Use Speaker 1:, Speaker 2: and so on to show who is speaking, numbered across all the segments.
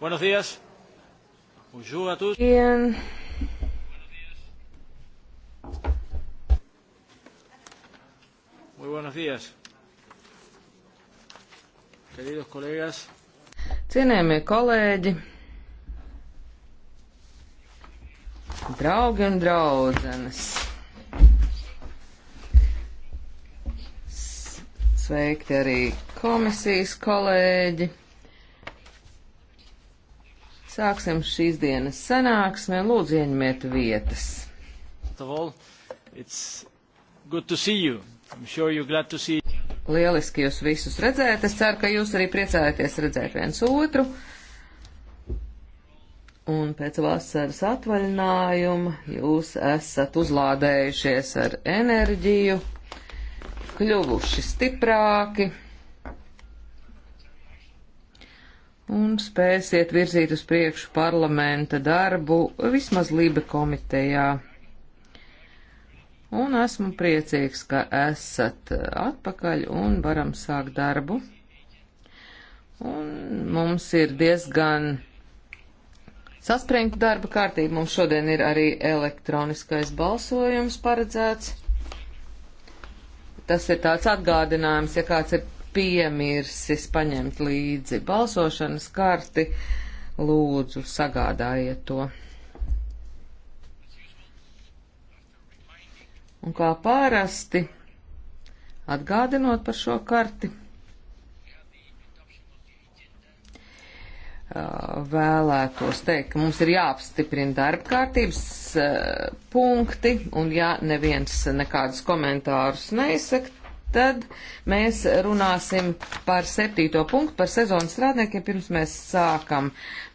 Speaker 1: Buenos días.
Speaker 2: Bonjour a tous. Bien. Muy buenos días. Queridos colegas.
Speaker 1: Cienējamie kolēģi, draugi un draudzenes. Sveikti arī komisijas kolēģi. Sāksim šīs dienas sanāksmi un lūdzu ieņemiet vietas.
Speaker 2: All, you. Sure
Speaker 1: Lieliski jūs visus redzēt. Es ceru, ka jūs arī priecājaties redzēt viens otru. Un pēc vasaras atvaļinājuma jūs esat uzlādējušies ar enerģiju, kļuvuši stiprāki. un spēsiet virzīt uz priekšu parlamenta darbu vismaz Lība komitejā. Un esmu priecīgs, ka esat atpakaļ un varam sākt darbu. Un mums ir diezgan saspringta darba kārtība. Mums šodien ir arī elektroniskais balsojums paredzēts. Tas ir tāds atgādinājums, ja kāds ir piemirsis paņemt līdzi balsošanas karti, lūdzu sagādājiet to. Un kā pārasti, atgādinot par šo karti, vēlētos teikt, ka mums ir jāapstiprina darba kārtības punkti, un ja neviens nekādus komentārus neizsaka, Tad mēs runāsim par septīto punktu, par sezonas strādniekiem, pirms mēs sākam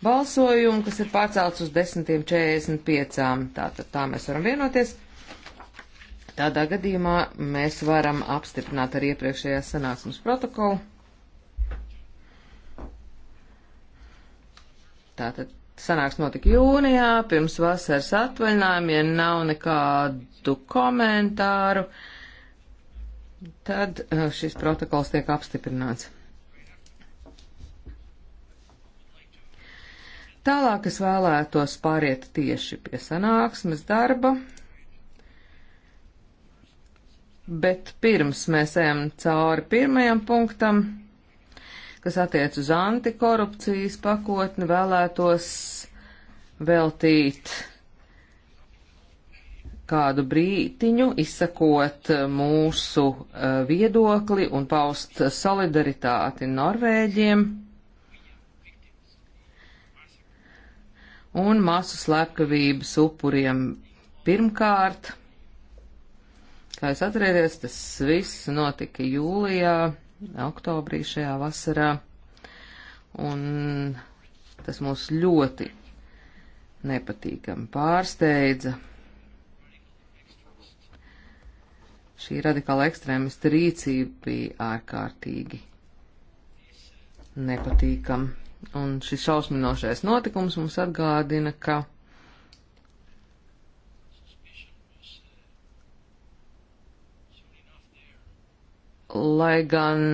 Speaker 1: balsojumu, kas ir pārcelts uz 10.45. Tātad tā mēs varam vienoties. Tādā gadījumā mēs varam apstiprināt ar iepriekšējās sanāksmes protokolu. Tātad sanāks notika jūnijā, pirms vasaras atvaļinājumiem, nav nekādu komentāru. Uh, Tad uh, šis protokols tiek apstiprināts. Tālāk es vēlētos pāriet tieši pie sanāksmes darba, bet pirms mēs ejam cauri pirmajam punktam, kas attiec uz antikorupcijas pakotni, vēlētos veltīt kādu brītiņu, izsakot mūsu eh, viedokli un paust solidaritāti Norvēģiem un masu slepkavības upuriem pirmkārt. Kā jūs atcerieties, tas viss notika jūlijā, oktobrī šajā vasarā, un tas mūs ļoti nepatīkami pārsteidza. šī radikāla ekstrēmista rīcība bija ārkārtīgi nepatīkam. Un šis šausminošais notikums mums atgādina, ka lai gan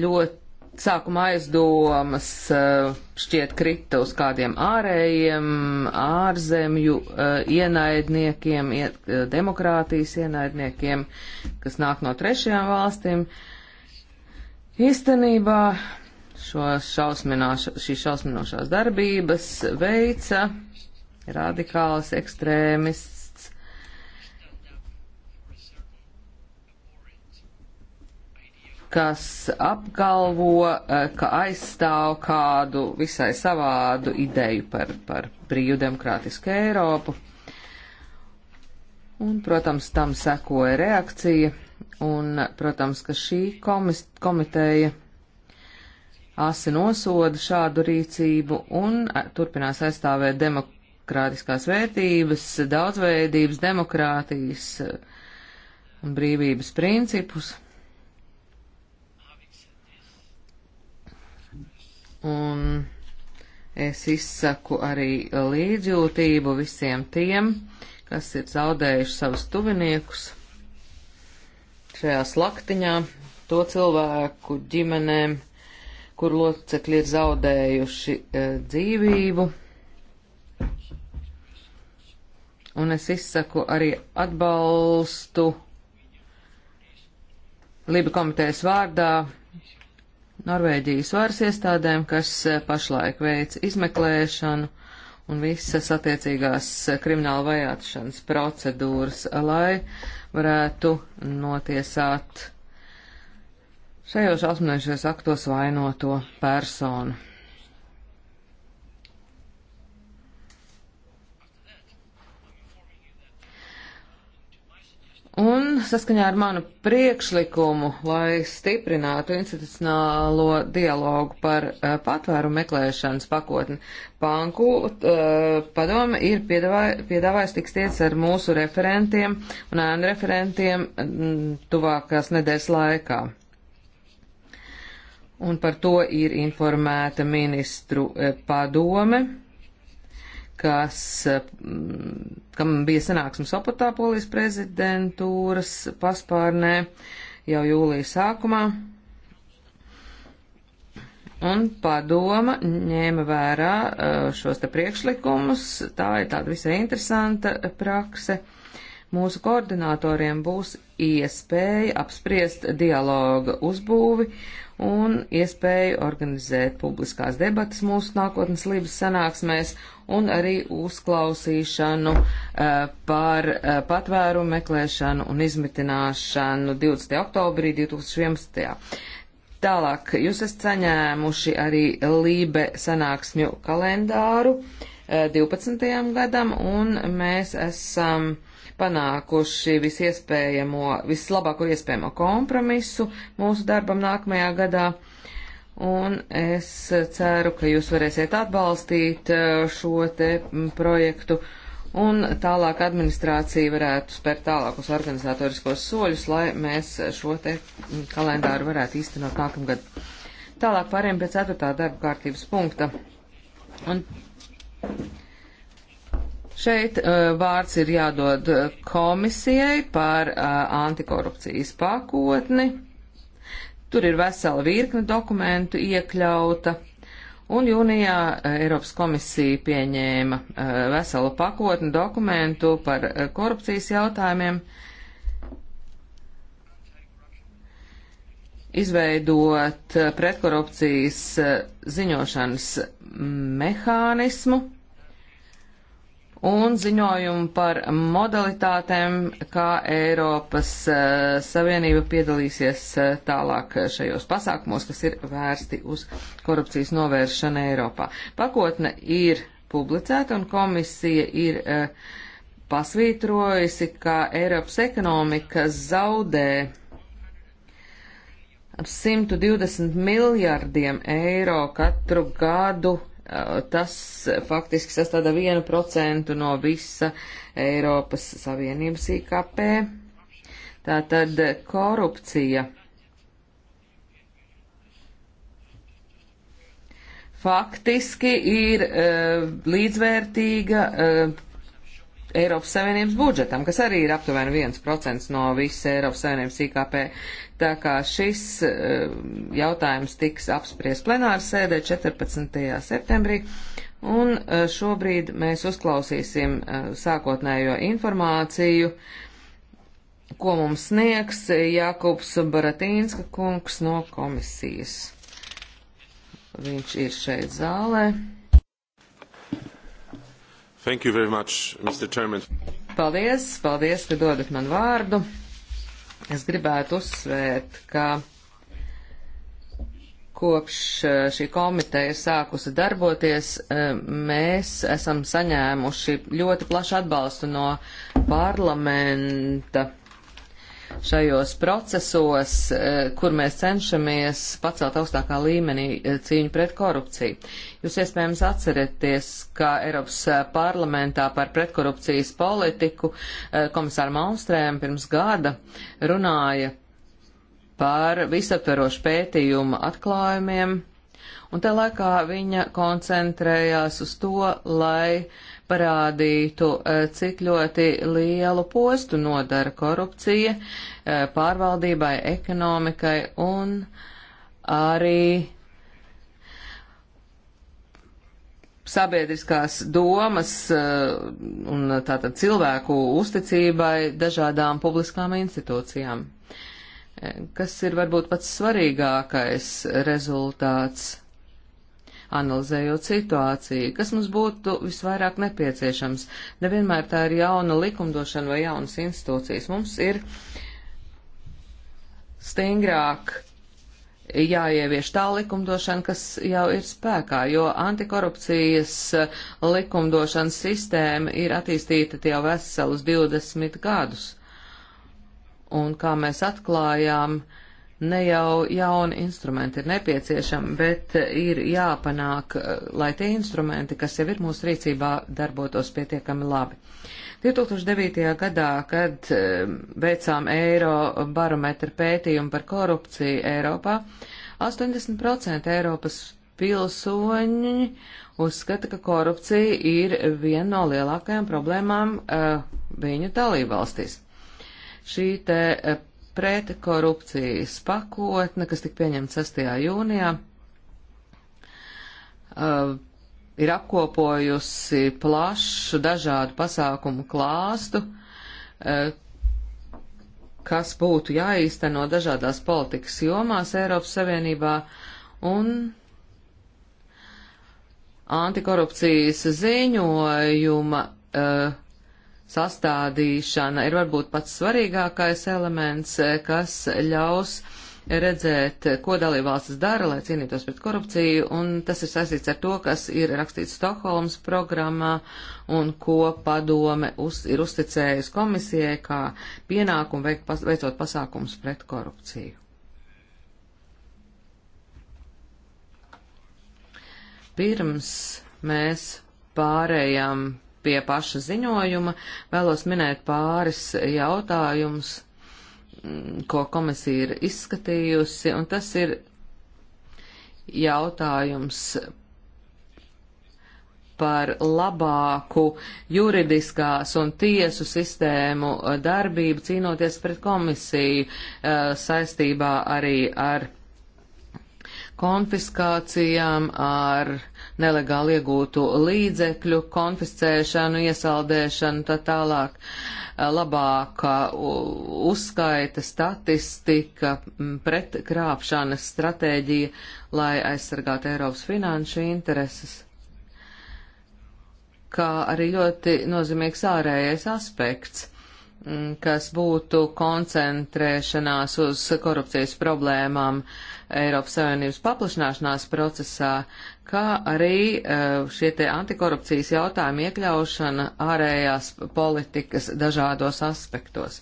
Speaker 1: ļoti sākumā aizdomas eh, šķiet krita uz kādiem ārējiem, ārzemju eh, ienaidniekiem, eh, demokrātijas ienaidniekiem, kas nāk no trešajām valstīm. Īstenībā šīs šausminošās darbības veica radikāls ekstrēmists kas apgalvo, eh, ka aizstāv kādu visai savādu ideju par, par brīvu demokrātisku Eiropu. Un, protams, tam sekoja reakcija, un, protams, ka šī komis, komiteja asi nosoda šādu rīcību un eh, turpinās aizstāvēt demokrātiskās vērtības, daudzveidības, demokrātijas eh, un brīvības principus. un es izsaku arī līdzjūtību visiem tiem, kas ir zaudējuši savus tuviniekus šajā slaktiņā, to cilvēku ģimenēm, kur locekļi ir zaudējuši e, dzīvību. Un es izsaku arī atbalstu Liba komitejas vārdā Norvēģijas varas iestādēm, kas eh, pašlaik veic izmeklēšanu un visas attiecīgās eh, krimināla vajātšanas procedūras, eh, lai varētu notiesāt šajos apsmiešos aktos vainoto personu. Un saskaņā ar manu priekšlikumu, lai stiprinātu institucionālo dialogu par uh, eh, patvērumu meklēšanas pakotni, banku uh, eh, padome ir piedāvājis tiksties ar mūsu referentiem un ēnu referentiem mm, tuvākās nedēļas laikā. Un par to ir informēta ministru uh, padome kas, mm, kam bija sanāksmes opatā polijas prezidentūras paspārnē jau jūlijas sākumā. Un padoma ņēma vērā eh, šos te priekšlikumus. Tā ir tāda visai interesanta prakse. Mūsu koordinatoriem būs iespēja apspriest dialoga uzbūvi un iespēju organizēt publiskās debatas mūsu nākotnes lības sanāksmēs un arī uzklausīšanu uh, par uh, patvērumu meklēšanu un izmitināšanu 20. oktobrī 2011. Tālāk, jūs esat saņēmuši arī Lībe sanāksmju kalendāru uh, eh, 12. gadam, un mēs esam panākuši visiespējamo, vislabāko iespējamo kompromisu mūsu darbam nākamajā gadā. Un es ceru, ka jūs varēsiet atbalstīt eh, šo te projektu un tālāk administrācija varētu spērt tālākus organizatoriskos soļus, lai mēs šo te kalendāru varētu īstenot nākamgad. Tālāk pāriem pie ceturtā darba kārtības punkta. Un Šeit uh, vārds ir jādod uh, komisijai par uh, antikorupcijas pakotni. Tur ir vesela virkne dokumentu iekļauta. Un jūnijā Eiropas komisija pieņēma veselu pakotni dokumentu par korupcijas jautājumiem, izveidot pretkorupcijas ziņošanas mm, mehānismu un ziņojumu par modalitātēm, kā Eiropas uh, Savienība piedalīsies uh, tālāk eh, šajos pasākumos, kas ir vērsti uz korupcijas novēršanu Eiropā. Pakotne ir publicēta un komisija ir uh, pasvītrojusi, ka Eiropas ekonomika zaudē ap 120 miljardiem eiro katru gadu Tas faktiski sastāda 1% no visa Eiropas Savienības IKP. Tātad korupcija faktiski ir uh, līdzvērtīga uh, Eiropas Savienības budžetam, kas arī ir aptuveni 1% no visas Eiropas Savienības IKP. Tā kā šis eh, jautājums tiks apspriest plenāra sēdē 14. septembrī, un eh, šobrīd mēs uzklausīsim eh, sākotnējo informāciju, ko mums sniegs Jakubs Baratīnska kungs no komisijas. Viņš ir šeit zālē.
Speaker 3: Thank you very much, Mr. Chairman.
Speaker 1: Paldies, paldies, ka dodat man vārdu. Es gribētu uzsvērt, ka kopš eh, šī komiteja sākusi darboties, eh, mēs esam saņēmuši ļoti plašu atbalstu no parlamenta šajos procesos, eh, kur mēs cenšamies pacelt augstākā līmenī eh, cīņu pret korupciju. Jūs iespējams atcerieties, ka Eiropas eh, parlamentā par pretkorupcijas politiku komisāra Malmstrēm pirms gada runāja par visaptverošu pētījumu atklājumiem, un te laikā viņa koncentrējās uz to, lai uh, parādītu, e, cik ļoti lielu postu nodara korupcija e, pārvaldībai, ekonomikai un arī sabiedriskās domas e, un tātad cilvēku uzticībai dažādām publiskām institūcijām, kas ir varbūt pats svarīgākais rezultāts analizējot situāciju, kas mums būtu visvairāk nepieciešams. Nevienmēr tā ir jauna likumdošana vai jaunas institūcijas. Mums ir stingrāk jāievieš tā likumdošana, kas jau ir spēkā, jo antikorupcijas likumdošanas sistēma ir attīstīta jau veselus 20 gadus. Un kā mēs atklājām, uh, ne jau jauni instrumenti ir nepieciešami, bet ir jāpanāk, lai tie instrumenti, kas jau ir mūsu rīcībā, darbotos pietiekami labi. 2009. gadā, kad ehm, veicām eiro barometru pētījumu par korupciju Eiropā, 80% Eiropas pilsoņi uzskata, ka korupcija ir viena no lielākajām problēmām uh, viņu dalībvalstīs. Šī te eh, pret korupcijas pakotne, kas tika pieņemta 6. jūnijā, uh, ir apkopojusi plašu dažādu pasākumu klāstu, uh, kas būtu jāīsteno dažādās politikas jomās Eiropas Savienībā un antikorupcijas ziņojuma uh, sastādīšana ir varbūt pats svarīgākais elements, eh, kas ļaus redzēt, ko dalībvalstis dara, lai cīnītos pret korupciju, un tas ir saistīts ar to, kas ir rakstīts Stokholmas programmā un ko padome uz, ir uzticējusi komisijai kā pienākumu veik, pas, veicot pasākums pret korupciju. Pirms mēs pārējām pie paša ziņojuma, vēlos minēt pāris jautājumus, mm, ko komisija ir izskatījusi, un tas ir jautājums par labāku juridiskās un tiesu sistēmu darbību cīnoties pret komisiju eh, saistībā arī ar konfiskācijām, ar uh, nelegāli iegūtu līdzekļu, konfiscēšanu, iesaldēšanu, tā tālāk, eh, labāka uzskaita, statistika, mm, pretkrāpšanas stratēģija, lai aizsargātu Eiropas finanšu intereses kā arī ļoti nozīmīgs ārējais aspekts mm, kas būtu koncentrēšanās uz korupcijas problēmām Eiropas Savienības paplašināšanās procesā, kā arī e, šie te antikorupcijas jautājumi iekļaušana ārējās politikas dažādos aspektos.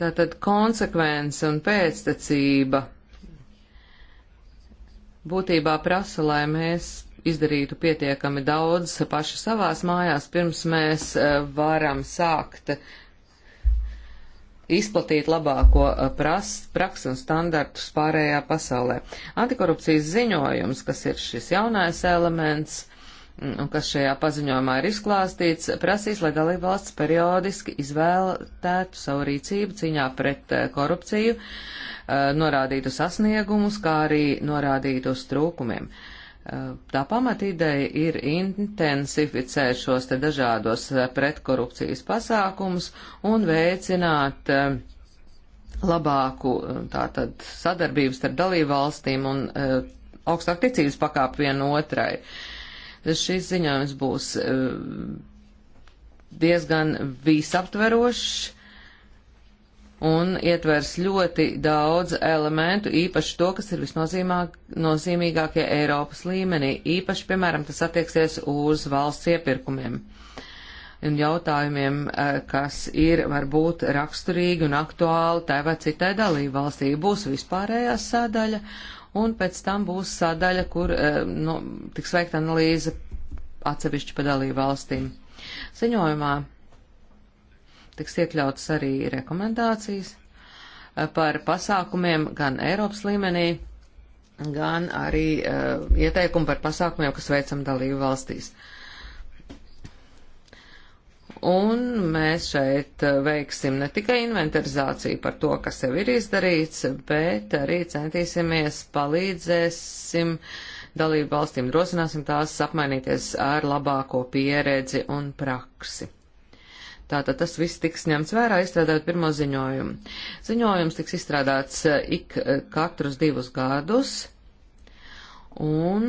Speaker 1: Tātad konsekvence un pēctecība būtībā prasa, lai mēs izdarītu pietiekami daudz paši savās mājās, pirms mēs e, varam sākt izplatīt labāko eh, praksi un standartus pārējā pasaulē. Antikorupcijas ziņojums, kas ir šis jaunais elements, mm, un kas šajā paziņojumā ir izklāstīts, prasīs, lai dalībvalsts periodiski izvēlētu savu rīcību cīņā pret eh, korupciju, eh, norādītu sasniegumus, kā arī norādītu uz trūkumiem. Eh, tā pamatīdeja ir intensificēt šos te dažādos eh, pretkorupcijas pasākumus un veicināt eh, labāku tātad sadarbības starp dalībvalstīm un augstāk ticības pakāp vienu otrai. Šis ziņojums būs diezgan visaptverošs un ietvers ļoti daudz elementu, īpaši to, kas ir visnozīmīgākie Eiropas līmenī. Īpaši, piemēram, tas attieksies uz valsts iepirkumiem un jautājumiem, eh, kas ir varbūt raksturīgi un aktuāli tai vai citai dalību valstī. Būs vispārējā sadaļa, un pēc tam būs sadaļa, kur eh, nu, tiks veikta analīze atsevišķi pa dalību valstīm. Ziņojumā tiks iekļautas arī rekomendācijas eh, par pasākumiem gan Eiropas līmenī, gan arī uh, eh, ieteikumi par pasākumiem, kas veicam dalību valstīs. Un mēs šeit eh, veiksim ne tikai inventarizāciju par to, kas jau ir izdarīts, bet arī centīsimies palīdzēsim dalību valstīm, drosināsim tās apmainīties ar labāko pieredzi un praksi. Tātad tas viss tiks ņemts vērā, izstrādājot pirmo ziņojumu. Ziņojums tiks izstrādāts eh, ik eh, katrus divus gadus, un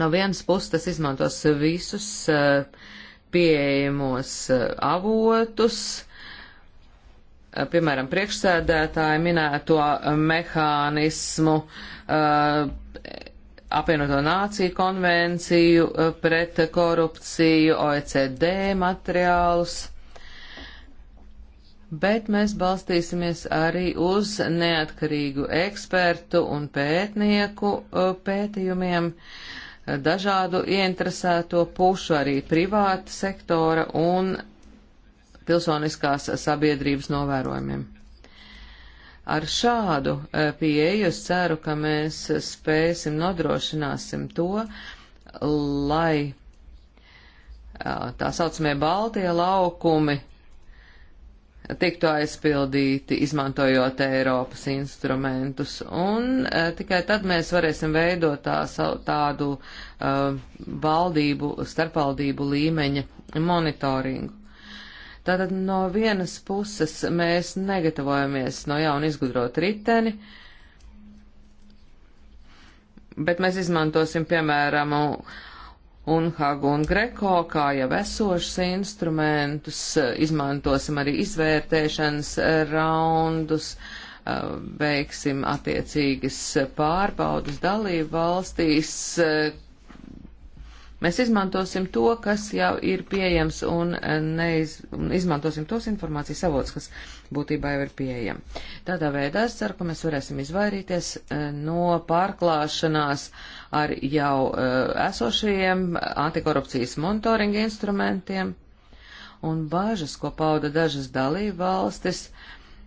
Speaker 1: no vienas puses tas izmantos visus eh, pieejamos avotus, piemēram, priekšsēdētāju minēto mehānismu, apvienoto nāciju konvenciju e, pret korupciju, OECD materiālus bet mēs balstīsimies arī uz neatkarīgu ekspertu un pētnieku e, pētījumiem e, dažādu ieinteresēto pušu, arī privāta sektora un pilsoniskās sabiedrības novērojumiem. Ar šādu e, pieeju es ceru, ka mēs spēsim nodrošināsim to, lai e, tā saucamie Baltie laukumi tiktu aizpildīti, izmantojot Eiropas instrumentus, un e, tikai tad mēs varēsim veidot tā, tādu e, valdību, starpvaldību līmeņa monitoringu. Tātad no vienas puses mēs negatavojamies no jauna izgudrot riteni, bet mēs izmantosim, piemēram, Unhagu un Greko, kā jau esošus instrumentus, izmantosim arī izvērtēšanas raundus, veiksim attiecīgas pārbaudas dalību valstīs, Mēs izmantosim to, kas jau ir pieejams, un eh, neiz, izmantosim tos informācijas avots, kas būtībā jau ir pieejami. Tādā veidā es ceru, ka mēs varēsim izvairīties eh, no pārklāšanās ar jau eh, esošajiem antikorupcijas monitoringa instrumentiem, un bažas, ko pauda dažas dalība valstis,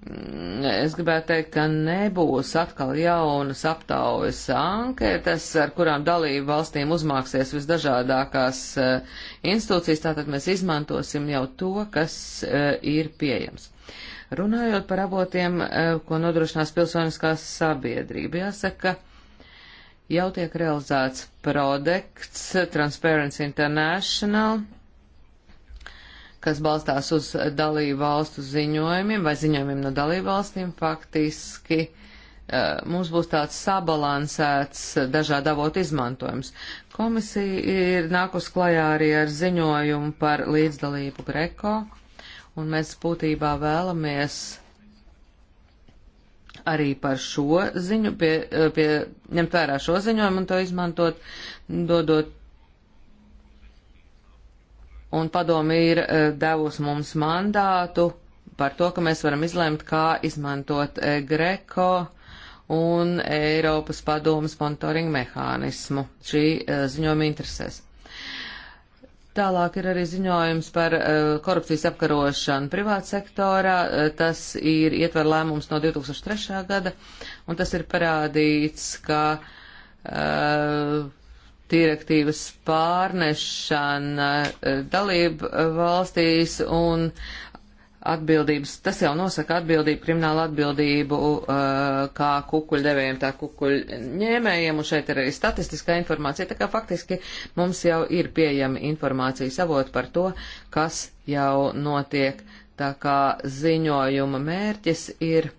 Speaker 1: Mm, es gribētu teikt, ka nebūs atkal jaunas aptaujas anketas, ar kurām dalību valstīm uzmāksies visdažādākās eh, institūcijas, tātad mēs izmantosim jau to, kas eh, ir pieejams. Runājot par avotiem, eh, ko nodrošinās pilsoniskās sabiedrība, jāsaka, jau tiek realizēts projekts Transparency International kas balstās uz dalību valstu ziņojumiem vai ziņojumiem no dalību valstīm, faktiski eh, mums būs tāds sabalansēts dažādu avotu izmantojums. Komisija ir nākus klajā arī ar ziņojumu par līdzdalību Greko, un mēs būtībā vēlamies arī par šo ziņu, pie, eh, pie, ņemt vērā šo ziņojumu un to izmantot, dodot un padomi ir e, devusi mums mandātu par to, ka mēs varam izlemt, kā izmantot e, Greko un Eiropas padomas monitoringa mehānismu. Šī e, ziņojuma interesēs. Tālāk ir arī ziņojums par korupcijas apkarošanu privātsektorā. Tas ir ietver lēmums no 2003. gada, un tas ir parādīts, ka uh, direktīvas pārnešana eh, dalību eh, valstīs un atbildības, tas jau nosaka atbildību, kriminālu atbildību eh, kā kukuļdevējiem, tā kukuļņēmējiem, un šeit ir arī statistiskā informācija, tā kā faktiski mums jau ir pieejama informācija savot par to, kas jau notiek, tā kā ziņojuma mērķis ir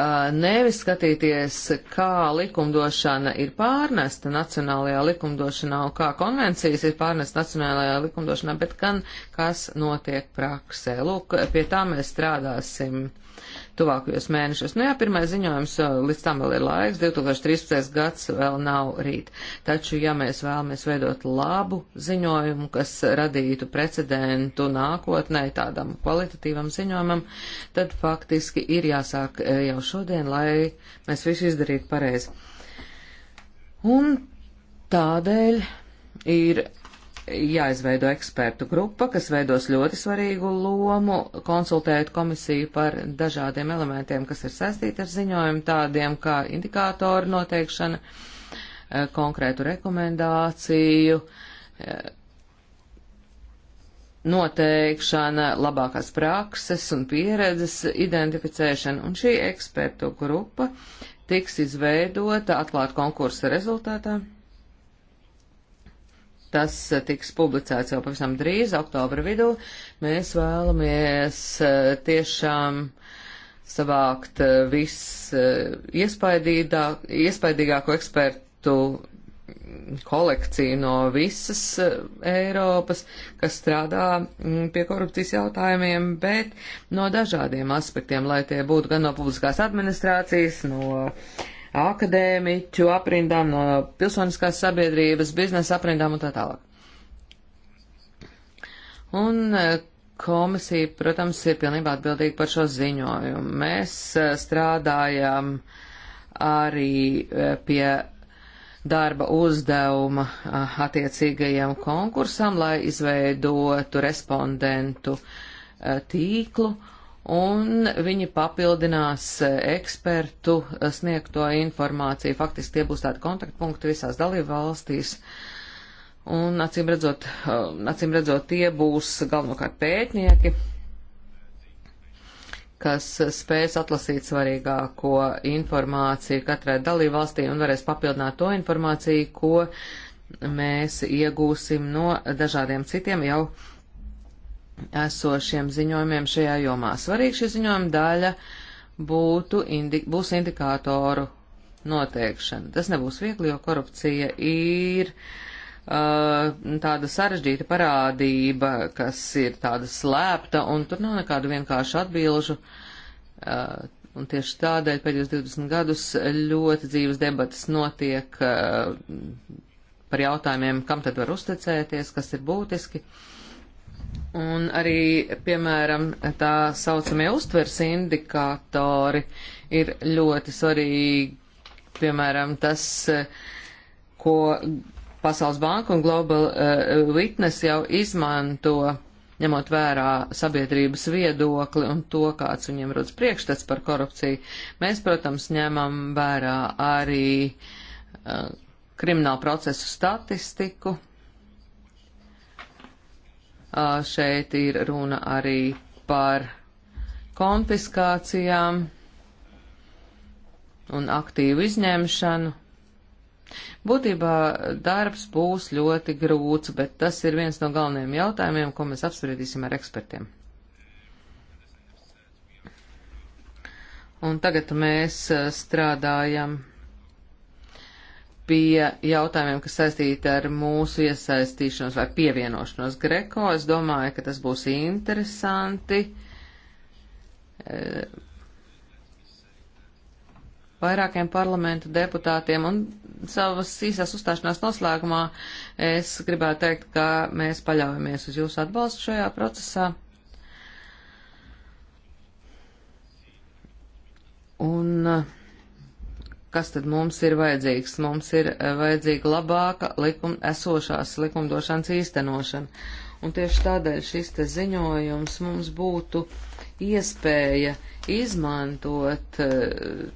Speaker 1: Uh, nevis skatīties, kā likumdošana ir pārnesta nacionālajā likumdošanā un kā konvencijas ir pārnesta nacionālajā likumdošanā, bet gan kas notiek praksē. Lūk, pie tā mēs strādāsim tuvākajos mēnešos. Nu jā, pirmais ziņojums līdz tam vēl ir laiks, 2013. gads vēl nav rīt. Taču, ja mēs vēlamies veidot labu ziņojumu, kas radītu precedentu nākotnē tādam kvalitatīvam ziņojumam, tad faktiski ir jāsāk jau šodien, lai mēs visu izdarītu pareizi. Un tādēļ ir jāizveido ekspertu grupa, kas veidos ļoti svarīgu lomu, konsultēt komisiju par dažādiem elementiem, kas ir saistīti ar ziņojumu, tādiem kā indikātoru noteikšana, eh, konkrētu rekomendāciju, eh, noteikšana, labākās prakses un pieredzes identificēšana. Un šī ekspertu grupa tiks izveidota atklāt konkursa rezultātā. Tas eh, tiks publicēts jau pavisam drīz, oktobra vidū. Mēs vēlamies eh, tiešām savākt eh, viss iespaidīgāko ekspertu kolekciju no visas Eiropas, kas strādā mm, pie korupcijas jautājumiem, bet no dažādiem aspektiem, lai tie būtu gan no publiskās administrācijas, no uh, akadēmiķu aprindām, no pilsoniskās sabiedrības, biznesa aprindām un tā tālāk. Un eh, komisija, protams, ir pilnībā atbildīga par šo ziņojumu. Mēs eh, strādājam arī eh, pie darba uzdevuma attiecīgajam konkursam, lai izveidotu respondentu tīklu un viņi papildinās ekspertu sniegto informāciju. Faktiski tie būs tādi kontaktpunkti visās dalību valstīs. Un, acīm redzot, um, acīm redzot, tie būs galvenokārt pētnieki, kas spēs atlasīt svarīgāko informāciju katrai dalību valstī un varēs papildināt to informāciju, ko mēs iegūsim no dažādiem citiem jau uh, esošiem ziņojumiem šajā jomā. Svarīga šī ziņojuma daļa būtu indi būs indikātoru noteikšana. Tas nebūs viegli, jo korupcija ir uh, tāda sarežģīta parādība, kas ir tāda slēpta, un tur nav nekādu vienkāršu atbilžu. Uh, un tieši tādēļ pēdējos 20 gadus ļoti dzīves debatas notiek uh, par jautājumiem, kam tad var uzticēties, kas ir būtiski. Uh, Un arī, piemēram, tā saucamie uztvers indikātori ir ļoti svarīgi. Piemēram, tas, ko Pasaules banka un Global eh, Witness jau izmanto, ņemot vērā sabiedrības viedokli un to, kāds viņiem rodas priekšstats par korupciju. Mēs, protams, ņemam vērā arī eh, kriminālu procesu statistiku, Šeit ir runa arī par konfiskācijām un aktīvu izņemšanu. Būtībā darbs būs ļoti grūts, bet tas ir viens no galvenajiem jautājumiem, ko mēs apspriedīsim ar ekspertiem. Un tagad mēs strādājam pie jautājumiem, kas saistīti ar mūsu iesaistīšanos vai pievienošanos Greko. Es domāju, ka tas būs interesanti. Eh, vairākiem parlamentu deputātiem un savas īsās uzstāšanās noslēgumā es gribētu teikt, ka mēs paļaujamies uz jūsu atbalstu šajā procesā. Un uh, kas tad mums ir vajadzīgs? Mums ir eh, vajadzīga labāka likum, esošās likumdošanas īstenošana. Un tieši tādēļ šis te ziņojums mums būtu iespēja izmantot, eh,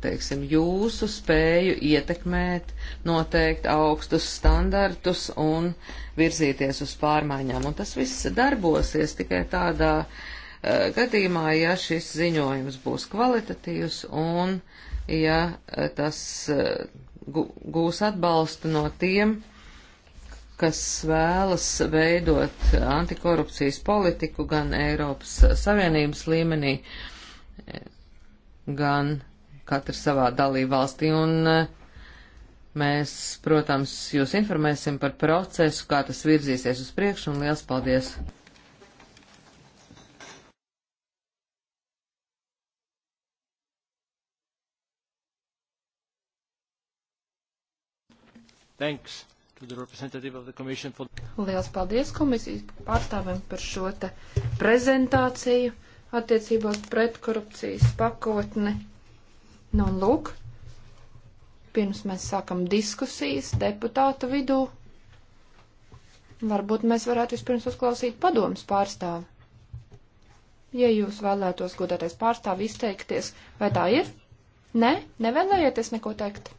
Speaker 1: teiksim, jūsu spēju ietekmēt, noteikt augstus standartus un virzīties uz pārmaiņām. Un tas viss darbosies tikai tādā uh, gadījumā, ja šis ziņojums būs kvalitatīvs un uh, ja eh, tas eh, gūs atbalstu no tiem, kas vēlas veidot antikorupcijas politiku gan Eiropas Savienības līmenī, eh, gan katra savā dalību valstī. Un mēs, protams, jūs informēsim par procesu, kā tas virzīsies uz priekšu, un liels paldies! Thanks.
Speaker 2: For... Lielas paldies komisijas pārstāvēm par šo te prezentāciju attiecībās pret korupcijas pakotni. Nu un lūk, pirms mēs sākam diskusijas deputātu vidū, varbūt mēs varētu vispirms uzklausīt padomus pārstāvi. Ja jūs vēlētos godātais pārstāvi izteikties, vai tā ir? Nē, ne? nevēlējieties neko teikt.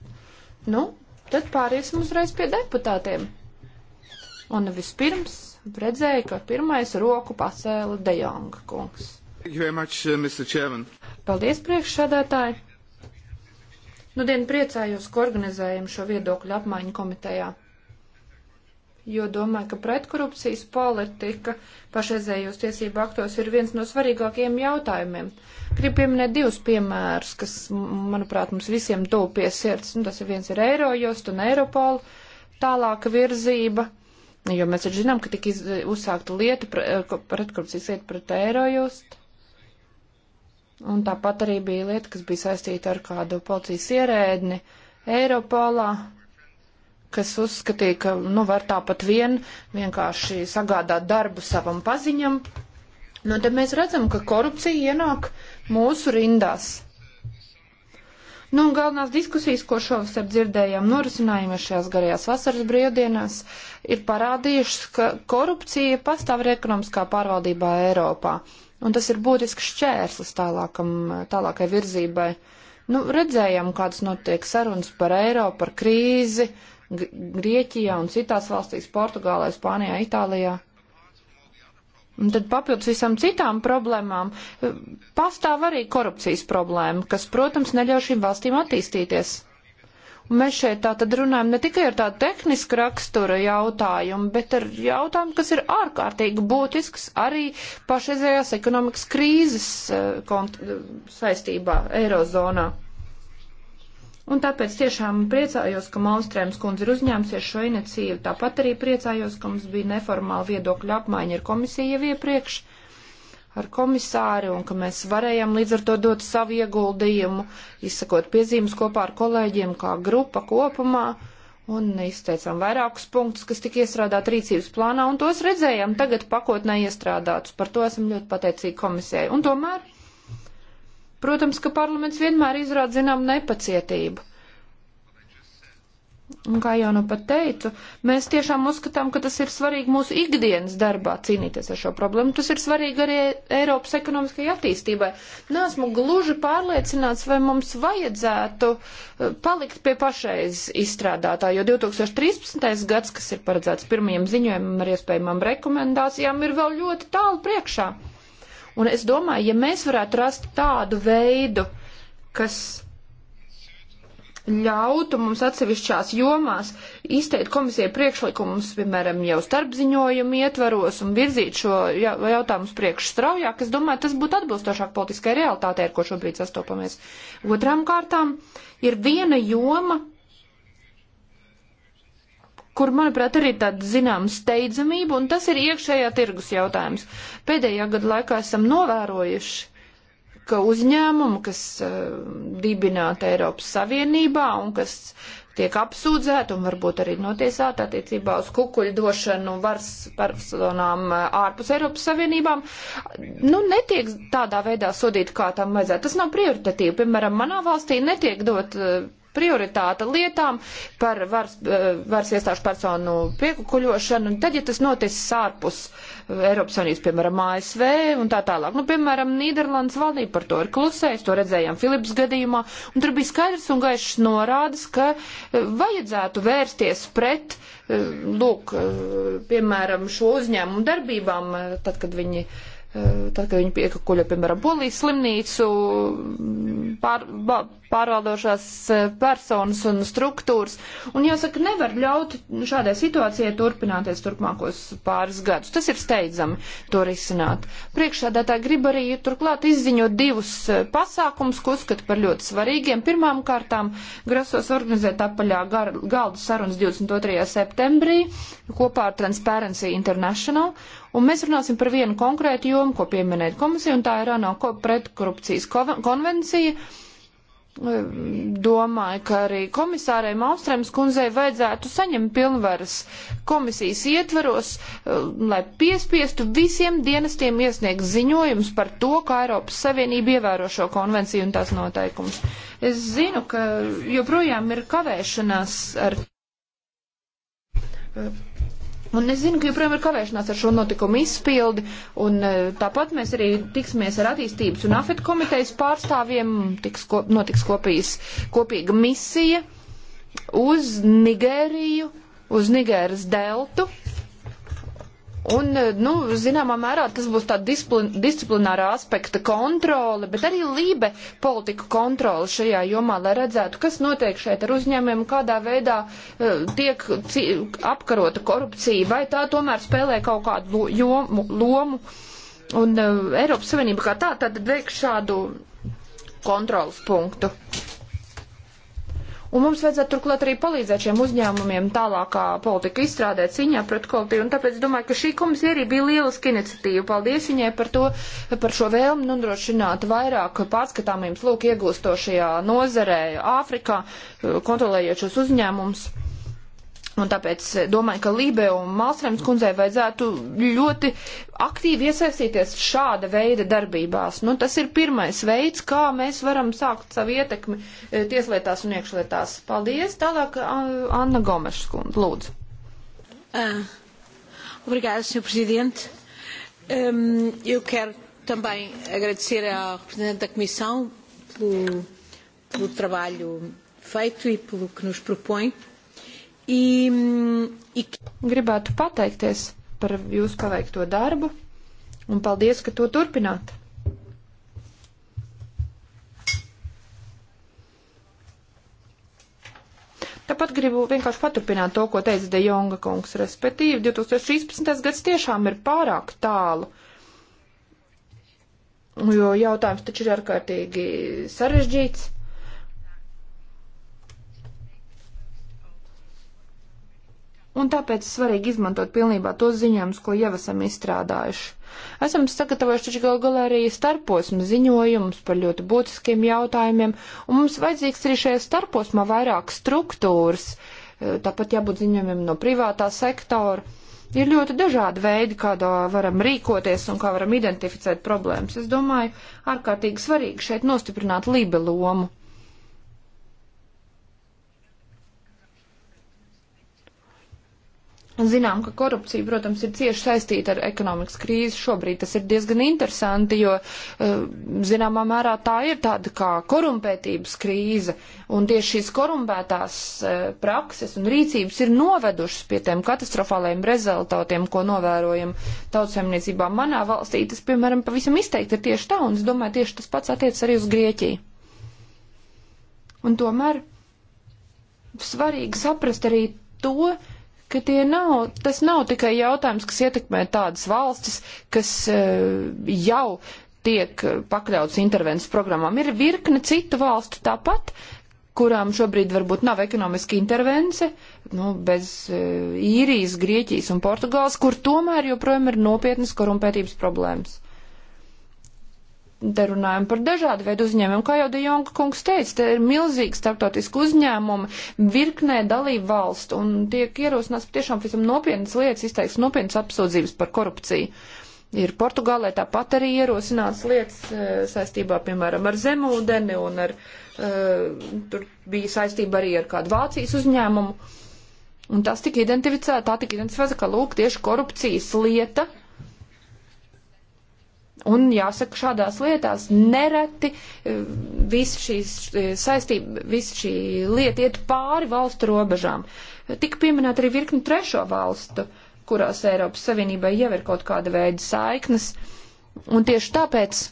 Speaker 2: Nu, Tad pāriesim uzreiz pie deputātiem. Un vispirms redzēju, ka pirmais roku pacēla Dejonga kungs.
Speaker 3: Much, uh,
Speaker 2: Paldies, priekšsādātāji! Nudien priecājos, ka organizējam šo viedokļu apmaiņu komitejā jo domāju, ka pretkorupcijas politika pašreizējos tiesību aktos ir viens no svarīgākajiem jautājumiem. Gribu pieminēt divus piemērus, kas, manuprāt, mums visiem tuvu pie sirds. Nu, tas ir viens ir Eirojost un Eiropola tālāka virzība, jo mēs taču zinām, ka tika iz, uzsākta lieta, eh, pretkorupcijas lieta pret Eirojost. Un tāpat arī bija lieta, kas bija saistīta ar kādu policijas ierēdni Eiropolā kas uzskatīja, ka nu, var tāpat vien vienkārši sagādāt darbu savam paziņam. Nu, tad mēs redzam, ka korupcija ienāk mūsu rindās. Nu, un galvenās diskusijas, ko šovasar dzirdējām, norisinājumies šajās garajās vasaras brīvdienās, ir parādījušas, ka korupcija pastāv arī ekonomiskā pārvaldībā Eiropā. Un tas ir būtisks šķērslis tālākam, tālākai virzībai. Nu, redzējām, kādas notiek sarunas par Eiropu, par krīzi, uh, Grieķijā un citās valstīs, Portugālē, Spānijā, Itālijā. Un tad papildus visam citām problēmām eh, pastāv arī korupcijas problēma, kas, protams, neļauj šīm valstīm attīstīties. Un mēs šeit tā tad runājam ne tikai ar tādu tehnisku raksturu jautājumu, bet ar jautājumu, kas ir ārkārtīgi būtisks arī pašreizējās ekonomikas krīzes eh, saistībā Eirozonā. Un tāpēc tiešām priecājos, ka Malmstrēms kundze ir uzņēmusies šo inicīvu. Tāpat arī priecājos, ka mums bija neformāla viedokļa apmaiņa ar komisiju jau iepriekš, ar komisāri, un ka mēs varējām līdz ar to dot savu ieguldījumu, izsakot piezīmes kopā ar kolēģiem kā grupa kopumā. Un izteicām vairākus punktus, kas tika iestrādāti rīcības plānā, un tos redzējām tagad pakotnē iestrādātus. Par to esam ļoti pateicīgi komisijai. Un tomēr Protams, ka parlaments vienmēr izrāda zinām nepacietību. Un kā jau nu pat teicu, mēs tiešām uzskatām, ka tas ir svarīgi mūsu ikdienas darbā cīnīties ar šo problēmu. Tas ir svarīgi arī Eiropas ekonomiskajai attīstībai. Nāsmu gluži pārliecināts, vai mums vajadzētu eh, palikt pie pašreiz izstrādātā, jo 2013. gads, kas ir paredzēts pirmajam ziņojumam ar iespējamām rekomendācijām, ir vēl ļoti tālu priekšā. Un es domāju, ja mēs varētu rast tādu veidu, kas ļautu mums atsevišķās jomās izteikt komisijai priekšlikumus, piemēram, jau starpziņojumu ietvaros un virzīt šo jautājumu priekš straujāk, es domāju, tas būtu atbilstošāk politiskai realitātei, ar ko šobrīd sastopamies. Otrām kārtām ir viena joma, kur, manuprāt, arī tāda zināma steidzamība, un tas ir iekšējā tirgus jautājums. Pēdējā gada laikā esam novērojuši, ka uzņēmumu, kas uh, dibināta Eiropas Savienībā un kas tiek apsūdzēta un varbūt arī notiesāta attiecībā uz kukuļu došanu varas personām eh, ārpus Eiropas Savienībām, nu, netiek tādā veidā sodīt, kā tam vajadzētu. Tas nav prioritatīvi. Piemēram, manā valstī netiek dot eh, prioritāte lietām par varas, eh, varas iestāžu personu piekukuļošanu, un tad, ja tas noticis ārpus eh, Eiropas Savienības, piemēram, ASV un tā tālāk, nu, piemēram, Nīderlandes valdība par to ir klusējusi, to redzējām Filips gadījumā, un tur bija skaidrs un gaišs norādes, ka eh, vajadzētu vērsties pret, lūk, piemēram, šo uzņēmumu darbībām, tad, kad viņi Eh, tad, kad viņi piekakuļo, piemēram, polijas slimnīcu, pār, ba, pārvaldošās eh, personas un struktūras. Un jāsaka, nevar ļaut šādai situācijai turpināties turpmākos pāris gadus. Tas ir steidzami to risināt. Priekšsādātāji grib arī turklāt izziņot divus eh, pasākums, ko uzskata par ļoti svarīgiem. Pirmām kārtām grasos organizēt apaļā gar, galdu sarunas 22. septembrī kopā ar Transparency International Un mēs runāsim par vienu konkrētu jomu, ko pieminēja komisija, un tā ir ANO pretkorupcijas konvencija. Ehm, domāju, ka arī komisārai Maustrēms kundzei vajadzētu saņemt pilnvaras komisijas ietvaros, ehm, lai piespiestu visiem dienestiem iesniegt ziņojums par to, kā Eiropas Savienība ievēro šo konvenciju un tās noteikumus. Es zinu, ka joprojām ir kavēšanās ar Un es zinu, ka joprojām ir kavēšanās ar šo notikumu izpildi, un e, tāpat mēs arī tiksimies ar attīstības un afet komitejas pārstāvjiem, tiks, ko, notiks kopijas, kopīga misija uz Nigēriju, uz Nigēras deltu Un, eh, nu, zināmā mērā tas būs tāda disciplinārā aspekta kontrole, bet arī lībe politiku kontrole šajā jomā, lai redzētu, kas notiek šeit ar uzņēmumiem, kādā veidā uh, tiek apkarota korupcija, vai tā tomēr spēlē kaut kādu jomu, lomu. Un uh, Eiropas Savienība kā tā tad veiks šādu kontrolas punktu. Uh, Un mums vajadzētu turklāt arī palīdzēt šiem uzņēmumiem tālākā politika izstrādē ciņā pret kolektīvu. Un tāpēc domāju, ka šī komisija arī bija lieliska iniciatīva. Paldies viņai par to, par šo vēlmi nodrošināt vairāk pārskatāmības lūk iegūstošajā nozarē Āfrikā, kontrolējot šos uzņēmumus. Un tāpēc eh, domāju, ka Lībe un Malstrēms kundzei vajadzētu ļoti aktīvi iesaistīties šāda veida darbībās. Nu, tas ir pirmais veids, kā mēs varam sākt savu ietekmi eh, tieslietās un iekšlietās. Paldies. Tālāk Anna Gomeša kundze, lūdzu.
Speaker 1: Uh, obrigada, senhor presidente. Um, eu quero também agradecer ao representante da comissão pelo, pelo trabalho feito e pelo que nos propõe. Uh, I, mm,
Speaker 2: i... Gribētu pateikties par jūsu paveikto darbu un paldies, ka to turpināt. Tāpat gribu vienkārši paturpināt to, ko teica De Jonga kungs, respektīvi 2016. gads tiešām ir pārāk tālu, jo jautājums taču ir ārkārtīgi sarežģīts. un tāpēc svarīgi izmantot pilnībā tos ziņojumus, ko jau esam izstrādājuši. Esam sagatavojuši taču gal galā arī starposmu ziņojumus par ļoti būtiskiem jautājumiem, un mums vajadzīgs arī šajā starposmā vairāk struktūras, e, tāpat jābūt ziņojumiem no privātā sektora. Ir ļoti dažādi veidi, kādā varam rīkoties un kā varam identificēt problēmas. Es domāju, ārkārtīgi svarīgi šeit nostiprināt lībe lomu Zinām, ka korupcija, protams, ir cieši saistīta ar ekonomikas krīzi. Šobrīd tas ir diezgan interesanti, jo, eh, zināmā mērā, tā ir tāda kā korumpētības krīze. Un tieši šīs korumpētās eh, prakses un rīcības ir novedušas pie tiem katastrofālajiem rezultātiem, ko novērojam tautsēmniecībā. Manā valstī tas, piemēram, pavisam izteikti ir tieši tā, un es domāju, tieši tas pats attiec arī uz Grieķiju. Un tomēr svarīgi saprast arī to, ka tie nav, tas nav tikai jautājums, kas ietekmē tādas valstis, kas eh, jau tiek pakļauts intervences programmām. Ir virkne citu valstu tāpat, kurām šobrīd varbūt nav ekonomiski intervence, nu, bez eh, īrijas, Grieķijas un Portugāles, kur tomēr joprojām ir nopietnas korumpētības problēmas. Te runājam par dažādu veidu uzņēmumu. Kā jau De Jonga kungs teica, te ir milzīgi starptautiski uzņēmumi virknē dalību valstu un tiek ierosināts patiešām visam nopietnas lietas, izteiks nopietnas apsūdzības par korupciju. Ir Portugālē tāpat arī ierosināts lietas eh, saistībā, piemēram, ar zemūdeni un ar, eh, tur bija saistība arī ar kādu Vācijas uzņēmumu. Un tas tika identificēta, tā tika identificēta, ka lūk, tieši korupcijas lieta Un jāsaka, šādās lietās nereti e, visa šī e, saistība, visa šī lieta iet pāri valstu robežām. Tik pieminēt arī virkni trešo valstu, kurās Eiropas Savienībai jau ir kaut kāda veida saiknes. Un tieši tāpēc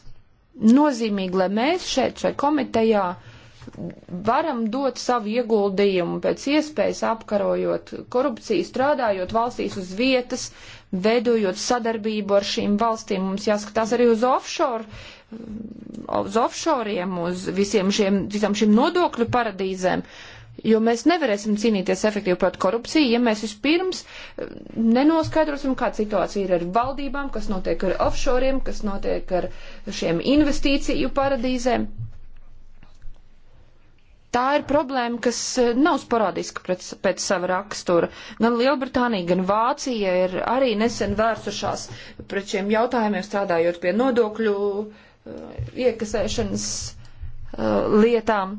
Speaker 2: nozīmīgi, lai mēs šeit, šai komitejā, varam dot savu ieguldījumu pēc iespējas apkarojot korupciju, strādājot valstīs uz vietas, uh, veidojot sadarbību ar šīm valstīm. Mums jāskatās arī uz offshore, uz offshoriem, uz visiem šiem, visam šim nodokļu paradīzēm. Jo mēs nevarēsim cīnīties efektīvi pret korupciju, ja mēs vispirms eh, nenoskaidrosim, kāda situācija ir ar valdībām, kas notiek ar offshoriem, kas notiek ar šiem investīciju paradīzēm. Tā ir problēma, kas eh, nav sporādiska pēc, pēc sava rakstura. Gan Lielbritānija, gan Vācija ir arī nesen vērsušās pret šiem jautājumiem, strādājot pie nodokļu eh, iekasēšanas eh, lietām.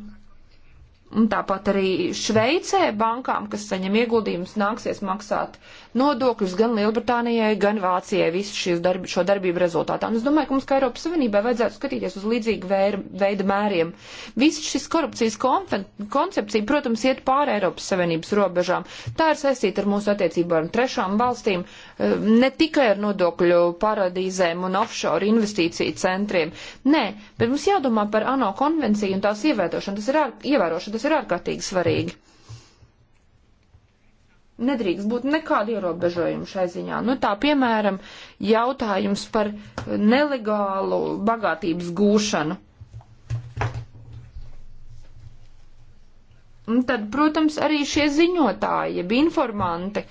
Speaker 2: Un tāpat arī Šveicē bankām, kas saņem ieguldījumus, nāksies maksāt nodokļus gan Lielbritānijai, gan Vācijai visu darbi, šo darbību rezultātā. Un es domāju, ka mums kā Eiropas Savienībai vajadzētu skatīties uz līdzīgu vēr, veidu mēriem. Viss šis korupcijas koncepcija, protams, iet pāri Eiropas Savienības robežām. Tā ir saistīta ar mūsu attiecībām trešām valstīm, eh, ne tikai ar nodokļu paradīzēm un offshore investīciju centriem. Nē, bet mums jādomā par ANO konvenciju un tās ievērošanu. Tas ir, ievērošana, tas ir ārkārtīgi svarīgi nedrīkst būt nekāda ierobežojuma šai ziņā. Nu, tā piemēram, jautājums par nelegālu bagātības gūšanu. Un tad, protams, arī šie ziņotāji, jeb informanti.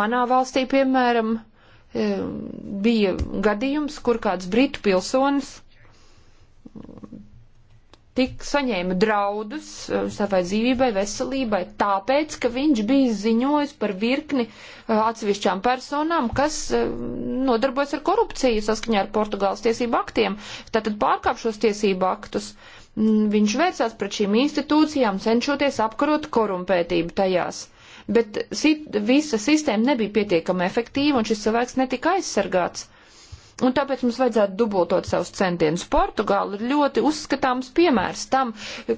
Speaker 2: Manā valstī, piemēram, eh, bija gadījums, kur kāds britu pilsonis tik saņēma draudus uh, savai dzīvībai, veselībai, tāpēc, ka viņš bija ziņojis par virkni uh, atsevišķām personām, kas uh, nodarbojas ar korupciju saskaņā ar Portugāles tiesību aktiem, tātad pārkāpšos tiesību aktus. Mm, viņš vērsās pret šīm institūcijām, cenšoties apkarot korumpētību tajās. Bet sit, visa sistēma nebija pietiekama efektīva, un šis cilvēks netika aizsargāts. Un tāpēc mums vajadzētu dubultot savus centienus. Portugāla ir ļoti uzskatāms piemērs tam,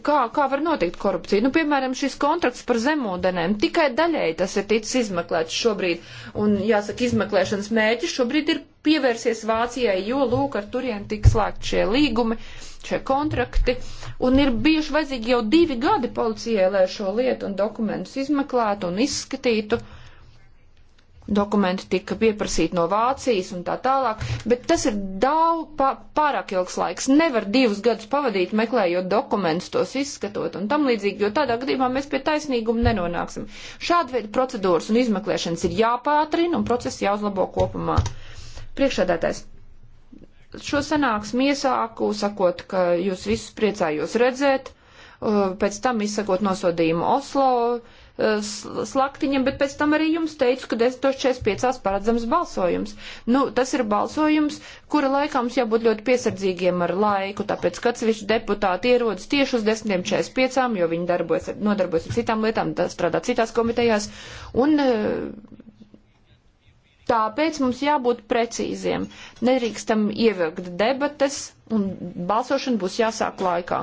Speaker 2: kā, kā var notikt korupcija. Nu, piemēram, šis kontrakts par zemūdenēm tikai daļēji tas ir ticis izmeklēts šobrīd. Un, jāsaka, izmeklēšanas mēķis šobrīd ir pievērsies Vācijai, jo, lūk, ar turien tik slēgt šie līgumi, šie kontrakti. Un ir bieži vajadzīgi jau divi gadi policijai, lai šo lietu un dokumentus izmeklētu un izskatītu. Uh, dokumenti tika pieprasīti no Vācijas un tā tālāk, bet tas ir daudz pa, pārāk ilgs laiks. Nevar divus gadus pavadīt meklējot dokumentus, tos izskatot un tam līdzīgi, jo tādā gadījumā mēs pie taisnīguma nenonāksim. Šāda veida procedūras un izmeklēšanas ir jāpātrina un procesi jāuzlabo kopumā. Priekšādātais. Šo sanāksmi iesāku, sakot, ka jūs visus priecājos redzēt, uh, pēc tam izsakot nosodījumu Oslo, slaktiņam, bet pēc tam arī jums teicu, ka 10.45 paredzams balsojums. Nu, tas ir balsojums, kura laikā mums jābūt ļoti piesardzīgiem ar laiku, tāpēc, ka atsevišķi deputāti ierodas tieši uz 10.45, jo viņi darbojas, nodarbojas ar citām lietām, strādā citās komitejās, un eh, Tāpēc mums jābūt precīziem. Nedrīkstam ievilkt debates, un balsošana būs jāsāk laikā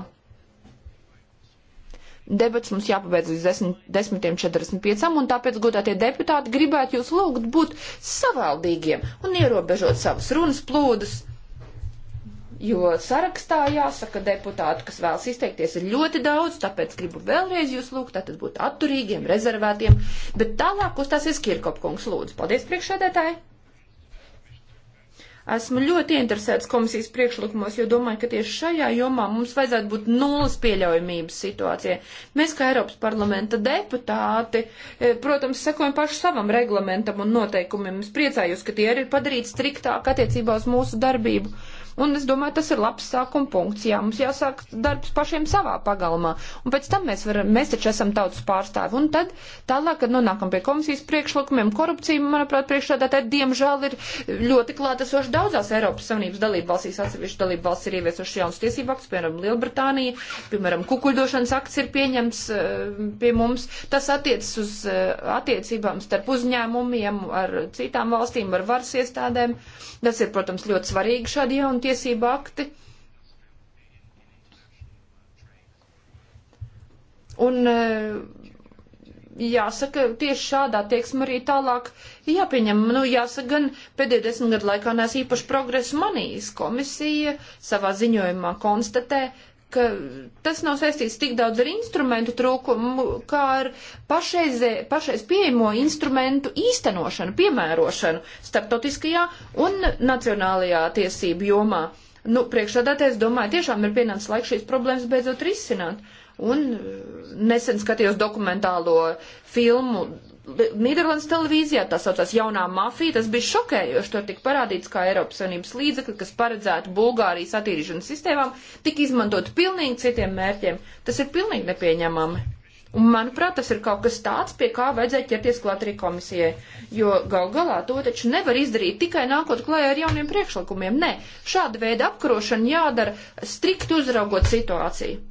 Speaker 2: debats mums jāpabeidz līdz 10.45, un tāpēc, godātie deputāti, gribētu jūs lūgt būt savaldīgiem un ierobežot savas runas plūdus, jo sarakstā jāsaka deputātu, kas vēlas izteikties, ir ļoti daudz, tāpēc gribu vēlreiz jūs lūgt, tātad būt atturīgiem, rezervētiem, bet tālāk uzstāsies Kirkopkungs lūdzu. Paldies priekšsēdētāji! Esmu ļoti interesēts komisijas priekšlikumos, jo domāju, ka tieši šajā jomā mums vajadzētu būt nulles pieļaujamības situācijai. Mēs, kā Eiropas parlamenta deputāti, e, protams, sekojam pašu savam reglamentam un noteikumiem. Es priecājos, ka tie arī ir padarīti striktāk attiecībā uz mūsu darbību. Un es domāju, tas ir labs sākuma punkts. Jā, mums jāsāk darbs pašiem savā pagalmā. Un pēc tam mēs, varam, mēs taču esam tautas pārstāvi. Un tad tālāk, kad nonākam pie komisijas priekšlikumiem, korupcija, manuprāt, priekšstādātāji, diemžēl ir ļoti klātesoši daudzās Eiropas Savienības dalību valstīs. Atsevišķi dalību valsts ir ieviesuši jaunas tiesību aktus, piemēram, Lielbritānija, piemēram, kukuļdošanas akts ir pieņems eh, pie mums. Tas attiecas uz eh, attiecībām starp uzņēmumiem ar citām valstīm, ar varas iestādēm. Tas ir, protams, ļoti svarīgi šādi jauni tiesība akti. Un eh, jāsaka, tieši šādā tieksme arī tālāk jāpieņem. Nu, jāsaka, gan pēdējo desmit gadu laikā nes īpaši progresu manījis. Komisija savā ziņojumā konstatē, ka tas nav saistīts tik daudz ar instrumentu trūkumu, kā ar pašreizē, pašreiz pieejamo instrumentu īstenošanu, piemērošanu starptautiskajā un nacionālajā tiesību jomā. Nu, priekšādāties, domāju, tiešām ir pienācis laiks šīs problēmas beidzot risināt. Un uh, nesen skatījos dokumentālo filmu Nīderlandes televīzijā, tā saucās jaunā mafija, tas bija šokējoši, tur tika parādīts, kā Eiropas Savienības līdzekļi, kas paredzētu Bulgārijas attīrīšanas sistēmām, tika izmantot pilnīgi citiem mērķiem. Tas ir pilnīgi nepieņemami. Un, manuprāt, tas ir kaut kas tāds, pie kā vajadzēja ķerties klāt arī komisijai, jo gal galā to taču nevar izdarīt tikai nākot klājā ar jauniem priekšlikumiem. Nē, šāda veida apkarošana jādara strikt uzraugot situāciju.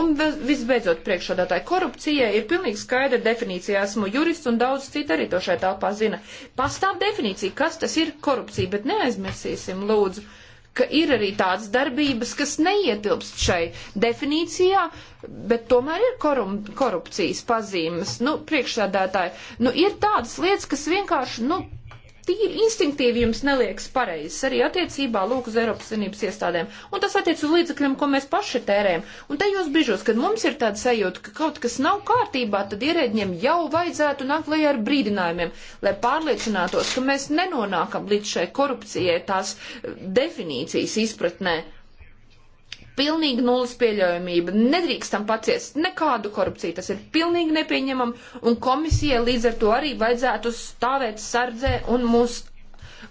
Speaker 2: Un visbeidzot, priekšsādātāji, korupcija ir pilnīgi skaidra definīcija. Esmu jurists un daudz citu arī to šai telpā zina. Pastāv definīcija, kas tas ir korupcija, bet neaizmirsīsim, lūdzu, ka ir arī tādas darbības, kas neietilpst šai definīcijā, bet tomēr ir korum, korupcijas pazīmes. Nu, priekšsādātāji, nu, ir tādas lietas, kas vienkārši, nu, tīri instinktīvi jums neliekas pareizs arī attiecībā lūk uz Eiropas Savienības iestādēm. Un tas attiec uz līdzekļiem, ko mēs paši tērējam. Un tajos brīžos, kad mums ir tāda sajūta, ka kaut kas nav kārtībā, tad ierēģiem jau vajadzētu nākt lai ar brīdinājumiem, lai pārliecinātos, ka mēs nenonākam līdz šai korupcijai tās definīcijas izpratnē pilnīgi nulles pieļaujamība. Nedrīkstam paciest nekādu korupciju. Tas ir pilnīgi nepieņemam, un komisijai līdz ar to arī vajadzētu stāvēt sardzē un mūs.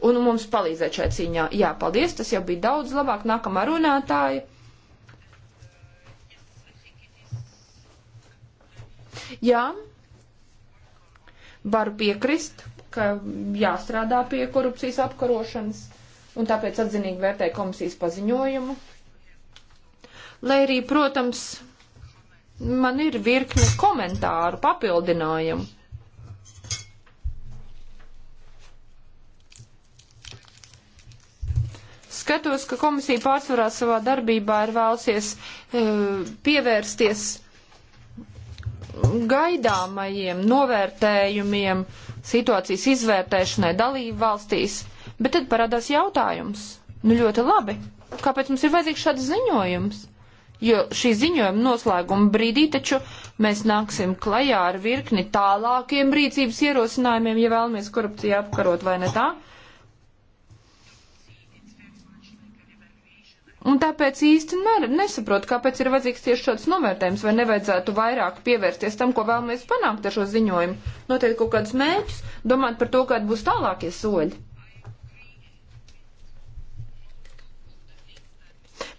Speaker 2: Un mums palīdzēt šajā cīņā. Jā, paldies, tas jau bija daudz labāk. Nākamā runātāja. Jā, varu piekrist, ka jāstrādā pie korupcijas apkarošanas, un tāpēc atzinīgi vērtēju komisijas paziņojumu lai arī, protams, man ir virkne komentāru papildinājumu. Skatos, ka komisija pārsvarā savā darbībā ir vēlsies uh, pievērsties gaidāmajiem novērtējumiem, situācijas izvērtēšanai dalību valstīs, bet tad parādās jautājums. Nu ļoti labi. Kāpēc mums ir vajadzīgs šāds ziņojums? jo šī ziņojuma noslēguma brīdī taču mēs nāksim klajā ar virkni tālākiem rīcības ierosinājumiem, ja vēlamies korupciju apkarot vai ne tā. Un tāpēc īsti nesaprotu, kāpēc ir vajadzīgs tieši šāds novērtējums, vai nevajadzētu vairāk pievērsties tam, ko vēlamies panākt ar šo ziņojumu, noteikt kaut kādus mērķus, domāt par to, kādi būs tālākie soļi.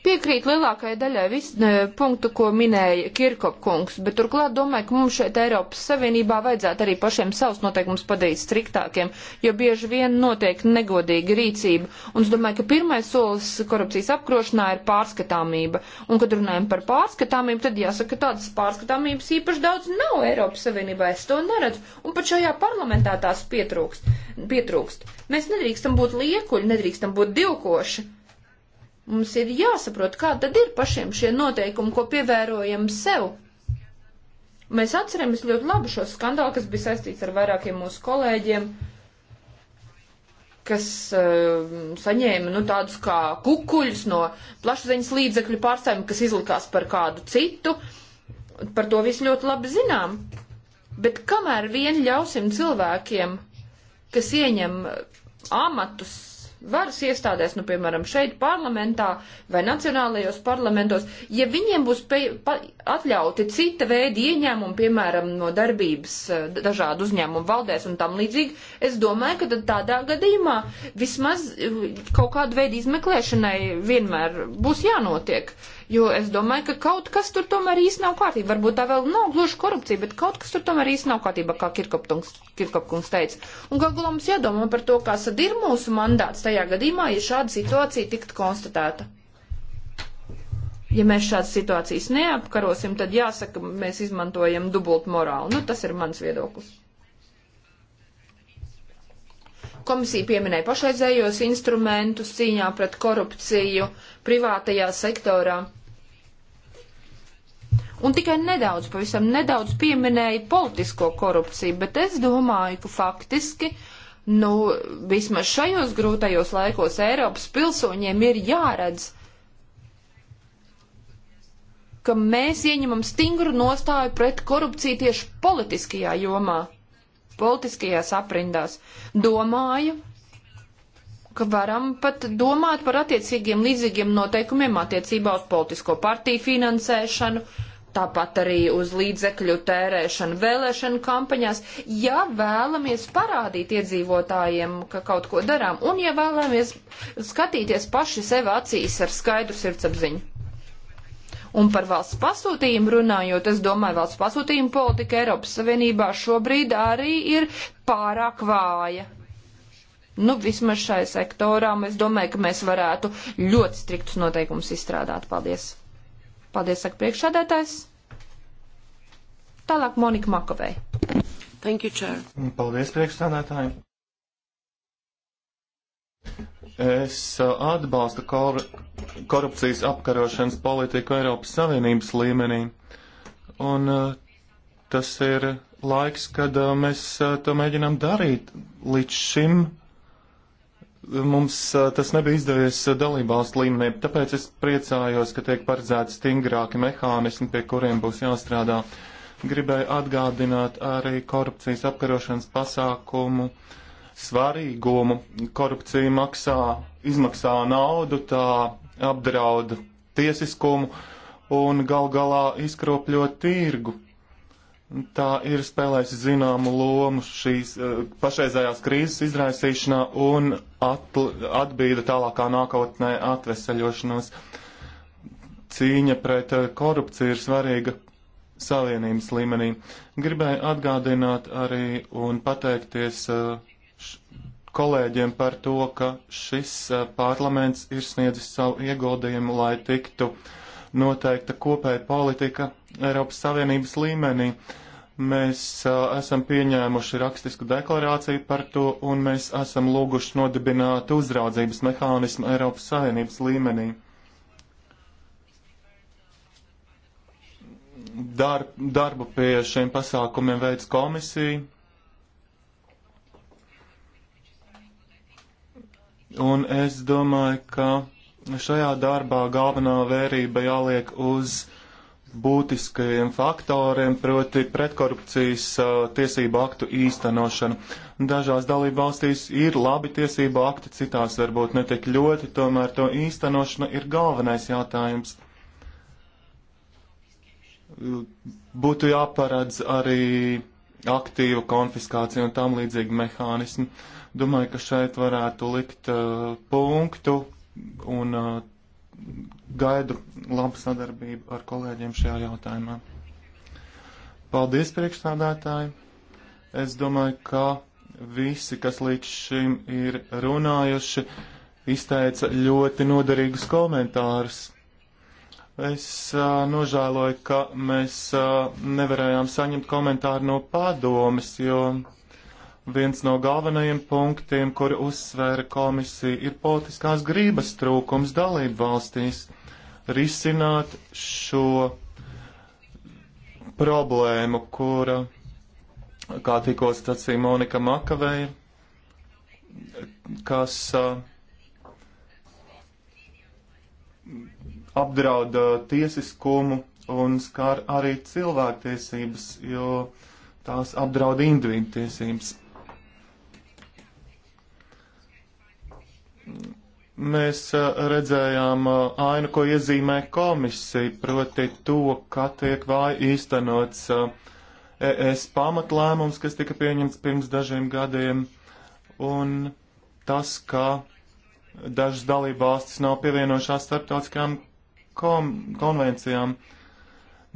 Speaker 2: Piekrīt lielākajai daļai vis, ne, punktu, ko minēja Kirkopkungs, bet turklāt domāju, ka mums šeit Eiropas Savienībā vajadzētu arī pašiem savus noteikumus padarīt striktākiem, jo bieži vien notiek negodīga rīcība. Un es domāju, ka pirmais solis korupcijas apkrošanā ir pārskatāmība. Un, kad runājam par pārskatāmību, tad jāsaka, ka tādas pārskatāmības īpaši daudz nav Eiropas Savienībā. Es to neredzu. Un pat šajā parlamentā tās pietrūkst. pietrūkst. Mēs nedrīkstam būt liekuļi, nedrīkstam būt divkoši. Mums ir jāsaprot, kā tad ir pašiem šie noteikumi, ko pievērojam sev. Mēs atceramies ļoti labi šo skandālu, kas bija saistīts ar vairākiem mūsu kolēģiem, kas uh, saņēma nu, tādus kā kukuļus no plašsaziņas līdzekļu pārstāvjiem, kas izlikās par kādu citu. Par to visu ļoti labi zinām. Bet kamēr vien ļausim cilvēkiem, kas ieņem amatus varas iestādēs, nu, piemēram, šeit parlamentā vai nacionālajos parlamentos, ja viņiem būs pe, pa, atļauti cita veida ieņēmumi, piemēram, no darbības eh, dažādu uzņēmumu valdēs un tam līdzīgi, es domāju, ka tad tādā gadījumā vismaz eh, kaut kādu veidu izmeklēšanai vienmēr būs jānotiek. Uh, Jo es domāju, ka kaut kas tur tomēr īsti nav kārtībā. Varbūt tā vēl nav gluži korupcija, bet kaut kas tur tomēr īsti nav kārtībā, kā Kirkopkungs teica. Un galu galā mums jādomā par to, kas tad ir mūsu mandāts tajā gadījumā, ja šāda situācija tiktu konstatēta. Ja mēs šādas situācijas neapkarosim, tad jāsaka, mēs izmantojam dubult morāli. Nu, tas ir mans viedoklis. Komisija pieminēja pašreizējos instrumentus cīņā pret korupciju privātajā sektorā un tikai nedaudz, pavisam nedaudz pieminēja politisko korupciju, bet es domāju, ka faktiski, nu, vismaz šajos grūtajos laikos Eiropas pilsoņiem ir jāredz, ka mēs ieņemam stingru nostāju pret korupciju tieši politiskajā jomā, politiskajās aprindās. Domāju, ka varam pat domāt par attiecīgiem līdzīgiem noteikumiem attiecībā uz politisko partiju finansēšanu, uh, Tāpat arī uz līdzekļu tērēšanu vēlēšanu kampaņās, ja vēlamies parādīt iedzīvotājiem, ka kaut ko darām, un ja vēlamies skatīties paši sev acīs ar skaidru sirdsapziņu. Un par valsts pasūtījumu runājot, es domāju, valsts pasūtījuma politika Eiropas Savienībā šobrīd arī ir pārāk vāja. Nu, vismaz šai sektorā es domāju, ka mēs varētu ļoti striktus noteikumus izstrādāt. Paldies! Paldies, saka priekšsādētājs. Tālāk Monika Makovei. Thank
Speaker 3: you, Chair. Paldies, priekšsādētāji. Es uh, atbalstu kor korupcijas apkarošanas politiku Eiropas Savienības līmenī. Un uh, tas ir laiks, kad uh, mēs to mēģinām darīt. Līdz šim Mums tas nebija izdevies dalībvalstu līmenī, tāpēc es priecājos, ka tiek paredzēti stingrāki mehānismi, pie kuriem būs jāstrādā. Gribēju atgādināt arī korupcijas apkarošanas pasākumu svarīgumu. Korupcija maksā, izmaksā naudu, tā apdrauda tiesiskumu un gal galā izkropļo tirgu tā ir spēlējusi zināmu lomu šīs eh, pašreizējās krīzes izraisīšanā un atl, atbīda tālākā nākotnē atveseļošanos. Cīņa pret eh, korupciju ir svarīga savienības līmenī. Gribēju atgādināt arī un pateikties eh, kolēģiem par to, ka šis parlaments ir sniedzis savu ieguldījumu, lai tiktu noteikta kopēja politika Eiropas Savienības līmenī. Uh, Mēs uh, esam pieņēmuši rakstisku deklarāciju par to, un mēs esam lūguši nodibināt uzraudzības mehānismu Eiropas Savienības līmenī. Dar, darbu pie šiem pasākumiem veids komisija, Un es domāju, ka šajā darbā galvenā vērība jāliek uz būtiskajiem faktoriem, proti pretkorupcijas uh, tiesību aktu īstenošanu. Dažās dalībvalstīs ir labi tiesību akti, citās varbūt netik ļoti, tomēr to īstenošana ir galvenais jautājums. Būtu jāparedz arī aktīvu konfiskāciju un tam līdzīgi mehānismi. Domāju, ka šeit varētu likt uh, punktu un uh, gaidu labu sadarbību ar kolēģiem šajā jautājumā. Paldies, priekšstādātāji! Es domāju, ka visi, kas līdz šim ir runājuši, izteica ļoti noderīgus komentārus. Es uh, nožēloju, ka mēs uh, nevarējām saņemt komentāru no padomes, jo Viens no galvenajiem punktiem, kuru uzsvēra komisija, ir politiskās grības trūkums dalību valstīs risināt šo problēmu, kura, kā tikko sacīja Monika Makavēja, kas uh, apdraud tiesiskumu un skar arī cilvēktiesības, jo tās apdraud individu tiesības. mēs redzējām ainu, ko iezīmē komisija, proti to, ka tiek vāji īstenots ES pamatlēmums, kas tika pieņemts pirms dažiem gadiem, un tas, ka dažas dalībvalstis nav pievienojušās starptautiskajām konvencijām.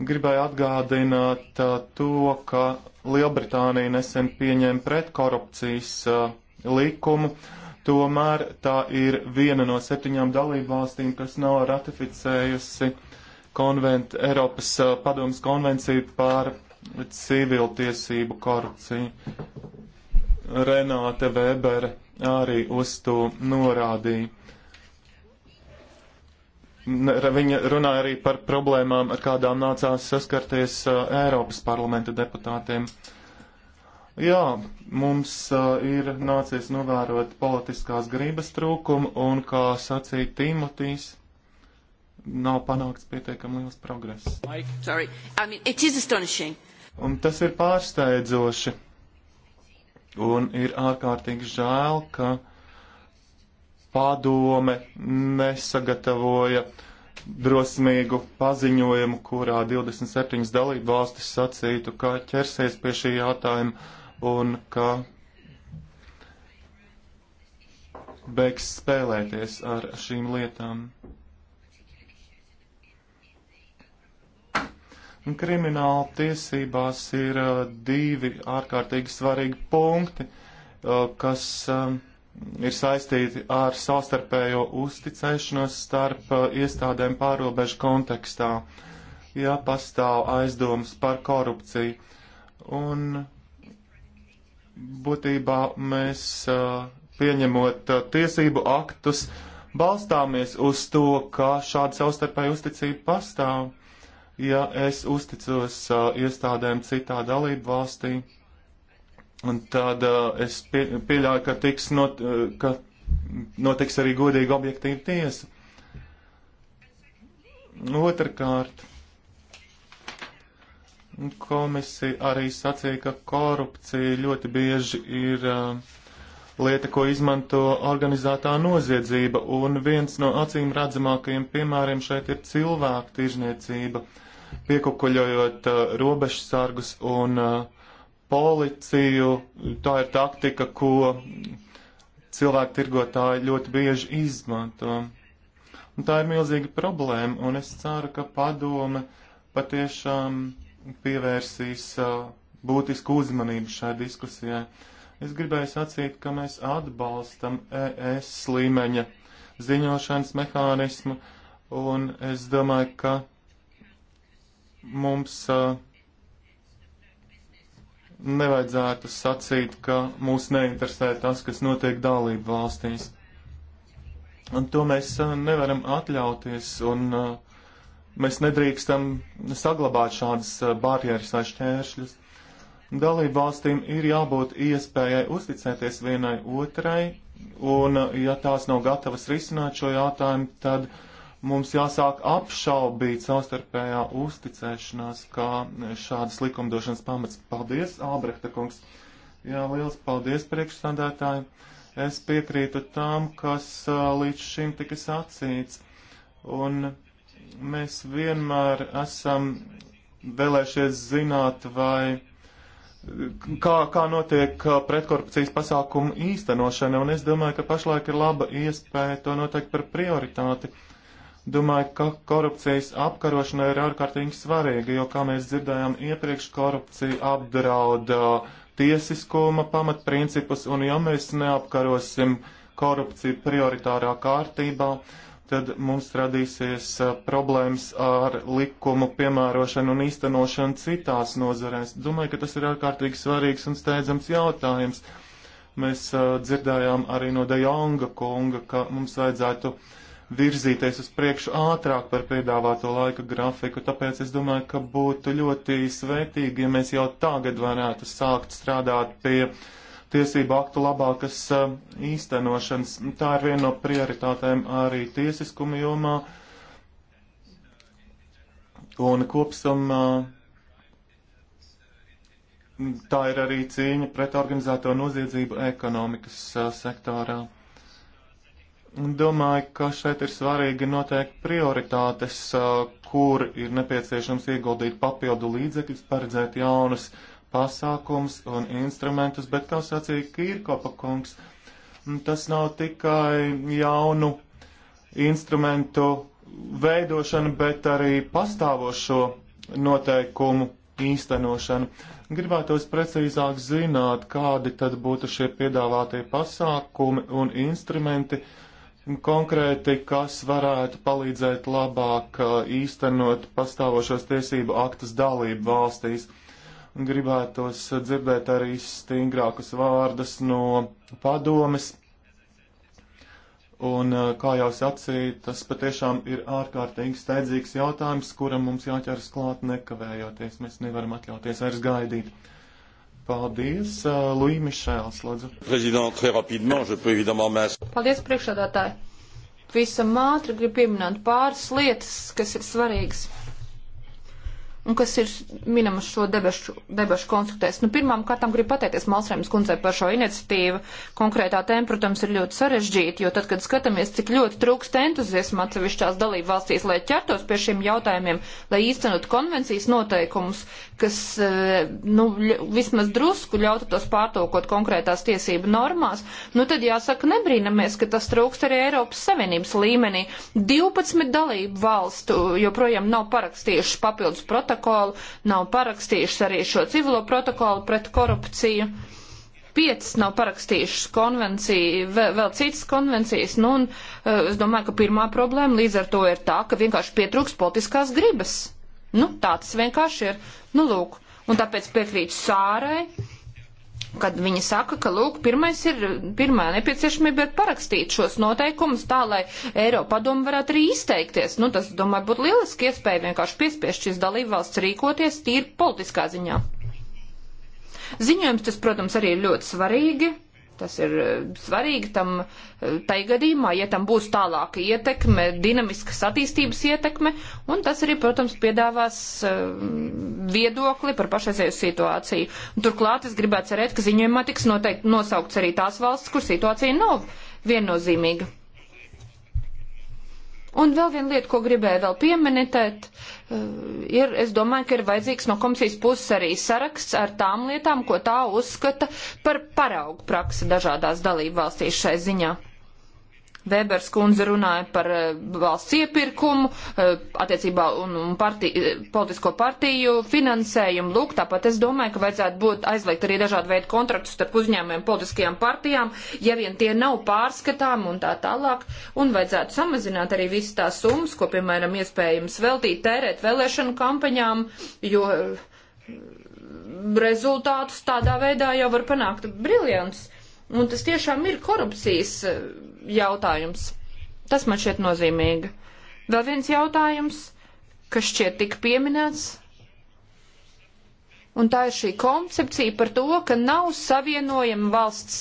Speaker 3: Gribēju atgādināt to, ka Lielbritānija nesen pieņēma pretkorupcijas likumu, uh, Tomēr tā ir viena no septiņām dalību valstīm, kas nav ratificējusi konvent, Eiropas eh, padomas konvenciju pār civiltiesību korupciju. Renāte Vēbere arī uz to norādīja. Viņa runāja arī par problēmām, ar kādām nācās saskarties eh, Eiropas parlamenta deputātiem. Uh, Jā, mums uh, ir nācies novērot politiskās grības trūkumu, un, kā sacīja Timotīs, nav panākts pietiekami liels progress.
Speaker 2: I mean,
Speaker 3: un tas ir pārsteidzoši, un ir ārkārtīgi žēl, ka padome nesagatavoja drosmīgu paziņojumu, kurā 27 dalību valstis sacītu, ka ķersies pie šī jautājuma un ka beigs spēlēties ar šīm lietām. Krimināla tiesībās ir uh, divi ārkārtīgi svarīgi punkti, uh, kas uh, ir saistīti ar savstarpējo uzticēšanos starp uh, iestādēm pārobežu kontekstā, ja pastāv aizdomas par korupciju. Un būtībā mēs pieņemot tiesību aktus balstāmies uz to, ka šāda savstarpēja uzticība pastāv. Ja es uzticos iestādēm citā dalību valstī, tad es pie, pieļauju, ka, tiks not, ka notiks arī godīga objektīva tiesa. Otrakārt Komisija arī sacīja, ka korupcija ļoti bieži ir uh, lieta, ko izmanto organizētā noziedzība, un viens no acīm redzamākajiem piemēriem šeit ir cilvēku tirzniecība, piekukuļojot uh, robežsargus un uh, policiju. Tā ir taktika, ko cilvēku tirgotāji ļoti bieži izmanto. Un tā ir milzīga problēma, un es ceru, ka padome patiešām. Um, pievērsīs uh, būtisku uzmanību šai diskusijai. Es gribēju sacīt, ka mēs atbalstam ES līmeņa ziņošanas mehānismu, un es domāju, ka mums uh, nevajadzētu sacīt, ka mūs neinteresē tas, kas notiek dalību valstīs. Un to mēs uh, nevaram atļauties, un uh, Mēs nedrīkstam saglabāt šādas eh, barjeras vai šķēršļus. Dalību valstīm ir jābūt iespējai uzticēties vienai otrai, un eh, ja tās nav gatavas risināt šo jautājumu, tad mums jāsāk apšaubīt savstarpējā uzticēšanās kā eh, šādas likumdošanas pamats. Paldies, Ābrehta kungs! Jā, liels paldies priekšsādātāji! Es piekrītu tam, kas līdz šim tika sacīts. Un Mēs vienmēr esam vēlējušies zināt, vai kā, kā notiek uh, pretkorupcijas pasākumu īstenošana, un es domāju, ka pašlaik ir laba iespēja to noteikt par prioritāti. Domāju, ka korupcijas apkarošana ir ārkārtīgi svarīga, jo, kā mēs dzirdējām iepriekš, korupcija apdrauda uh, tiesiskuma pamatprincipus, un ja mēs neapkarosim korupciju prioritārā kārtībā, uh, tad mums radīsies problēmas ar likumu piemērošanu un īstenošanu citās nozarēs. Domāju, ka tas ir ārkārtīgi svarīgs un steidzams jautājums. Mēs dzirdējām arī no Dejonga kunga, ka mums vajadzētu virzīties uz priekšu ātrāk par piedāvāto laika grafiku, tāpēc es domāju, ka būtu ļoti svētīgi, ja mēs jau tagad varētu sākt strādāt pie uh, tiesību aktu labākas um, īstenošanas. Tā ir viena no prioritātēm arī tiesiskuma jomā. Un kopsumā tā ir arī cīņa pret organizēto noziedzību ekonomikas uh, sektorā. Domāju, ka šeit ir svarīgi noteikt prioritātes, uh, kur ir nepieciešams ieguldīt papildu līdzekļus, paredzēt jaunas uh, pasākums un instrumentus, bet, kā sacīja Kīrkopa kungs, tas nav tikai jaunu instrumentu veidošana, bet arī pastāvošo noteikumu īstenošana. Gribētos precīzāk zināt, kādi tad būtu šie piedāvātie pasākumi un instrumenti konkrēti, kas varētu palīdzēt labāk īstenot pastāvošos tiesību aktus dalību valstīs gribētos dzirdēt arī stingrākus vārdus no padomes. Un, eh, kā jau sacīju, tas patiešām ir ārkārtīgi steidzīgs jautājums, kuram mums jāķeras klāt nekavējoties. Mēs nevaram atļauties vairs gaidīt. Paldies, eh, Lui Mišēls, lūdzu.
Speaker 2: Paldies, priekšādātāji. Visam ātri gribu pieminēt pāris lietas, kas ir svarīgas un kas ir minamas šo debešu, debešu konstruktēs. Nu, pirmām kārtām gribu pateikties Malsrēmas kundzei par šo iniciatīvu. Konkrētā tēma, protams, ir ļoti sarežģīta, jo tad, kad skatāmies, cik ļoti trūkst entuziasma atsevišķās dalību valstīs, lai ķertos pie šiem jautājumiem, lai īstenot konvencijas noteikumus, kas, eh, nu, vismaz drusku ļautu tos pārtulkot konkrētās tiesību normās, nu, tad jāsaka, nebrīnamies, ka tas trūkst arī Eiropas Savienības līmenī. 12 dalību valstu joprojām nav parakstījuši papildus protokolu protokolu, nav parakstījušas arī šo civilo protokolu pret korupciju. Piecas nav parakstījušas konvenciju, vēl, vēl citas konvencijas, nu un e, es domāju, ka pirmā problēma līdz ar to ir tā, ka vienkārši pietrūks politiskās gribas. Nu, tā tas vienkārši ir. Nu, lūk. Un tāpēc piekrītu Sārai kad viņi saka, ka, lūk, pirmais ir, pirmā nepieciešamība ir parakstīt šos noteikumus tā, lai Eiropa padomu varētu arī izteikties. Nu, tas, domāju, būtu lieliski iespēja vienkārši piespiest šīs dalībvalsts rīkoties tīri politiskā ziņā. Ziņojums tas, protams, arī ir ļoti svarīgi. Tas ir eh, svarīgi tam, eh, tai gadījumā, ja tam būs tālāka ietekme, dinamiskas attīstības ietekme, un tas arī, protams, piedāvās eh, viedokli par pašreizēju situāciju. Un turklāt es gribētu cerēt, ka ziņojumā tiks noteikti nosaukts arī tās valsts, kur situācija nav viennozīmīga. Un vēl viena lieta, ko gribēju vēl pieminēt, Eh, ir, es domāju, ka ir vajadzīgs no komisijas puses arī saraksts ar tām lietām, ko tā uzskata par paraugu praksi dažādās dalību valstīs šai ziņā. Vēbers kundze runāja par eh, valsts iepirkumu, eh, attiecībā un, un partij, eh, politisko partiju finansējumu. Lūk, tāpat es domāju, ka vajadzētu būt aizliegt arī dažādu veidu kontraktus starp uzņēmumiem politiskajām partijām, ja vien tie nav pārskatām un tā tālāk. Un vajadzētu samazināt arī visas tās summas, ko, piemēram, iespējams veltīt tērēt vēlēšanu kampaņām, jo rezultātus tādā veidā jau var panākt briljants. Un tas tiešām ir korupcijas jautājums. Tas man šķiet nozīmīgi. Vēl viens jautājums, kas šķiet tik pieminēts, Un tā ir šī koncepcija par to, ka nav savienojama valsts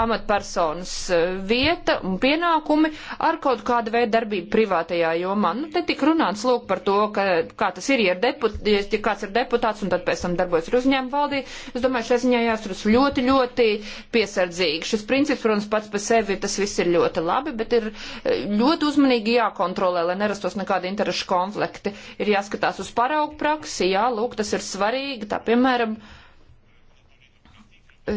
Speaker 2: amatpersonas eh, vieta un pienākumi ar kaut kādu veidu darbību privātajā jomā. Nu, te tik runāts lūk par to, ka, kā tas ir, ja, ir deput, ja kāds ir deputāts un tad pēc tam darbojas ar uzņēmumu valdī. Es domāju, šai ziņā jāsturas ļoti, ļoti piesardzīgi. Šis princips, protams, pats par sevi tas viss ir ļoti labi, bet ir eh, ļoti uzmanīgi jākontrolē, lai nerastos nekādi interešu konflikti. Ir jāskatās uz paraugu praksi, jā, lūk, tas ir svarīgi. Tā, piemēram, piemēram, e,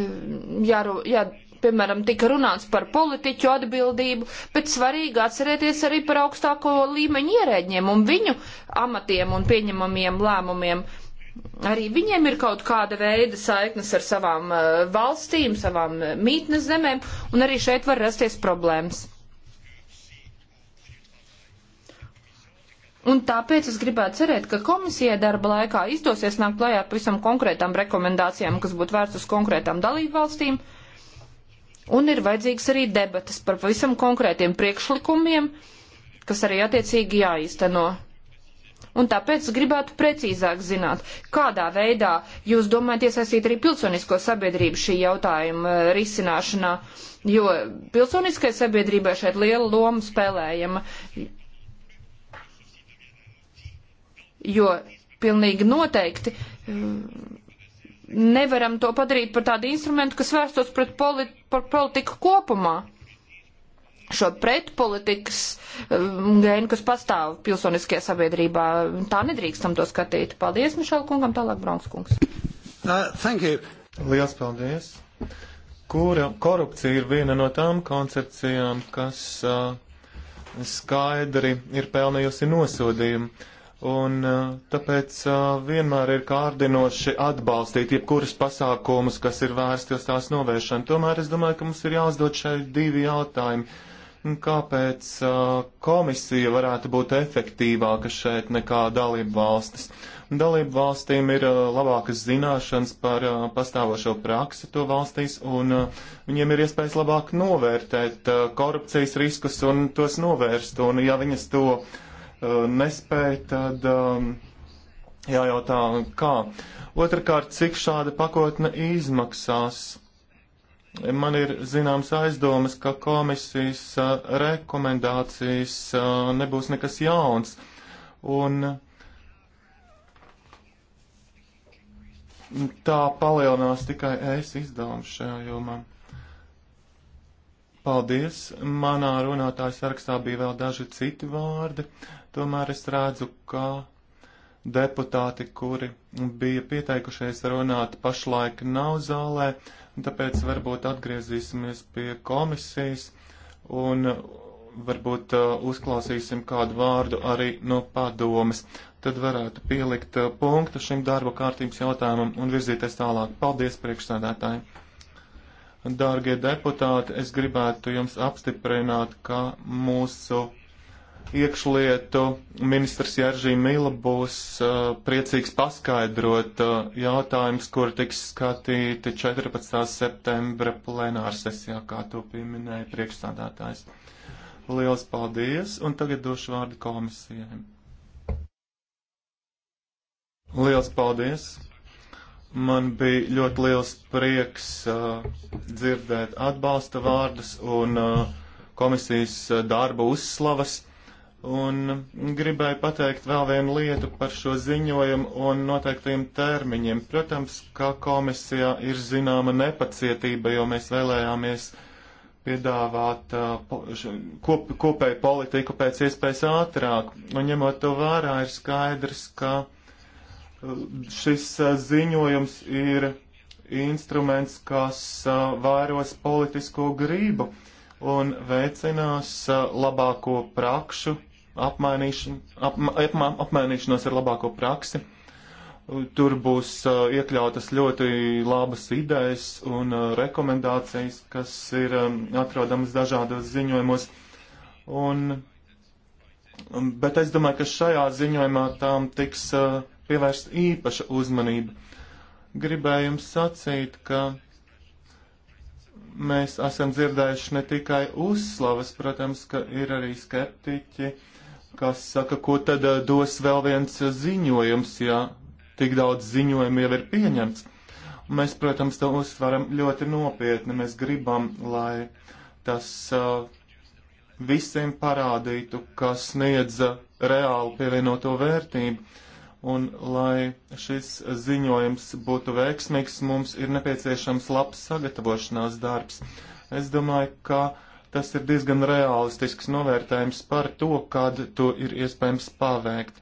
Speaker 2: jāro, jā, piemēram, tika runāts par politiķu atbildību, bet svarīgi atcerēties arī par augstāko līmeņu ierēģiem un viņu amatiem un pieņemamiem lēmumiem. Arī viņiem ir kaut kāda veida saiknes ar savām e, valstīm, savām e, mītnes zemēm, un arī šeit var rasties problēmas. Un tāpēc es gribētu cerēt, ka komisijai darba laikā izdosies nākt klajā ar pavisam konkrētām rekomendācijām, kas būtu vērts uz konkrētām dalību valstīm. Un ir vajadzīgs arī debatas par pavisam konkrētiem priekšlikumiem, kas arī attiecīgi jāīsteno un tāpēc gribētu precīzāk zināt, kādā veidā jūs domājat iesaistīt arī pilsonisko sabiedrību šī jautājuma eh, risināšanā, jo pilsoniskai sabiedrībai šeit liela loma spēlējama jo pilnīgi noteikti eh, nevaram to padarīt par tādu instrumentu, kas vērstos pret politi par politiku kopumā. Šo pretpolitikas eh, gēnu, kas pastāv pilsoniskajā sabiedrībā, tā nedrīkstam to skatīt. Paldies, Mišel kungam, tālāk Bronks kungs.
Speaker 3: Uh, thank you. Liels paldies. Kura korupcija ir viena no tām koncepcijām, kas uh, skaidri ir pelnījusi nosodījumu. Uh, Un uh, tāpēc uh, vienmēr ir kārdinoši atbalstīt jebkuras pasākumus, kas ir vērsti uz tās novēršanu. Tomēr es domāju, ka mums ir jāuzdod šeit divi jautājumi. Kāpēc uh, komisija varētu būt efektīvāka šeit nekā dalību valstis? Dalību valstīm ir labākas zināšanas par pastāvošo praksi to valstīs, un viņiem ir iespējas labāk novērtēt korupcijas riskus un tos novērst. Un, ja viņas to Eh, nespēj, tad um, jājautā, kā. Otrakārt, cik šāda pakotne izmaksās? Man ir zināms aizdomas, ka komisijas uh, rekomendācijas uh, nebūs nekas jauns. Un tā palielinās tikai es izdevums šajā jomā. Paldies! Manā runātāja sarakstā bija vēl daži citi vārdi. Tomēr es redzu, ka deputāti, kuri bija pieteikušies runāt, pašlaik nav zālē, tāpēc varbūt atgriezīsimies pie komisijas un varbūt uh, uzklausīsim kādu vārdu arī no padomes. Tad varētu pielikt uh, punktu šim darba kārtības jautājumam un virzīties tālāk. Paldies, priekšsēdētāji! Dārgie deputāti, es gribētu jums apstiprināt, ka mūsu iekšlietu ministrs Jāržī Mila būs uh, priecīgs paskaidrot uh, jautājums, kur tiks skatīti 14. septembra plenāra sesijā, kā to pieminēja priekšstādātājs. Liels paldies, un tagad došu vārdu komisijai. Liels paldies! Man bija ļoti liels prieks uh, dzirdēt atbalsta vārdus un uh, komisijas uh, darba uzslavas Un gribēju pateikt vēl vienu lietu par šo ziņojumu un noteiktiem termiņiem. Protams, kā komisijā ir zināma nepacietība, jo mēs vēlējāmies piedāvāt uh, kop, kopēju politiku pēc iespējas ātrāk. Un ņemot to vērā, ir skaidrs, ka uh, šis uh, ziņojums ir instruments, kas uh, vairos politisko grību un veicinās uh, labāko prakšu apmainīšana, apma, apma, apmainīšanos ar labāko praksi. Tur būs uh, iekļautas ļoti labas idejas un uh, rekomendācijas, kas ir um, atrodamas dažādos ziņojumos. Un, um, bet es domāju, ka šajā ziņojumā tām tiks uh, pievērsta īpaša uzmanība. Gribēju jums sacīt, ka mēs esam dzirdējuši ne tikai uzslavas, protams, ka ir arī skeptiķi. Uh, kas saka, ko tad eh, dos vēl viens ziņojums, ja tik daudz ziņojumu jau ir pieņemts. Mēs, protams, to uztveram ļoti nopietni. Mēs gribam, lai tas uh, visiem parādītu, kas sniedza eh, reāli pievienoto vērtību. Un, lai šis ziņojums būtu veiksmīgs, mums ir nepieciešams labs sagatavošanās darbs. Es domāju, ka uh, Tas ir diezgan realistisks novērtējums par to, kad to ir iespējams paveikt.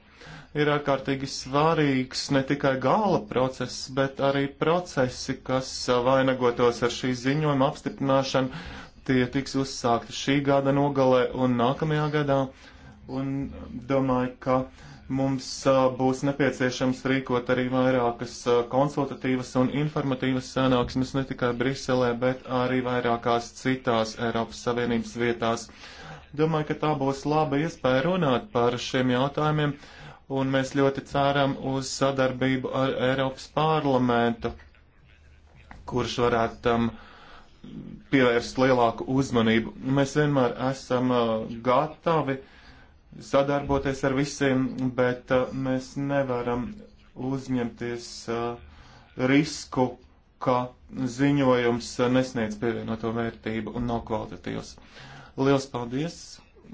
Speaker 3: Ir ārkārtīgi svarīgs ne tikai gala process, bet arī procesi, kas vainagotos ar šī ziņojuma apstiprināšanu. Tie tiks uzsākti šī gada nogalē un nākamajā gadā. Un domāju, ka uh, mums a, būs nepieciešams rīkot arī vairākas a, konsultatīvas un informatīvas sanāksmes ne tikai Briselē, bet arī vairākās citās Eiropas Savienības vietās. Domāju, ka tā būs laba iespēja runāt par šiem jautājumiem, un mēs ļoti ceram uz sadarbību ar Eiropas parlamentu, kurš varētu tam pievērst lielāku uzmanību. Mēs vienmēr esam a, gatavi uh, sadarboties ar visiem, bet uh, mēs nevaram uzņemties uh, risku, ka ziņojums uh, nesniedz pievienoto vērtību un nav kvalitatīvs. Liels paldies!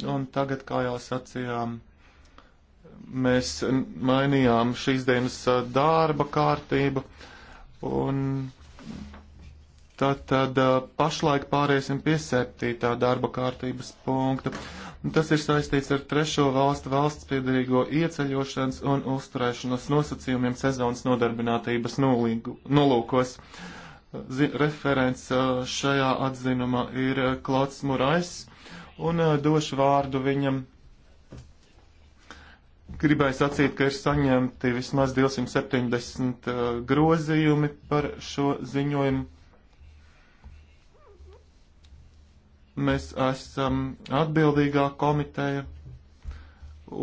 Speaker 3: Un tagad, kā jau sacījām, mēs mainījām šīs dienas uh, darba kārtību. Un tad, tad uh, pašlaik pāriesim pie septītā darba kārtības punkta. Tas ir saistīts ar trešo valstu valsts piedarīgo ieceļošanas un uzturēšanos nosacījumiem sezonas nodarbinātības nolīgu, nolūkos. Zi referents šajā atzinumā ir Klots Murais, un došu vārdu viņam. Gribēju sacīt, ka ir saņemti vismaz 270 grozījumi par šo ziņojumu Mēs esam atbildīgā komiteja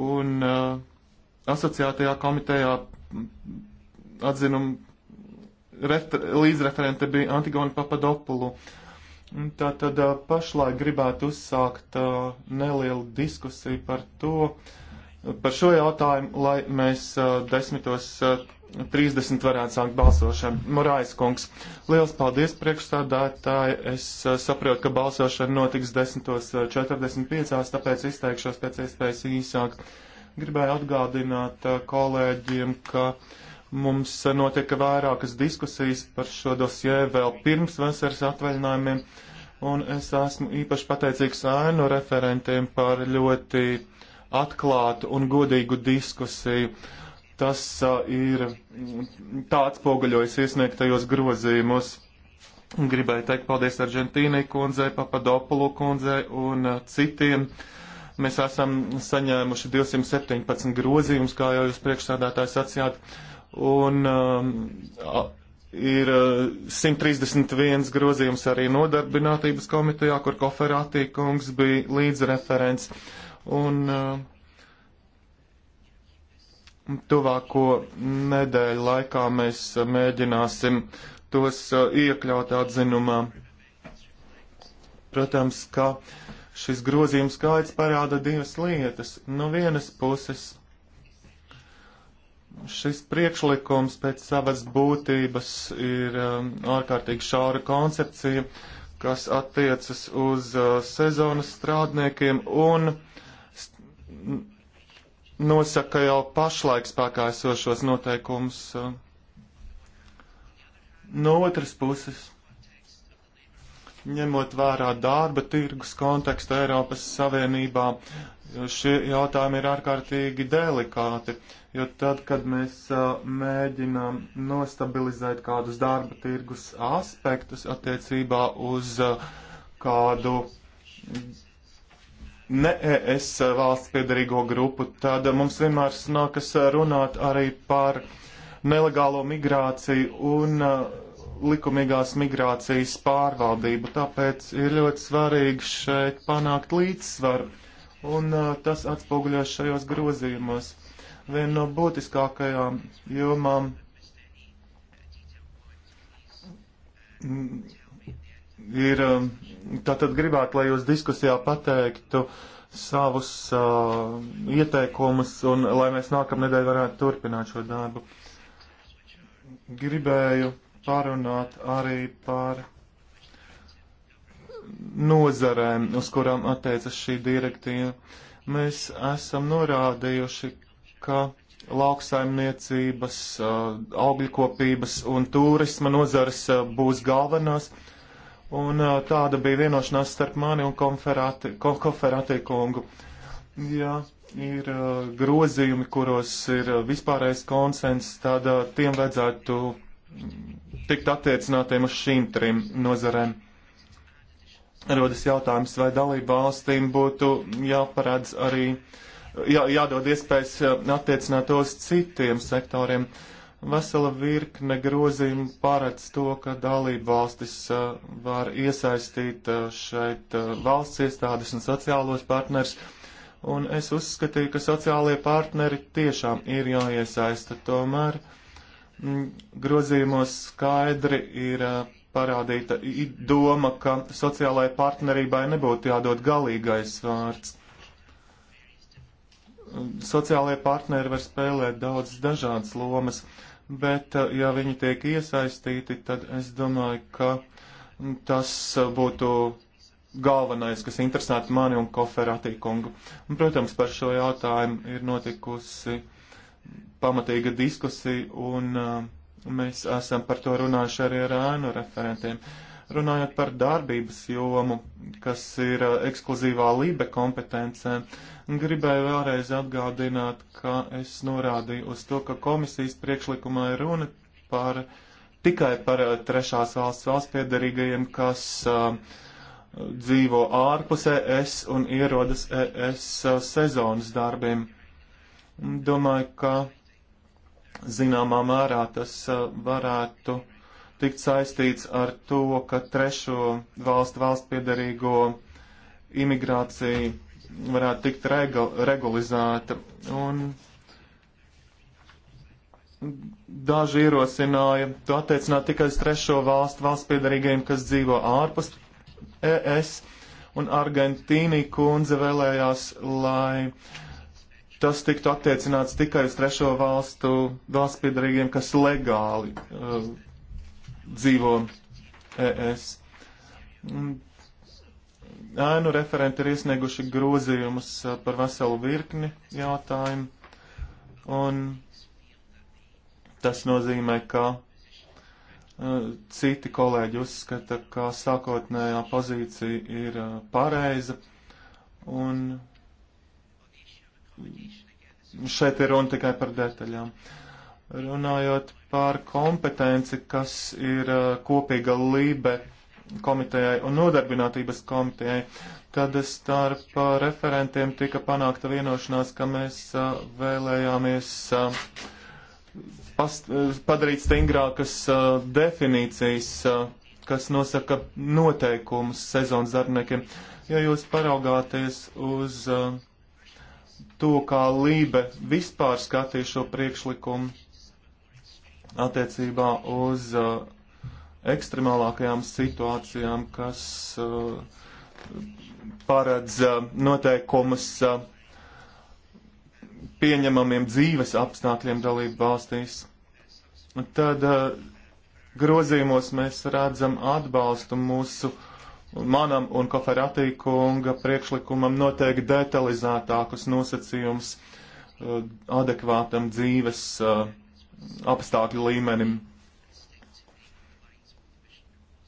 Speaker 3: un uh, asociētajā komitejā atzinumu refer līdzreferente bija Antigona Papadopulu. Tā tad uh, pašlaik gribētu uzsākt uh, nelielu diskusiju par to, par šo jautājumu, lai mēs uh, desmitos. Uh, 30 varētu sākt balsošanu. Morais kungs, liels paldies priekšstādātāji. Es eh, saprotu, ka balsošana notiks 10.45, eh, tāpēc izteikšos pēc iespējas īsāk. Gribēju atgādināt eh, kolēģiem, ka mums notiek vairākas diskusijas par šo dosjē vēl pirms vasaras atvaļinājumiem, un es esmu īpaši pateicīgs ēnu referentiem par ļoti atklātu un godīgu diskusiju Tas ir tā atspoguļojas iesniegtajos grozījumos. Gribēju teikt paldies Argentīnai kundzei, Papadopulu kundzei un citiem. Mēs esam saņēmuši 217 grozījumus, kā jau jūs priekšsādātāji sacījāt, un um, ir 131 grozījums arī nodarbinātības komitejā, kur koferātī kungs bija līdzreferents. Un, uh, Tuvāko nedēļu laikā mēs mēģināsim tos eh, iekļaut atzinumā. Protams, ka šis grozījums skaits parāda divas lietas. No vienas puses šis priekšlikums pēc savas būtības ir um, ārkārtīgi šāra koncepcija, kas attiecas uz uh, sezonas strādniekiem un st nosaka jau pašlaik spēkā esošos noteikumus. No otras puses, ņemot vērā darba tirgus kontekstu Eiropas Savienībā, šie jautājumi ir ārkārtīgi delikāti, jo tad, kad mēs mēģinām nostabilizēt kādus darba tirgus aspektus attiecībā uz kādu ne ES valsts piedarīgo grupu, tad mums vienmēr nākas runāt arī par nelegālo migrāciju un uh, likumīgās migrācijas pārvaldību. Tāpēc ir ļoti svarīgi šeit panākt līdzsvaru, un uh, tas atspoguļojas šajos grozījumos. Viena no būtiskākajām jomām mm, ir um, Tātad gribētu, lai jūs diskusijā pateiktu savus uh, ieteikumus un lai mēs nākamnedēļ varētu turpināt šo darbu. Gribēju parunāt arī par nozarēm, uz kurām attiecas šī direktīva. Mēs esam norādījuši, ka lauksaimniecības, uh, augļkopības un turisma nozares uh, būs galvenās. Un tāda bija vienošanās starp mani un konferāti, ko, koferāti kungu. Jā, ir grozījumi, kuros ir vispārējais konsens, tad tiem vajadzētu tikt attiecinātiem uz šīm trim nozarēm. Rodas jautājums, vai dalību valstīm būtu jāparedz arī, jā, jādod iespējas attiecināt tos citiem sektoriem. Uh, Vesela virkne grozījumu paredz to, ka dalība valstis uh, var iesaistīt uh, šeit uh, valsts iestādes un sociālos partners. Un es uzskatīju, ka sociālie partneri tiešām ir jāiesaista. Tomēr mm, grozījumos skaidri ir parādīta doma, ka sociālajai partnerībai nebūtu jādod galīgais vārds. Mm, sociālajie partneri var spēlēt daudz dažādas lomas bet eh, ja viņi tiek iesaistīti, tad es domāju, ka tas eh, būtu galvenais, kas interesētu mani un koferatī kungu. Un, protams, par šo jautājumu ir notikusi pamatīga diskusija, un uh, mēs esam par to runājuši arī ar ēnu referentiem. Uh, Runājot par darbības jomu, kas ir uh, ekskluzīvā lībe kompetencē, gribēju vēlreiz atgādināt, ka es norādīju uz to, ka komisijas priekšlikumā ir runa par tikai par uh, trešās valsts valsts piedarīgajiem, kas uh, dzīvo ārpus ES un ierodas ES uh, sezonas darbiem. Domāju, ka zināmā mērā tas varētu tikt saistīts ar to, ka trešo valstu valstu piedarīgo imigrācija varētu tikt regu, regulizēta. Un daži ierosināja to attiecināt tikai uz trešo valstu valsts piedarīgajiem, kas dzīvo ārpus ES, un Argentīnī kundze vēlējās, lai tas tiktu attiecināts tikai uz trešo valstu valsts piedarīgiem, kas legāli uh, dzīvo ES. Ēnu referenti ir iesnieguši grozījumus par veselu virkni jautājumu, un tas nozīmē, ka uh, citi kolēģi uzskata, ka sākotnējā pozīcija ir uh, pareiza, un šeit ir runa tikai par detaļām. Uh, Runājot par kompetenci, kas ir uh, kopīga lībe komitejai un nodarbinātības komitejai, tad starp uh, referentiem tika panākta vienošanās, ka mēs uh, vēlējāmies past, padarīt stingrākas definīcijas, kas nosaka noteikumus sezonas darbiniekiem. Ja jūs paraugāties uz to, kā Lībe vispār skatīja šo priekšlikumu, attiecībā uz uh, ekstremālākajām situācijām, kas uh, paredz uh, noteikumus uh, pieņemamiem dzīves apstākļiem dalību valstīs. Tad uh, grozījumos mēs redzam atbalstu mūsu manam un koferatī kunga priekšlikumam noteikti detalizētākus nosacījumus uh, adekvātam dzīves uh, apstākļu līmenim.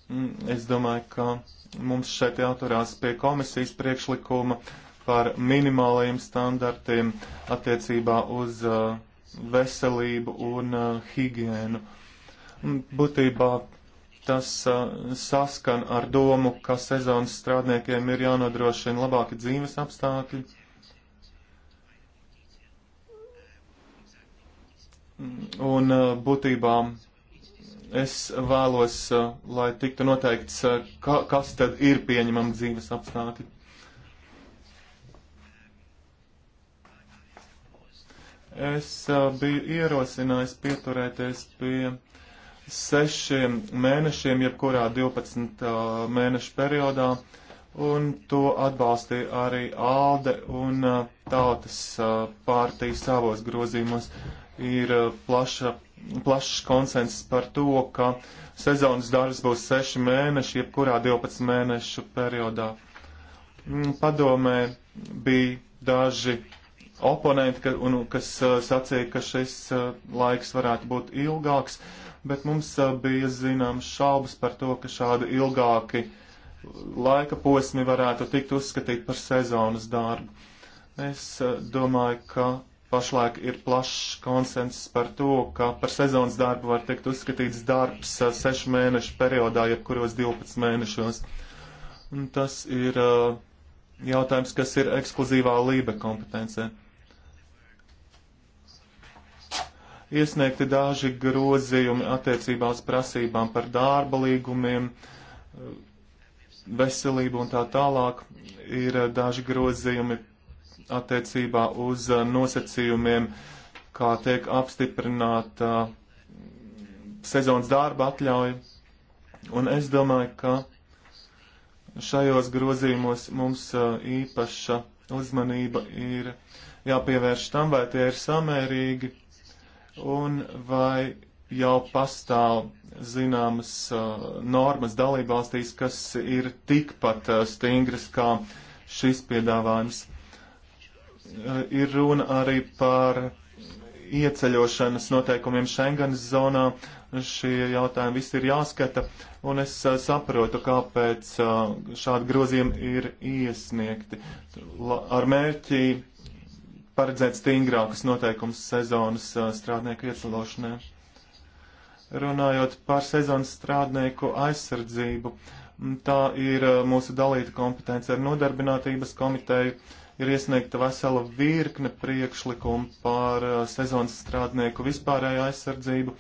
Speaker 3: Mm, es domāju, ka mums šeit jāturās pie komisijas priekšlikuma par minimālajiem standartiem attiecībā uz uh, veselību un uh, higienu. Mm, būtībā tas uh, saskan ar domu, ka sezonas strādniekiem ir jānodrošina labāki dzīves apstākļi Un uh, būtībā es vēlos, uh, lai tiktu noteikts, uh, ka, kas tad ir pieņemama dzīves apstākļi. Es biju ierosinājis pieturēties pie sešiem mēnešiem, jebkurā 12 mēnešu periodā, un to atbalstīja arī ALDE un Tautas pārtīs savos grozījumos. Uh, ir eh, plaša, plašs konsensus par to, ka sezonas darbs būs 6 mēneši, jebkurā 12 mēnešu periodā. Mm, padomē bija daži oponenti, ka, un, kas eh, sacīja, ka šis eh, laiks varētu būt ilgāks, bet mums bija zināms šaubas par to, ka šādi ilgāki laika posmi varētu tikt uzskatīt par sezonas darbu. Es domāju, ka Pašlaik ir plašs konsensus par to, ka par sezonas darbu var tikt uzskatīts darbs sešu mēnešu periodā, jebkuros 12 mēnešos. Un tas ir jautājums, kas ir ekskluzīvā lībe kompetencē. Iesniegti daži grozījumi attiecībā uz prasībām par darba līgumiem, veselību un tā tālāk. Ir daži grozījumi attiecībā uz uh, nosacījumiem, kā tiek apstiprināta mm, sezonas darba atļauja. Un es domāju, ka šajos grozījumos mums uh, īpaša uzmanība ir jāpievērš tam, vai tie ir samērīgi un vai jau pastāv zināmas uh, normas dalībvalstīs, kas ir tikpat uh, stingras kā šis piedāvājums. Eh, ir runa arī par ieceļošanas noteikumiem Schengenas zonā. Šie jautājumi visi ir jāskata, un es eh, saprotu, kāpēc eh, šādi grozījumi ir iesniegti ar mērķi paredzēt stingrākas noteikumus sezonas strādnieku ieceļošanai. Runājot par sezonas strādnieku aizsardzību, tā ir mūsu dalīta kompetence ar nodarbinātības komiteju ir iesniegta vesela virkne priekšlikumu par uh, sezonas strādnieku vispārēju aizsardzību,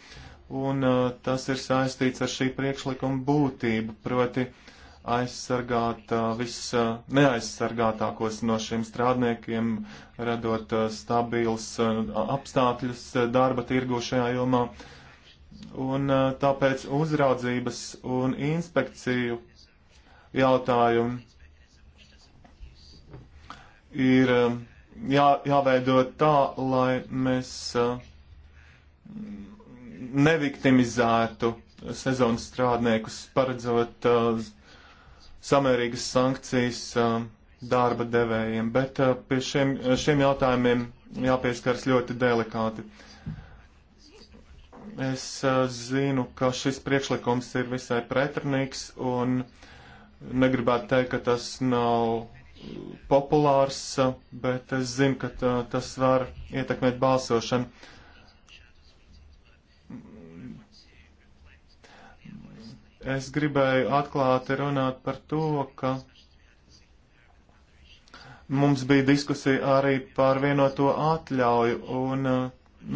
Speaker 3: un uh, tas ir saistīts ar šī priekšlikuma būtību, proti aizsargāt uh, viss neaizsargātākos no šiem strādniekiem, radot stabils apstākļus darba tirgu šajā jomā. Un tāpēc uzraudzības un inspekciju jautājumu ir um, jā, jāveido tā, lai mēs uh, neviktimizētu sezonas strādniekus, paredzot uh, samērīgas sankcijas uh, darba devējiem, bet pie šiem, šiem jautājumiem jāpieskars ļoti delikāti. Es zinu, ka šis priekšlikums ir visai pretrunīgs un negribētu teikt, ka tas nav populārs, bet es zinu, ka tā, uh, tas var ietekmēt balsošanu. Es gribēju atklāti runāt par to, ka mums bija diskusija arī par vienoto atļauju, un uh,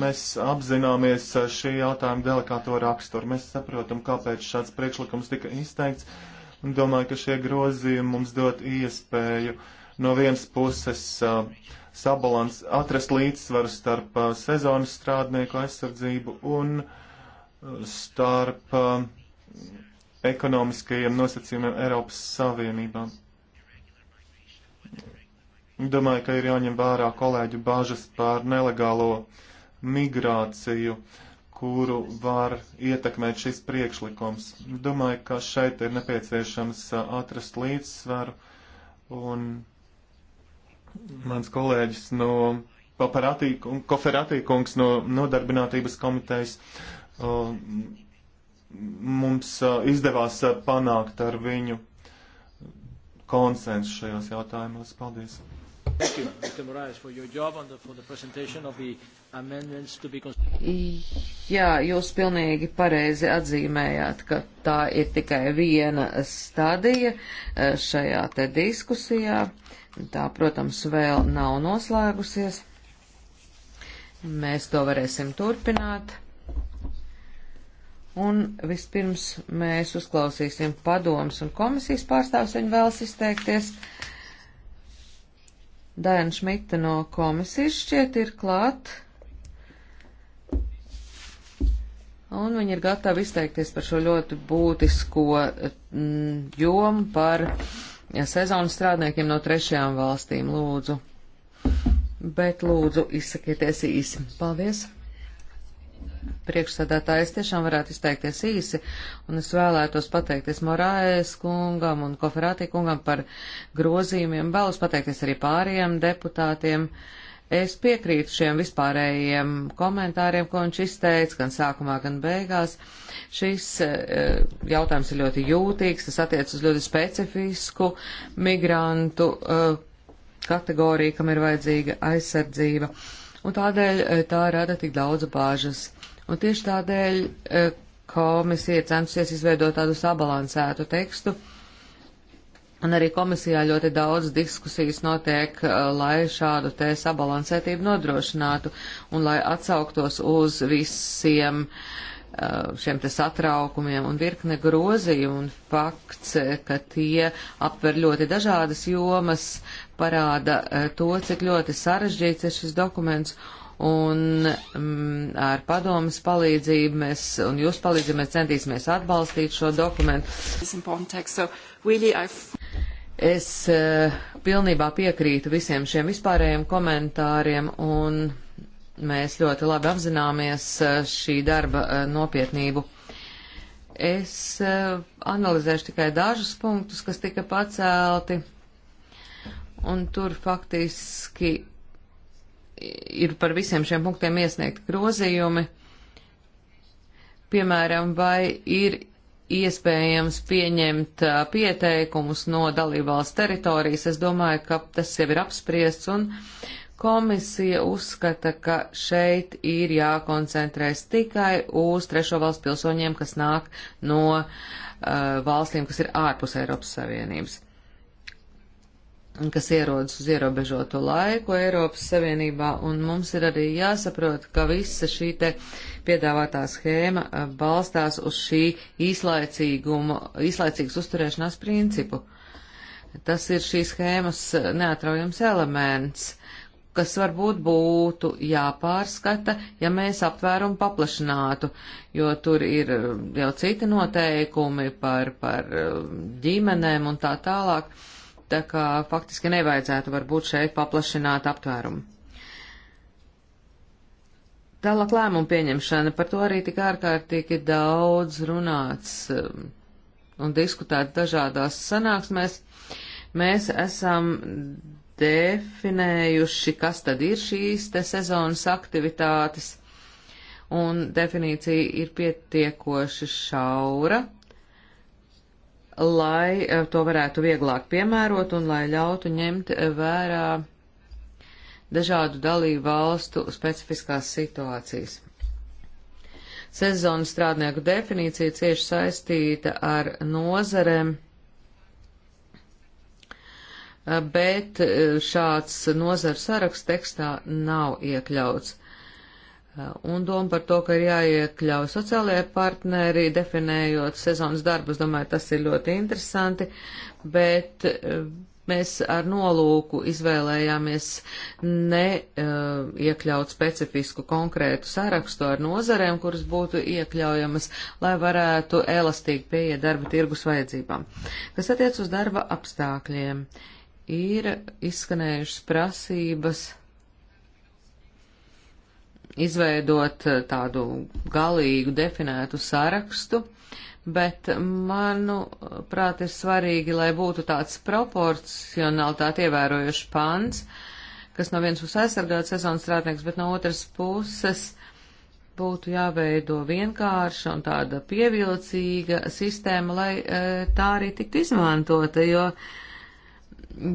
Speaker 3: mēs apzināmies uh, šī jautājuma delikāto raksturu. Mēs saprotam, kāpēc šāds priekšlikums tika izteikts un domāju, ka šie grozījumi mums dod iespēju no vienas puses uh, sabalans, atrast līdzsvaru starp uh, sezonas strādnieku aizsardzību un uh, starp uh, ekonomiskajiem nosacījumiem Eiropas Savienībā. Domāju, ka ir jāņem vērā kolēģu bāžas par nelegālo migrāciju. Uh, kuru var ietekmēt šis priekšlikums. Domāju, ka šeit ir nepieciešams uh, atrast līdzsvaru, un mans kolēģis no Koferatīkungs no Nodarbinātības komitejas uh, mums uh, izdevās panākt ar viņu konsensu šajos jautājumos. Paldies! Thank you, Mr. Moraes, for your job and the, for the presentation of the amendments to be
Speaker 1: Jā, jūs pilnīgi pareizi atzīmējāt, ka tā ir tikai viena stadija e, šajā te diskusijā. Tā, protams, vēl nav noslēgusies. Mēs to varēsim turpināt. Un vispirms mēs uzklausīsim padomus un komisijas pārstāvs, viņi vēlas izteikties. Uh, Dēna Šmita no komisijas šķiet ir klāt. Un viņi ir gatavi izteikties par šo ļoti būtisko mm, jomu par sezonas strādniekiem no trešajām valstīm. Lūdzu. Bet lūdzu, izsakieties īsi. Paldies! priekšsēdētāji, es tiešām varētu izteikties īsi, un es vēlētos pateikties Morājas kungam un Koferātī kungam par grozījumiem. Vēlos pateikties arī pārējiem deputātiem. Es piekrītu šiem vispārējiem komentāriem, ko viņš izteica, gan sākumā, gan beigās. Šis eh, jautājums ir ļoti jūtīgs, tas attiec uz ļoti specifisku migrantu eh, kategoriju, kam ir vajadzīga aizsardzība. Un tādēļ eh, tā rada tik daudz bāžas. Un tieši tādēļ eh, komisija cenšas izveidot tādu sabalansētu tekstu. Un arī komisijā ļoti daudz diskusijas notiek, eh, lai šādu te sabalansētību nodrošinātu un lai atsauktos uz visiem eh, šiem te satraukumiem un virkne grozījumu un fakts, ka tie aptver ļoti dažādas jomas, parāda to, cik ļoti sarežģīts ir šis dokuments un mm, ar padomas palīdzību mēs, un jūs palīdzību mēs centīsimies atbalstīt šo dokumentu. So really es uh, pilnībā piekrītu visiem šiem vispārējiem komentāriem, un mēs ļoti labi apzināmies uh, šī darba uh, nopietnību. Es uh, analizēšu tikai dažus punktus, kas tika pacelti, un tur faktiski ir par visiem šiem punktiem iesniegti grozījumi. Piemēram, vai ir iespējams pieņemt pieteikumus no dalībvalsts teritorijas. Es domāju, ka tas jau ir apspriests un komisija uzskata, ka šeit ir jākoncentrēs tikai uz trešo valstu pilsoņiem, kas nāk no uh, valstīm, kas ir ārpus Eiropas Savienības kas ierodas uz ierobežoto laiku Eiropas Savienībā, un mums ir arī jāsaprot, ka visa šī te piedāvātā schēma eh, balstās uz šī īslaicīgas uzturēšanās principu. Tas ir šīs schēmas eh, neatraujams elements, kas varbūt būtu jāpārskata, ja mēs aptvērumu paplašinātu, jo tur ir eh, jau citi noteikumi par, par ģimenēm un tā tālāk. Uh, tā kā faktiski nevajadzētu varbūt šeit paplašināt aptvērumu. Tālāk lēmumu pieņemšana, par to arī tik ārkārtīgi daudz runāts um, un diskutēts dažādās sanāksmēs. Mēs esam definējuši, kas tad ir šīs te sezonas aktivitātes, un definīcija ir pietiekoši šaura, lai e, to varētu vieglāk piemērot un lai ļautu ņemt vērā dažādu dalību valstu specifiskās situācijas. Sezonas strādnieku definīcija cieši saistīta ar nozarēm, e, bet e, šāds nozaru saraksts tekstā nav iekļauts. Un doma par to, ka ir jāiekļauj sociālajie partneri, definējot sezonas darbus, domāju, tas ir ļoti interesanti, bet e, mēs ar nolūku izvēlējāmies ne uh, iekļaut specifisku konkrētu sarakstu ar nozarēm, kuras būtu iekļaujamas, lai varētu elastīgi pieiet darba tirgus vajadzībām. Kas attiec uz darba apstākļiem, ir izskanējušas prasības izveidot eh, tādu galīgu definētu sarakstu, bet manuprāt ir svarīgi, lai būtu tāds proporcionalitāti ievērojuši pants, kas no vienas puses aizsargātu sezonas strādnieks, bet no otras puses būtu jāveido vienkārša un tāda pievilcīga sistēma, lai eh, tā arī tiktu izmantota, jo uh,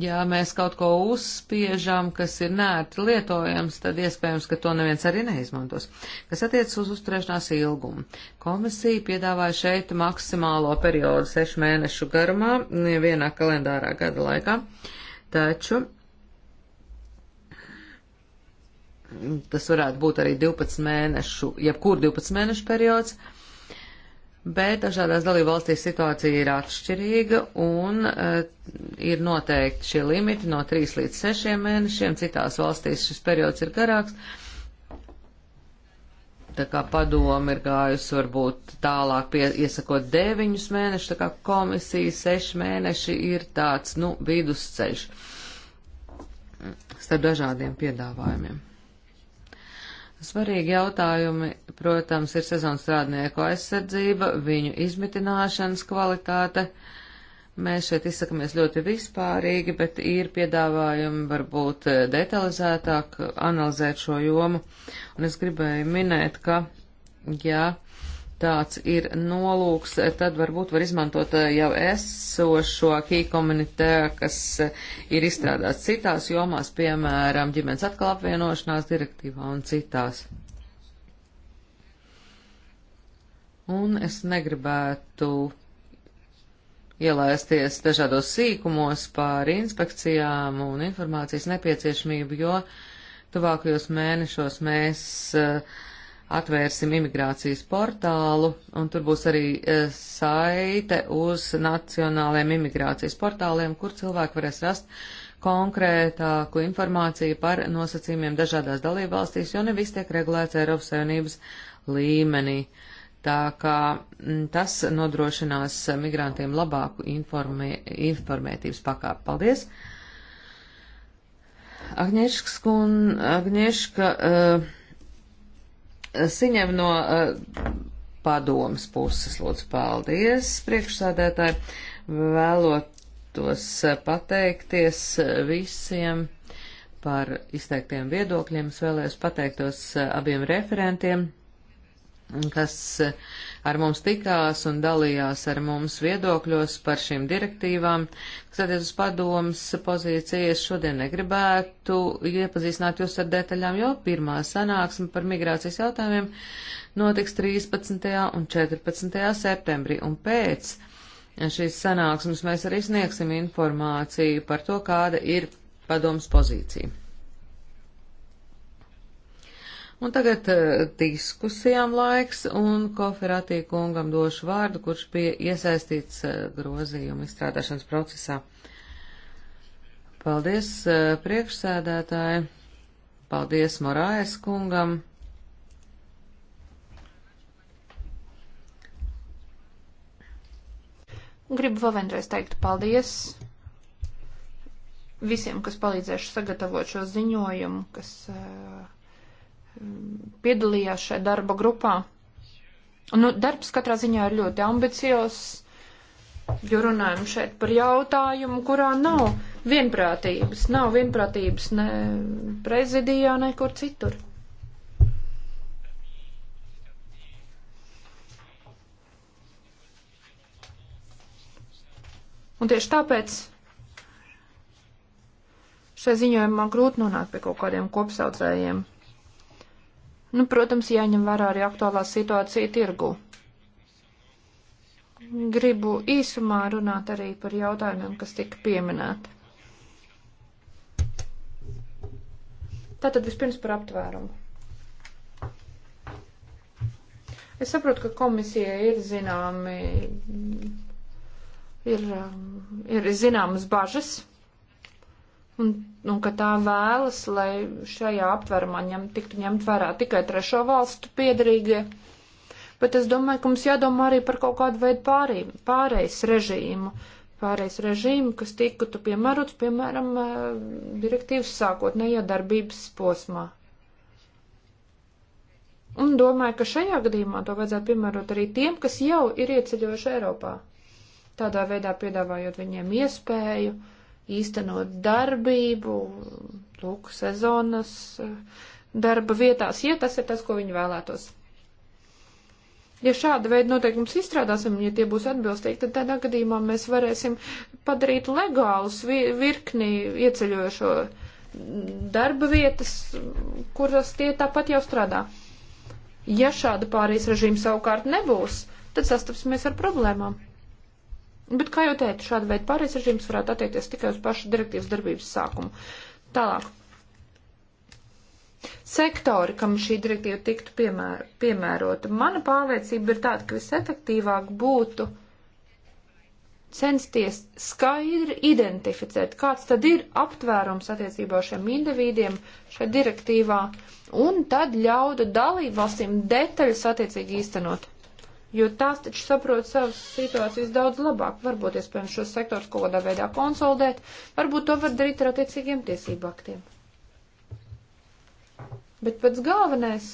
Speaker 1: ja mēs kaut ko uzspiežam, kas ir nērti lietojams, tad iespējams, ka to neviens arī neizmantos. Kas attiecas uz uzturēšanās ilgumu. Komisija piedāvāja šeit maksimālo periodu sešu mēnešu garumā, vienā kalendārā gada laikā, taču tas varētu būt arī 12 mēnešu, jebkur 12 mēnešu periods. Uh, bet dažādās dalībvalstīs situācija ir atšķirīga un uh, ir noteikti šie limiti no 3 līdz 6 mēnešiem, citās valstīs šis periods ir garāks. Tā kā padomi ir gājusi varbūt tālāk, pie, iesakot 9 mēnešus, tā kā komisija 6 mēneši ir tāds, nu, vidusceļš starp dažādiem piedāvājumiem. Svarīgi jautājumi, protams, ir sezonstrādnieku aizsardzība, viņu izmitināšanas kvalitāte. Mēs šeit izsakamies ļoti vispārīgi, bet ir piedāvājumi varbūt detalizētāk analizēt šo jomu. Un es gribēju minēt, ka, jā, ja, tāds ir nolūks, tad varbūt var izmantot eh, jau esošo kīkomunitē, kas eh, ir izstrādāts citās jomās, piemēram, ģimenes atkal apvienošanās direktīvā un citās. Un es negribētu ielaisties dažādos sīkumos par inspekcijām un informācijas nepieciešamību, jo tuvākajos mēnešos mēs uh, atvērsim imigrācijas portālu, un tur būs arī eh, saite uz nacionālajiem imigrācijas portāliem, kur cilvēki varēs rast konkrētāku informāciju par nosacījumiem dažādās dalībvalstīs, jo ne viss tiek regulēts Eiropas Savienības līmenī. Tā kā mm, tas nodrošinās migrantiem labāku informē, informētības pakāpi. Paldies! Agnieszka, skun, Agnieszka uh, saņem no uh, padomas puses. Lūdzu, paldies, priekšsādētāji. Vēlotos eh, pateikties eh, visiem par izteiktiem viedokļiem. Es vēlējos pateiktos abiem referentiem, kas uh, ar mums tikās un dalījās ar mums viedokļos par šīm direktīvām. Skatoties uz padomas pozīcijas, šodien negribētu iepazīstināt jūs ar detaļām, jo pirmā sanāksme par migrācijas jautājumiem notiks 13. un 14. septembrī, un pēc šīs sanāksmes mēs arī sniegsim informāciju par to, kāda ir padomas pozīcija. Un tagad uh, diskusijām laiks, un Koferatī kungam došu vārdu, kurš bija iesaistīts uh, grozījumu izstrādāšanas procesā. Paldies uh, priekšsēdētāji, paldies Morājas kungam.
Speaker 2: Gribu vēl vienreiz teikt paldies visiem, kas palīdzējuši sagatavot šo ziņojumu, kas uh, piedalījās šajā darba grupā. Nu, darbs katrā ziņā ir ļoti ambiciozs, jo runājam šeit par jautājumu, kurā nav vienprātības. Nav vienprātības ne prezidijā, nekur citur. Un tieši tāpēc šai ziņojumā grūti nonākt pie kaut kādiem kopsaucējiem. Nu, protams, jāņem vērā arī aktuālā situācija tirgu. Gribu īsumā runāt arī par jautājumiem, kas tika pieminēti. Tātad vispirms par aptvērumu. Es saprotu, ka komisijai ir zināmi, ir, um, ir zināmas bažas un, un ka tā vēlas, lai šajā aptverumā ņem, tiktu ņemt vērā tikai trešo valstu piedarīgie. Bet es domāju, ka mums jādomā arī par kaut kādu veidu pārī, pārējais režīmu, pārējais režīmu, kas tiktu piemērots, piemēram, eh, direktīvas sākotnējā darbības posmā. Un domāju, ka šajā gadījumā to vajadzētu piemērot arī tiem, kas jau ir ieceļojuši Eiropā. Tādā veidā piedāvājot viņiem iespēju uh, īstenot darbību, lūk, sezonas eh, darba vietās, ja tas ir tas, ko viņi vēlētos. Ja šāda veida noteikums izstrādāsim, ja tie būs atbilstīgi, tad tādā gadījumā mēs varēsim padarīt legālus virkni ieceļojošo darba vietas, kuras tie tāpat jau strādā. Ja šāda pārējais režīma savukārt nebūs, tad sastapsimies ar problēmām. Bet, kā jau teicu, šāda veida pārējais režīms varētu attiekties tikai uz pašu direktīvas darbības sākumu. Tālāk. Sektori, kam šī direktīva tiktu piemēr, piemērota, mana pārliecība ir tāda, ka visefektīvāk būtu censties skaidri identificēt, kāds tad ir aptvērums attiecībā šiem individiem šajā direktīvā, un tad ļaudu dalībvalstīm detaļas attiecīgi īstenot jo tās taču saprot savas situācijas daudz labāk. Varbūt, iespējams, šos sektors kaut kādā veidā konsolidēt, varbūt to var darīt ar attiecīgiem tiesību aktiem. Bet pats galvenais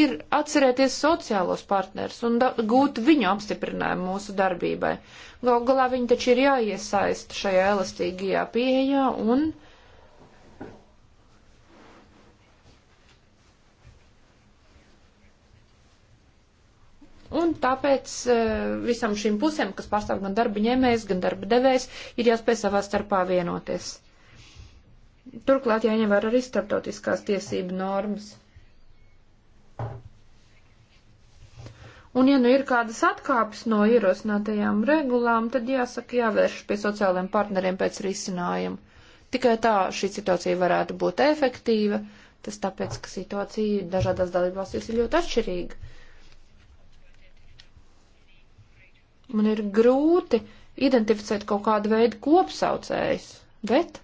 Speaker 2: ir atcerēties sociālos partnerus un da, gūt viņu apstiprinājumu mūsu darbībai. Gal galā viņi taču ir jāiesaist šajā elastīgajā pieejā un. Uh, Un tāpēc eh, visam šīm pusēm, kas pārstāv gan darba ņēmējs, gan darba devējs, ir jāspēj savā starpā vienoties. Turklāt jāņem vērā arī starptautiskās tiesību normas. Un, ja nu ir kādas atkāpes no ierosinātajām regulām, tad jāsaka jāvērš pie sociālajiem partneriem pēc risinājuma. Tikai tā šī situācija varētu būt efektīva, tas tāpēc, ka situācija dažādās dalībvalstīs ir ļoti atšķirīga. Man ir grūti identificēt kaut kādu veidu kopsaucējs, bet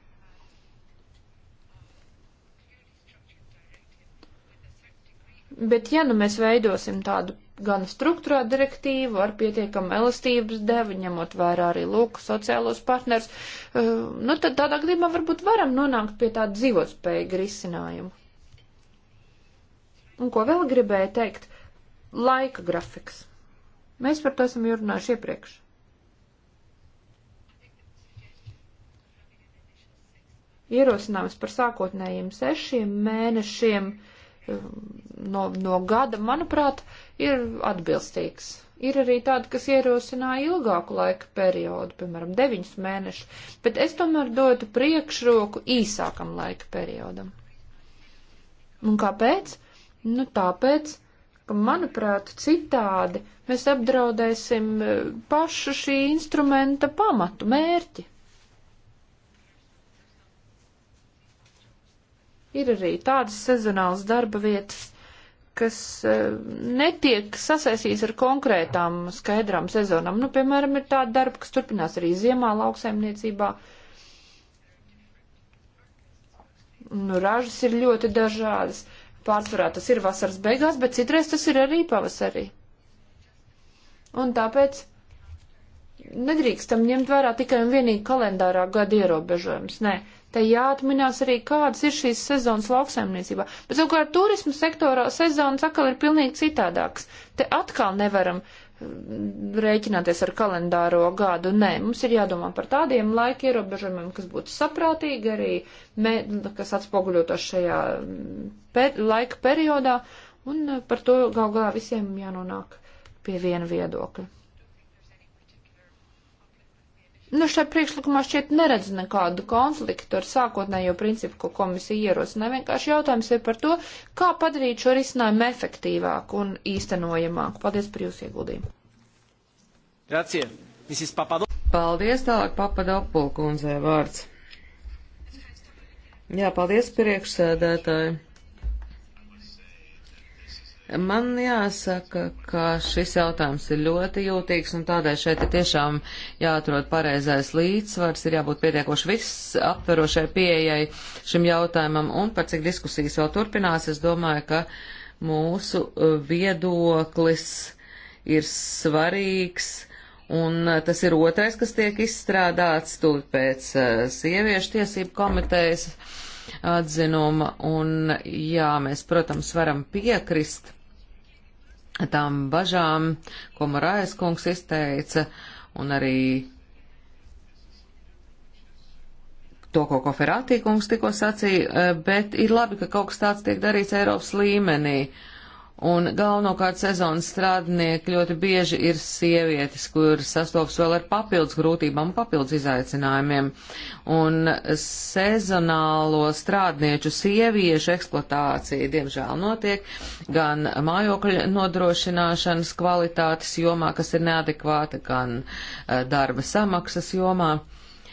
Speaker 2: Bet, ja nu mēs veidosim tādu gan struktūrā direktīvu ar pietiekamu elastības devu, ņemot vērā arī lūku sociālos partners, eh, nu tad tādā gadījumā varbūt varam nonākt pie tāda dzīvotspējīga risinājuma. Un ko vēl gribēju teikt? Laika grafiks. Mēs par to esam jau runājuši iepriekš. Ierosinājums par sākotnējiem sešiem mēnešiem um, no, no gada, manuprāt, ir atbilstīgs. Ir arī tādi, kas ierosināja ilgāku laika periodu, piemēram, deviņus mēnešus, bet es tomēr dotu priekšroku īsākam laika periodam. Un kāpēc? Nu, tāpēc, ka, manuprāt, citādi mēs apdraudēsim e, pašu šī instrumenta pamatu mērķi. Ir arī tādas sezonālas darba vietas, kas e, netiek sasaistīts ar konkrētām skaidrām sezonām. Nu, piemēram, ir tāda darba, kas turpinās arī ziemā lauksaimniecībā. Nu, ražas ir ļoti dažādas. Pārsvarā tas ir vasaras beigās, bet citreiz tas ir arī pavasarī. Un tāpēc nedrīkstam ņemt vērā tikai un vienīgi kalendārā gada ierobežojums. Nē, te jāatminās arī, kādas ir šīs sezonas lauksaimniecībā. Bet savukārt turismu sektorā sezonas atkal ir pilnīgi citādāks. Te atkal nevaram uh, rēķināties ar kalendāro gadu. Nē, mums ir jādomā par tādiem laika ierobežojumiem, kas būtu saprātīgi arī, mē, kas atspoguļotos šajā mm, per, laika periodā, un par to gal galā visiem jānonāk pie viena viedokļa. Nu, šajā priekšlikumā šķiet neredz nekādu konfliktu ar sākotnējo principu, ko komisija ierosina. Vienkārši jautājums ir par to, kā padarīt šo risinājumu efektīvāku un īstenojamāku. Paldies par
Speaker 1: jūsu ieguldījumu. Grazie. Mrs. Papado. Paldies, tālāk Papadopulkundzē vārds. Jā, paldies priekšsēdētāji. Man jāsaka, ka šis jautājums ir ļoti jūtīgs, un tādēļ šeit ir tiešām jāatrod pareizais līdzsvars, ir jābūt pietiekoši viss aptverošai pieejai šim jautājumam, un par cik diskusijas vēl turpinās, es domāju, ka mūsu uh, viedoklis ir svarīgs. Un uh, tas ir otrais, kas tiek izstrādāts tūlīt pēc uh, sieviešu tiesību komitejas atzinuma. Un jā, mēs, protams, varam piekrist tām bažām, ko Marājas kungs izteica, un arī to, ko Koferātī kungs tikko sacīja, eh, bet ir labi, ka kaut kas tāds tiek darīts Eiropas līmenī. Uh, Un galvenokārt sezonas strādnieki ļoti bieži ir sievietes, kuras sastopas vēl ar papildus grūtībām, papildus izaicinājumiem. Un sezonālo strādnieču sieviešu eksploatācija, diemžēl, notiek gan mājokļa nodrošināšanas kvalitātes jomā, kas ir neadekvāta, gan eh, darba samaksas jomā.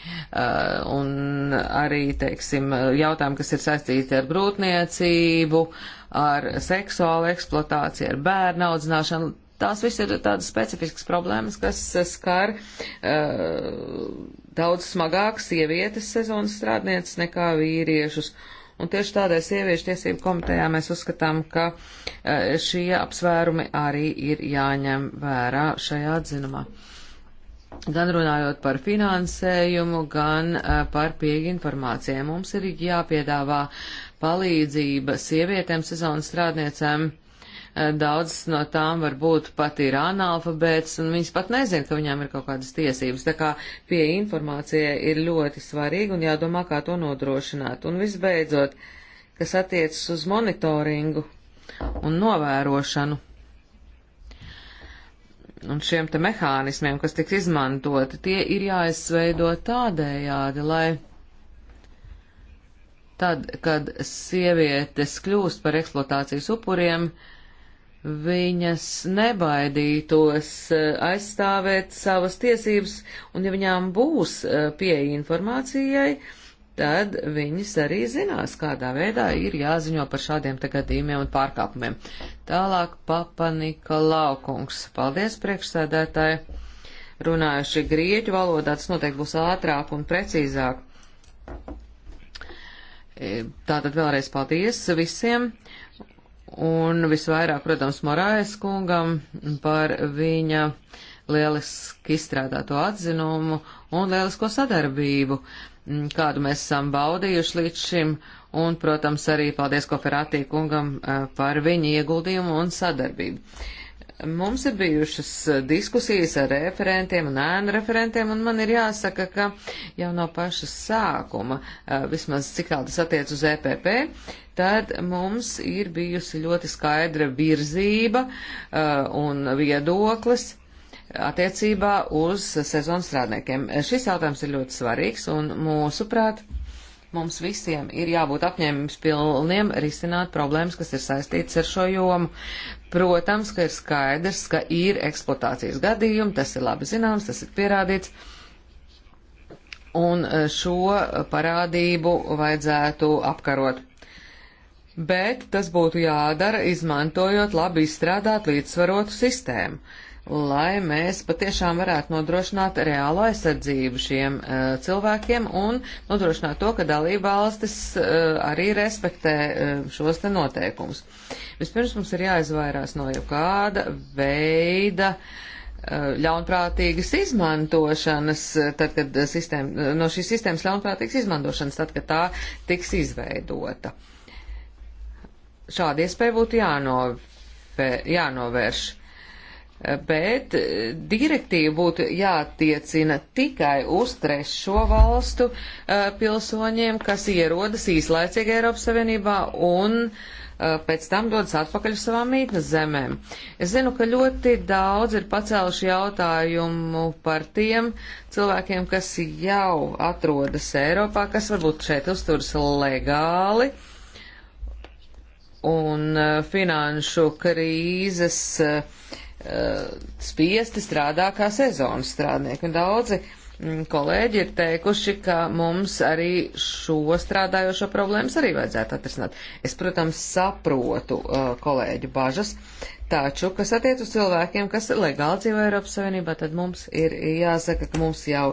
Speaker 1: Uh, un arī, teiksim, jautājumi, kas ir saistīti ar grūtniecību, uh, ar seksuālu eksploatāciju, ar bērnu audzināšanu. Tās viss ir tādas specifiskas problēmas, kas skar uh, daudz smagāk sievietes sezonas strādnieces nekā vīriešus. Un tieši tādēļ sieviešu tiesību komitejā mēs uzskatām, ka uh, šie apsvērumi arī ir jāņem vērā šajā atzinumā gan runājot par finansējumu, gan uh, par pieeja informācijai. Mums ir jāpiedāvā palīdzība sievietēm sezonas strādniecēm. Eh, Daudzas no tām varbūt pat ir analfabētas, un viņas pat nezina, ka viņām ir kaut kādas tiesības. Tā kā pie informācijai ir ļoti svarīgi un jādomā, kā to nodrošināt. Un visbeidzot, kas attiecas uz monitoringu un novērošanu un šiem te mehānismiem, kas tiks izmantoti, tie ir jāizveido tādējādi, lai Tad, kad sievietes kļūst par eksploatācijas upuriem, viņas nebaidītos eh, aizstāvēt savas tiesības, un ja viņām būs eh, pieeja informācijai, tad viņas arī zinās, kādā veidā ir jāziņo par šādiem gadījumiem un pārkāpumiem. Tālāk papanika laukungs. Paldies, priekšsēdētāji! Runājuši grieķu valodā, tas noteikti būs ātrāk un precīzāk. E, tātad vēlreiz paldies visiem un visvairāk, protams, Morājas kungam par viņa lieliski izstrādāto atzinumu un lielisko sadarbību, kādu mēs esam baudījuši līdz šim, un, protams, arī paldies Koferātī kungam e, par viņa ieguldījumu un sadarbību. Mums ir bijušas eh, diskusijas ar referentiem un ēnu referentiem, un man ir jāsaka, ka jau no paša sākuma, eh, vismaz cik tā tas attiec uz EPP, tad mums ir bijusi ļoti skaidra virzība eh, un viedoklis attiecībā uz sezonas strādniekiem. Šis jautājums ir ļoti svarīgs, un mūsuprāt, prāt, Mums visiem ir jābūt apņēmības pilniem risināt problēmas, kas ir saistītas ar šo jomu. Protams, ka ir skaidrs, ka ir eksploatācijas gadījumi, tas ir labi zināms, tas ir pierādīts. Un eh, šo parādību vajadzētu apkarot bet tas būtu jādara, izmantojot labi izstrādāt līdzsvarotu sistēmu lai mēs patiešām varētu nodrošināt reālu aizsardzību šiem uh, cilvēkiem un nodrošināt to, ka dalībvalstis uh, arī respektē uh, šos te noteikumus. Vispirms mums ir jāizvairās no jebkāda veida uh, ļaunprātīgas izmantošanas, tad, kad sistēma, no šīs sistēmas ļaunprātīgas izmantošanas, tad, kad tā tiks izveidota. Šāda iespēja būtu jānov, jānovērš bet direktīva būtu jātiecina tikai uz trešo valstu pilsoņiem, kas ierodas īslaicīgi Eiropas Savienībā un pēc tam dodas atpakaļ uz savām mītnes zemēm. Es zinu, ka ļoti daudz ir pacēluši jautājumu par tiem cilvēkiem, kas jau atrodas Eiropā, kas varbūt šeit uzturas legāli. Un finanšu krīzes uh, Uh, spiesti strādā kā sezonas strādnieki. Un daudzi mm, kolēģi ir teikuši, ka mums arī šo strādājošo problēmas arī vajadzētu atrisināt. Es, protams, saprotu uh, kolēģu bažas, taču, kas attiec uz cilvēkiem, kas legāli dzīvo Eiropas Savienībā, tad mums ir jāsaka, ka mums jau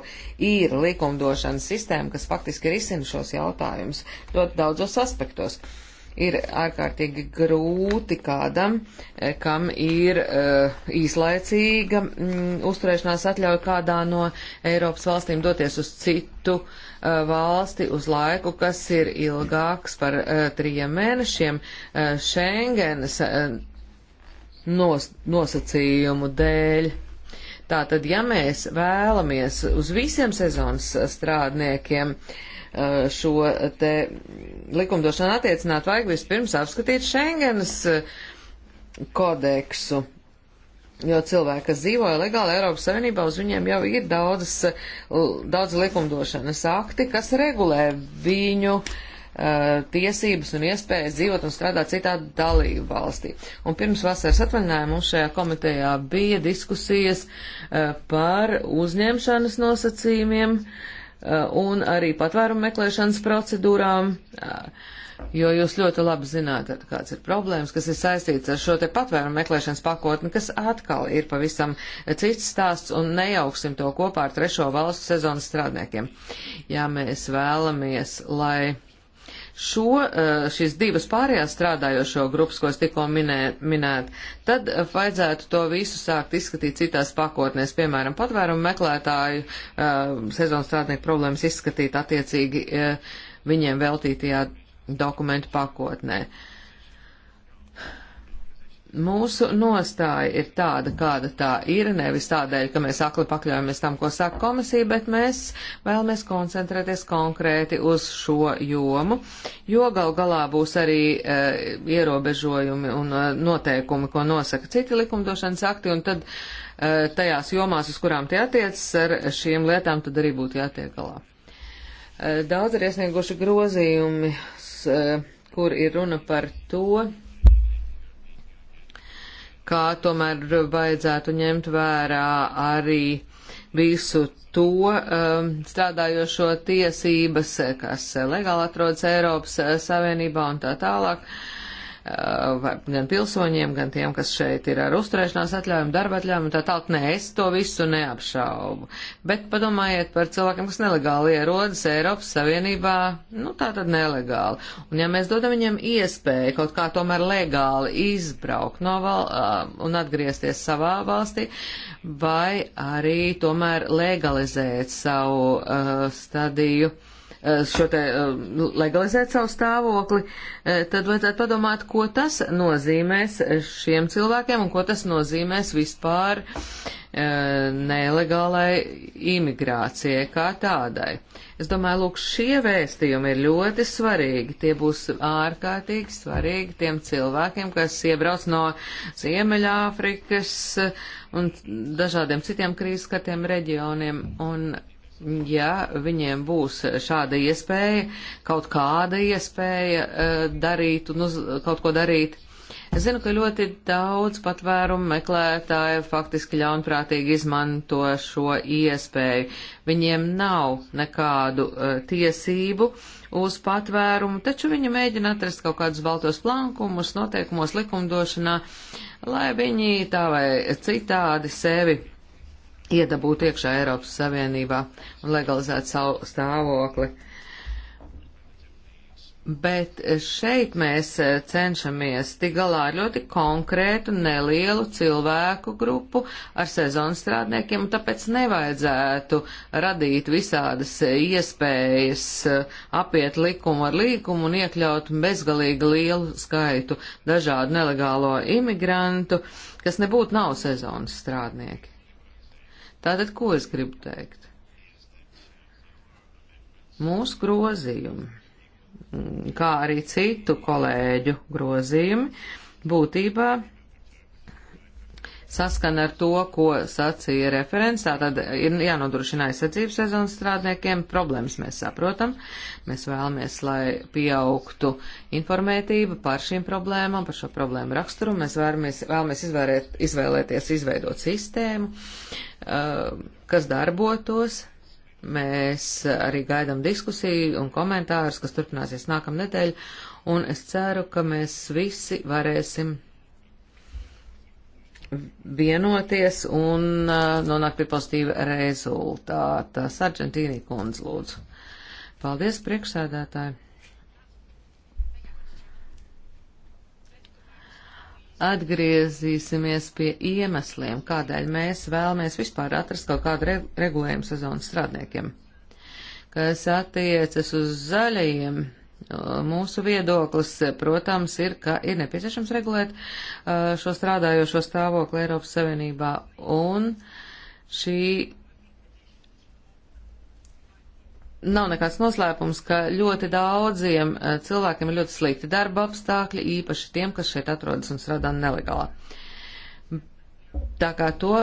Speaker 1: ir likumdošanas sistēma, kas faktiski risina šos jautājumus ļoti daudzos aspektos. Uh, ir ārkārtīgi grūti kādam, eh, kam ir uh, īslaicīga mm, uzturēšanās atļauja kādā no Eiropas valstīm doties uz citu uh, valsti uz laiku, kas ir ilgāks par uh, trijiem mēnešiem Schengenas nos, nosacījumu dēļ. Tātad, ja mēs vēlamies uz visiem sezonas strādniekiem uh, Uh, šo te likumdošanu attiecināt, vajag vispirms apskatīt Schengenas uh, kodeksu. Jo cilvēki, kas dzīvo legāli Eiropas Savienībā, uz viņiem jau ir daudzas, uh, daudz likumdošanas akti, kas regulē viņu uh, tiesības un iespējas dzīvot un strādāt citā dalību valstī. Un pirms vasaras atvaļinājuma mums šajā komitejā bija diskusijas uh, par uzņemšanas nosacījumiem uh, Eh, un arī patvērumu meklēšanas procedūrām, eh, jo jūs ļoti labi zināt, kāds ir problēmas, kas ir saistīts ar šo te patvērumu meklēšanas pakotni, kas atkal ir pavisam eh, cits stāsts un nejauksim to kopā ar trešo valstu sezonas strādniekiem. Ja mēs vēlamies, lai šo, eh, šīs divas pārējās strādājošo grupas, ko es tikko minē, minētu, tad eh, vajadzētu to visu sākt izskatīt citās pakotnēs, piemēram, patvērumu meklētāju eh, sezonas strādnieku problēmas izskatīt attiecīgi viņiem veltītajā dokumentu pakotnē. Uh, Mūsu nostāja ir tāda, kāda tā ir, nevis tādēļ, ka mēs akli pakļaujamies tam, ko saka komisija, bet mēs vēlamies koncentrēties konkrēti uz šo jomu, jo gal galā būs arī e, ierobežojumi un e, noteikumi, ko nosaka citi likumdošanas akti, un tad e, tajās jomās, uz kurām tie attiecas, ar šīm lietām tad arī būtu jātiek galā. E, daudz ir iesnieguši grozījumi, e, kur ir runa par to, kā tomēr vajadzētu ņemt vērā arī visu to um, strādājošo tiesības, kas eh, legāli atrodas Eiropas eh, Savienībā un tā tālāk. Uh, Eh, gan pilsoņiem, gan tiem, kas šeit ir ar uzturēšanās atļaujumu, darba atļaujumu, tā tālāk. Nē, es to visu neapšaubu. Bet padomājiet par cilvēkiem, kas nelegāli ierodas Eiropas Savienībā, nu tā tad nelegāli. Un ja mēs dodam viņiem iespēju kaut kā tomēr legāli izbraukt no val eh, un atgriezties savā valstī, vai arī tomēr legalizēt savu uh, stadiju Eh, šo te eh, nu, legalizēt savu stāvokli, eh, tad vajadzētu padomāt, ko tas nozīmēs šiem cilvēkiem un ko tas nozīmēs vispār nelegālai imigrācijai kā tādai. Es domāju, lūk, šie vēstījumi ir ļoti svarīgi. Tie būs ārkārtīgi svarīgi tiem cilvēkiem, kas iebrauc no Ziemeļāfrikas un dažādiem citiem krīzes skatiem reģioniem. Un ja viņiem būs šāda iespēja, kaut kāda iespēja eh, darīt un uz, kaut ko darīt. Es zinu, ka ļoti daudz patvērumu meklētāju faktiski ļaunprātīgi izmanto šo iespēju. Viņiem nav nekādu uh, tiesību uz patvērumu, taču viņi mēģina atrast kaut kādus baltos plankumus noteikumos likumdošanā, lai viņi tā vai citādi sevi iedabūt iekšā Eiropas Savienībā un legalizēt savu stāvokli. Bet šeit mēs eh, cenšamies tik galā ar ļoti konkrētu, nelielu cilvēku grupu ar sezonu strādniekiem, un tāpēc nevajadzētu radīt visādas eh, iespējas eh, apiet likumu ar līkumu un iekļaut bezgalīgi lielu skaitu dažādu nelegālo imigrantu, kas nebūtu nav sezonas strādnieki. Tātad, ko es gribu teikt? Mūsu grozījumi, kā arī citu kolēģu grozījumi, būtībā saskana ar to, ko sacīja referents. Tātad ir jānodrošina aizsardzības sezonas strādniekiem. Problēmas mēs saprotam. Mēs vēlamies, lai pieaugtu informētība par šīm problēmām, par šo problēmu raksturu. Mēs vēlamies, vēlamies izvērēt, izvēlēties izveidot sistēmu, uh, kas darbotos. Mēs arī gaidām diskusiju un komentārus, kas turpināsies nākamnedēļ, un es ceru, ka mēs visi varēsim vienoties un uh, nonākt pie pozitīva rezultāta. Sargentīnī kundze, lūdzu. Paldies, priekšsēdētāji. Atgriezīsimies pie iemesliem, kādēļ mēs vēlamies vispār atrast kaut kādu regulējumu sezonas strādniekiem, kas attiecas uz zaļajiem Uh, mūsu viedoklis, eh, protams, ir, ka ir nepieciešams regulēt uh, šo strādājošo stāvokli Eiropas Savienībā, un šī nav nekāds noslēpums, ka ļoti daudziem eh, cilvēkiem ir ļoti slikti darba apstākļi, īpaši tiem, kas šeit atrodas un strādā nelegāli. Tā kā to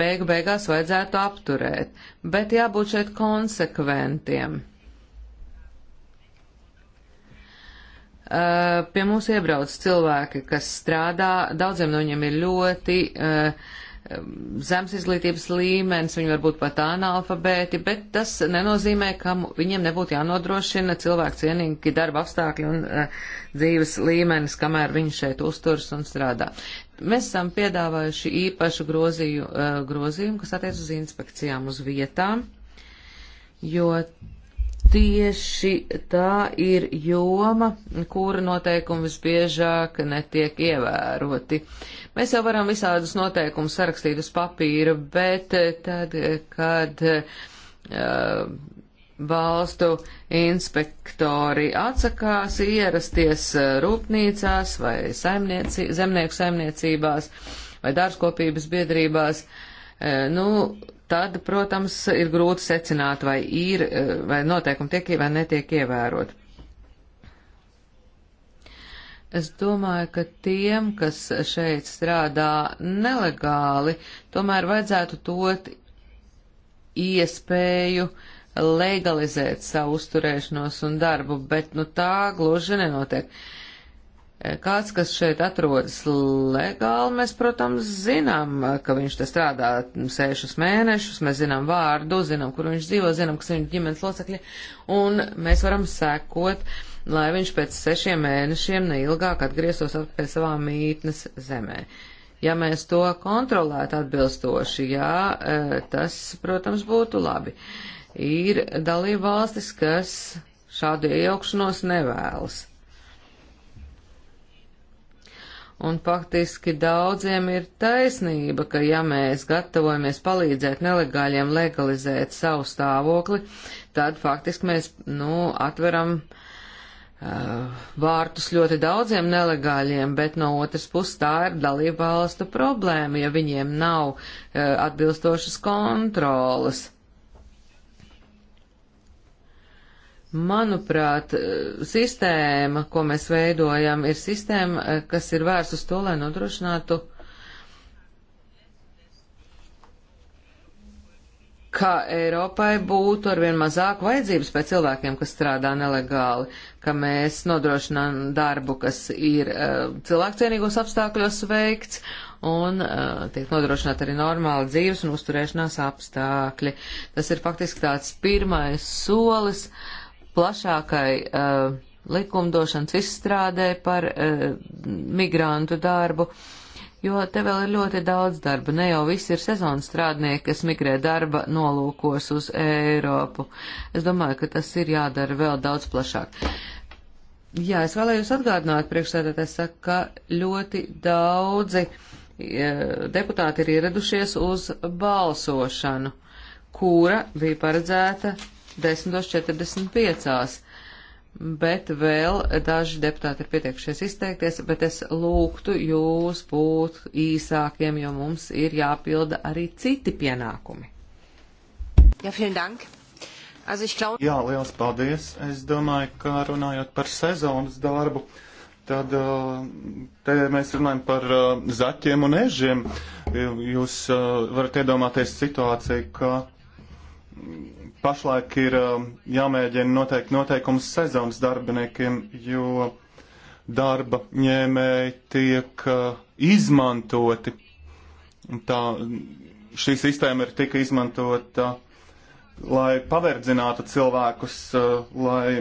Speaker 1: beigu beigās vajadzētu apturēt, bet jābūt šeit konsekventiem. Eh, pie mums iebrauc cilvēki, kas strādā, daudziem no viņiem ir ļoti uh, eh, zemes izglītības līmenis, viņi varbūt pat analfabēti, bet tas nenozīmē, ka viņiem nebūtu jānodrošina cilvēku cienīgi darba apstākļi un uh, dzīves līmenis, kamēr viņi šeit uzturs un strādā. Mēs esam piedāvājuši īpašu grozīju, uh, grozījumu, kas attiec uz inspekcijām uz vietām, jo Tieši tā ir joma, kura noteikumi visbiežāk netiek ievēroti. Mēs jau varam visādus noteikumus sarakstīt uz papīra, bet tad, kad uh, valstu inspektori atsakās ierasties rūpnīcās vai saimnieci, zemnieku saimniecībās vai dārzkopības biedrībās, uh, nu, tad, protams, ir grūti secināt, vai ir, eh, vai noteikumi tiek vai netiek ievērot. Es domāju, ka tiem, kas šeit strādā nelegāli, tomēr vajadzētu dot iespēju legalizēt savu uzturēšanos un darbu, bet nu tā gluži nenotiek. Uh, Kāds, kas šeit atrodas legāli, mēs, protams, zinām, ka viņš te strādā sešus mēnešus, mēs zinām vārdu, zinām, kur viņš dzīvo, zinām, kas ir viņa ģimenes locekļi, un mēs varam sekot, lai viņš pēc sešiem mēnešiem neilgāk atgrieztos atpakaļ savā mītnes zemē. Ja mēs to kontrolētu atbilstoši, jā, e, tas, protams, būtu labi. Ir dalība valstis, kas šādu iejaukšanos nevēlas Un faktiski daudziem ir taisnība, ka ja mēs gatavojamies palīdzēt nelegāļiem legalizēt savu stāvokli, tad faktiski mēs, nu, atveram uh, vārtus ļoti daudziem nelegāļiem, bet no otras puses tā ir dalība valstu problēma, ja viņiem nav uh, atbilstošas kontrolas. Manuprāt, eh, sistēma, ko mēs veidojam, ir sistēma, eh, kas ir vērsta uz to, lai nodrošinātu, ka Eiropai būtu arvien mazāk vajadzības pēc cilvēkiem, kas strādā nelegāli, ka mēs nodrošinām darbu, kas ir eh, cilvēkcienīgos apstākļos veikts un uh, tiek nodrošināta arī normāla dzīves un uzturēšanās apstākļi. Tas ir faktiski tāds pirmais solis uh, plašākai uh, likumdošanas izstrādē par uh, migrantu darbu, jo te vēl ir ļoti daudz darba. Ne jau visi ir sezonas strādnieki, kas migrē darba nolūkos uz Eiropu. Es domāju, ka tas ir jādara vēl daudz plašāk. Jā, es vēlējos atgādināt priekšsēdētājs, ka ļoti daudzi uh, deputāti ir ieradušies uz balsošanu, kura bija paredzēta 10.45. Bet vēl daži deputāti ir pieteikušies izteikties, bet es lūgtu jūs būt īsākiem, jo mums ir jāpilda
Speaker 3: arī citi pienākumi. Ja, Also, glaub... Jā, liels paldies. Es domāju, ka runājot par sezonas darbu, tad eh, te mēs runājam par eh, zaķiem un ežiem. Jūs eh, varat iedomāties situāciju, ka pašlaik ir um, jāmēģina noteikt noteikums sezonas darbiniekiem, jo darba ņēmēji tiek uh, izmantoti. Tā, šī sistēma ir tika izmantota, lai paverdzinātu cilvēkus, uh, lai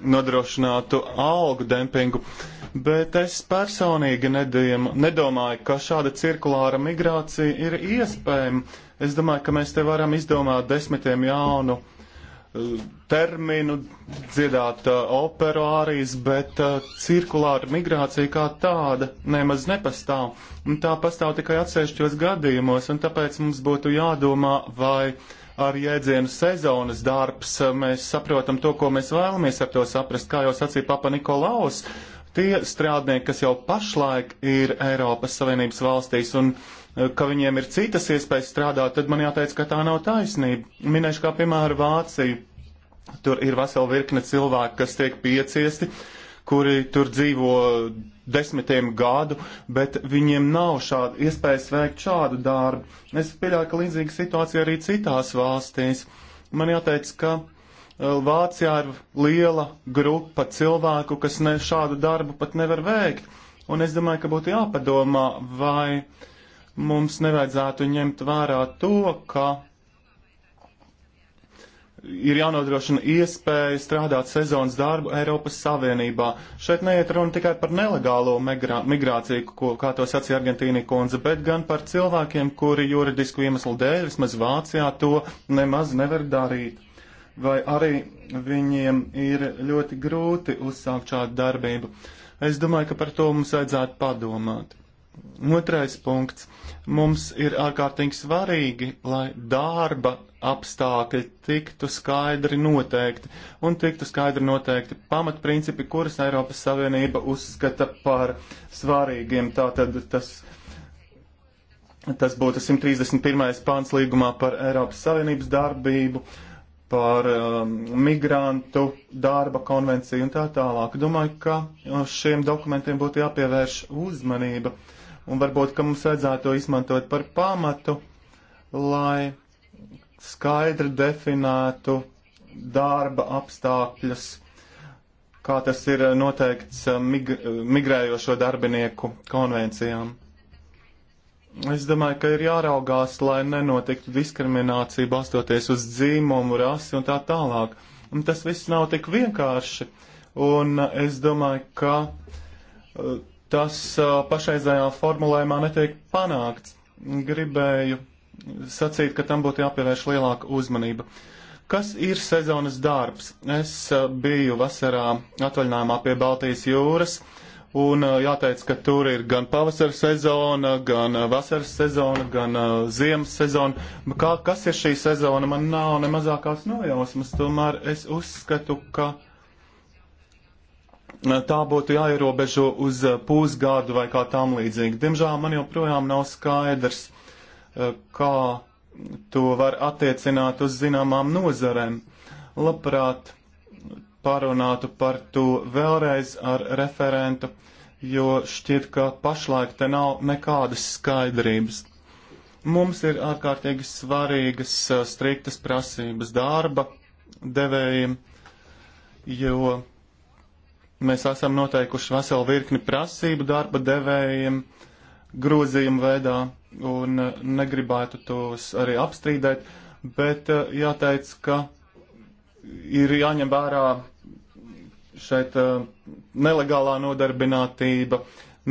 Speaker 3: nodrošinātu algu dempingu. Uh, bet es personīgi nediem, nedomāju, ka šāda cirkulāra migrācija ir iespējama. Es domāju, ka mēs te varam izdomāt desmitiem jaunu uh, terminu, dziedāt uh, operārijas, bet uh, cirkulāra migrācija kā tāda nemaz nepastāv. Un tā pastāv tikai atsevišķos gadījumos, un tāpēc mums būtu jādomā, vai ar jēdzienu sezonas darbs uh, mēs saprotam to, ko mēs vēlamies ar to saprast, kā jau sacīja Papa Nikolaus tie strādnieki, kas jau pašlaik ir Eiropas Savienības valstīs un eh, ka viņiem ir citas iespējas strādāt, tad man jāteic, ka tā nav taisnība. Minēšu kā piemēru Vāciju. Tur ir vesela virkne cilvēku, kas tiek pieciesti, kuri tur dzīvo desmitiem gadu, bet viņiem nav šāda iespējas veikt šādu darbu. Es pieļauju, ka līdzīga situācija arī citās valstīs. Man jāteic, ka Eh, Vācijā ir liela grupa cilvēku, kas ne, šādu darbu pat nevar veikt. Un es domāju, ka būtu jāpadomā, vai mums nevajadzētu ņemt vērā to, ka ir jānodrošina iespēja strādāt sezonas darbu Eiropas Savienībā. Šeit neiet runa tikai par nelegālo migrā migrāciju, ko, kā to sacīja Argentīna kundze, bet gan par cilvēkiem, kuri juridisku iemeslu dēļ, vismaz Vācijā, to nemaz nevar darīt vai arī viņiem ir ļoti grūti uzsākt šādu darbību. Es domāju, ka par to mums vajadzētu padomāt. Otrais punkts. Mums ir ārkārtīgi svarīgi, lai darba apstākļi tiktu skaidri noteikti un tiktu skaidri noteikti pamatprincipi, kurus Eiropas Savienība uzskata par svarīgiem. Tātad tas, tas būtu 131. pāns līgumā par Eiropas Savienības darbību. Uh, par um, migrantu darba konvenciju un tā tālāk. Domāju, ka uh, šiem dokumentiem būtu jāpievērš uzmanība un varbūt, ka mums vajadzētu to izmantot par pamatu, lai skaidri definētu darba apstākļus, kā tas ir noteikts uh, mig migrējošo darbinieku konvencijām. Es domāju, ka ir jāraugās, lai nenotiktu diskriminācija balstoties uz dzīmumu, rasi un tā tālāk. Un tas viss nav tik vienkārši. Un es domāju, ka uh, tas uh, pašreizējā formulējumā netiek panākts. Gribēju sacīt, ka tam būtu jāpievērš lielāka uzmanība. Kas ir sezonas darbs? Es uh, biju vasarā atvaļinājumā pie Baltijas jūras. Uh, Un jāteic, ka tur ir gan pavasara sezona, gan vasaras sezona, gan uh, ziemas sezona. Kā, kas ir šī sezona, man nav ne mazākās nojausmas. Tomēr es uzskatu, ka tā būtu jāierobežo uz pusgadu vai kā tam līdzīgi. Diemžēl man joprojām nav skaidrs, kā to var attiecināt uz zināmām nozarēm. Labprāt parunātu par to vēlreiz ar referentu, jo šķiet, ka pašlaik te nav nekādas skaidrības. Mums ir ārkārtīgi svarīgas, striktas prasības darba devējiem, jo mēs esam noteikuši veselu virkni prasību darba devējiem grozījumu veidā un negribētu tos arī apstrīdēt, bet jāteic, ka ir jāņem vērā šeit uh, nelegālā nodarbinātība,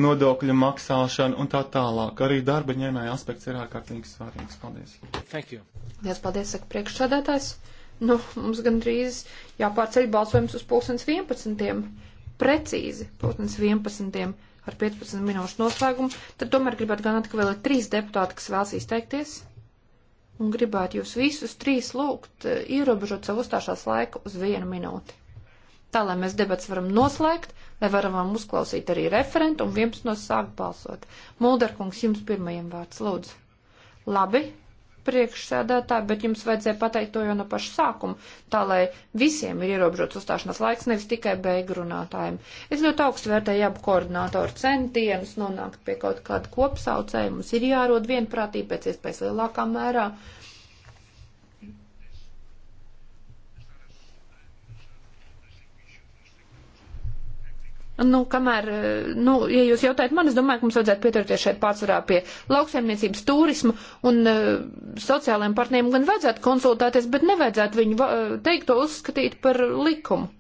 Speaker 3: nodokļu maksāšana un tā tālāk. Arī darba ņēmēja aspekts ir ārkārtīgi svarīgs. Paldies. Thank you.
Speaker 2: Liels paldies, saka priekšsādātājs. Nu, mums gandrīz jāpārceļ balsojums uz pulkstens 11. Precīzi pulkstens 11. ar 15 minūšu noslēgumu. Tad tomēr gribētu gan atkavēlēt trīs deputāti, kas vēlas izteikties. Un gribētu jūs visus trīs lūgt ierobežot savu uzstāšanās laiku uz vienu minūti tā lai mēs debats varam noslēgt, lai varam um, uzklausīt arī referentu un viens no sākt balsot. Mulderkungs, jums pirmajam vārds, lūdzu. Labi, priekšsēdētāji, bet jums vajadzēja pateikt to jau no paša sākuma, tā lai visiem ir ierobežots uzstāšanās laiks, nevis tikai beigu runātājiem. Es ļoti augstu vērtēju abu koordinātoru centienus nonākt pie kaut kāda kopsaucēja. Mums ir jārod vienprātība pēc iespējas lielākā mērā. Uh, Nu, kamēr, eh, nu, ja jūs jautājat man, es domāju, ka mums vajadzētu pieturties šeit pārsvarā pie lauksaimniecības turismu un uh, sociālajiem partneriem gan vajadzētu konsultēties, bet nevajadzētu viņu uh, eh, teikto uzskatīt par likumu.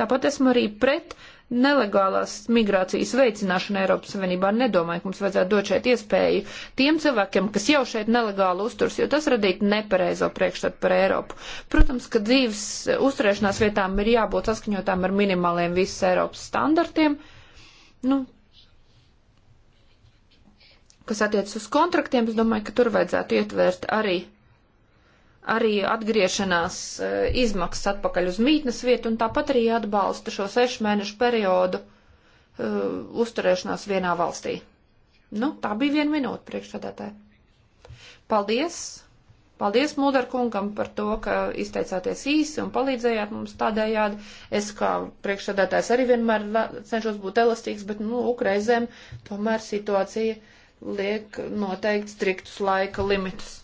Speaker 2: Tāpat esmu arī pret uh, nelegālās migrācijas veicināšana Eiropas Savienībā. Nedomāju, ka mums vajadzētu dot šeit iespēju tiem cilvēkiem, kas jau šeit nelegāli uzturs, jo tas radītu nepareizo priekšstatu par Eiropu. Protams, ka dzīves uzturēšanās vietām ir jābūt saskaņotām ar minimāliem visas Eiropas standartiem. Nu, kas attiecas uz kontraktiem, es domāju, ka tur vajadzētu ietvērt arī arī atgriešanās eh, izmaksas atpakaļ uz mītnes vietu un tāpat arī atbalsta šo sešu mēnešu periodu uh, uzturēšanās vienā valstī. Nu, tā bija viena minūte priekšsādātāji. Paldies! Paldies Mūdar kungam par to, ka izteicāties īsi un palīdzējāt mums tādējādi. Es kā priekšsādātājs arī vienmēr cenšos būt elastīgs, bet, nu, ukreizēm tomēr situācija liek noteikt striktus laika limitus.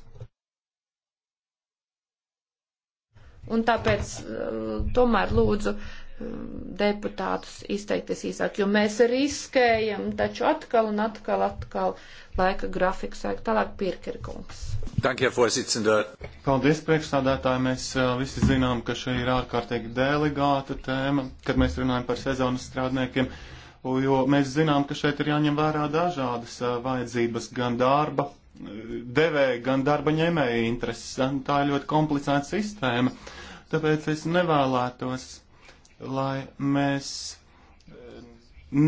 Speaker 2: Un tāpēc eh, tomēr lūdzu eh, deputātus izteikties īsāk, jo mēs riskējam taču atkal un atkal, atkal laika grafiku sāk tālāk Pirkerkungs.
Speaker 3: Paldies, priekšstādātāji. Mēs eh, visi zinām, ka šī ir ārkārtīgi delegāta tēma, kad mēs runājam par sezonas strādniekiem, jo mēs zinām, ka šeit ir jāņem vērā dažādas vajadzības gan darba devēja, gan darba ņēmēja intereses. Tā ir ļoti komplicēta sistēma. Tāpēc es nevēlētos, lai mēs eh,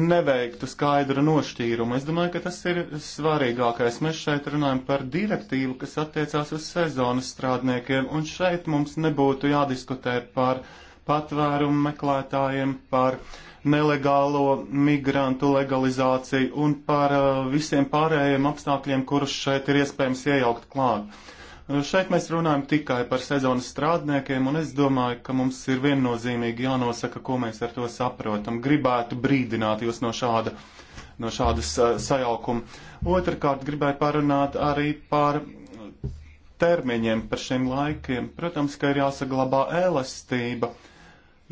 Speaker 3: neveiktu skaidru nošķīrumu. Es domāju, ka tas ir svarīgākais. Mēs šeit runājam par direktīvu, kas attiecās uz sezonas strādniekiem, un šeit mums nebūtē jādiskutē par patvērumu meklētājiem, par uh, nelegālo migrantu legalizāciju un par uh, visiem pārējiem apstākļiem, kurus šeit ir iespējams iejaukt klāt. Uh, šeit mēs runājam tikai par sezonas strādniekiem, un es domāju, ka mums ir viennozīmīgi jānosaka, ko mēs ar to saprotam. Gribētu brīdināt jūs no, šāda, no šādas uh, sajaukuma. Otrakārt, gribētu parunāt arī par termiņiem, par šiem laikiem. Protams, ka ir jāsaglabā elastība,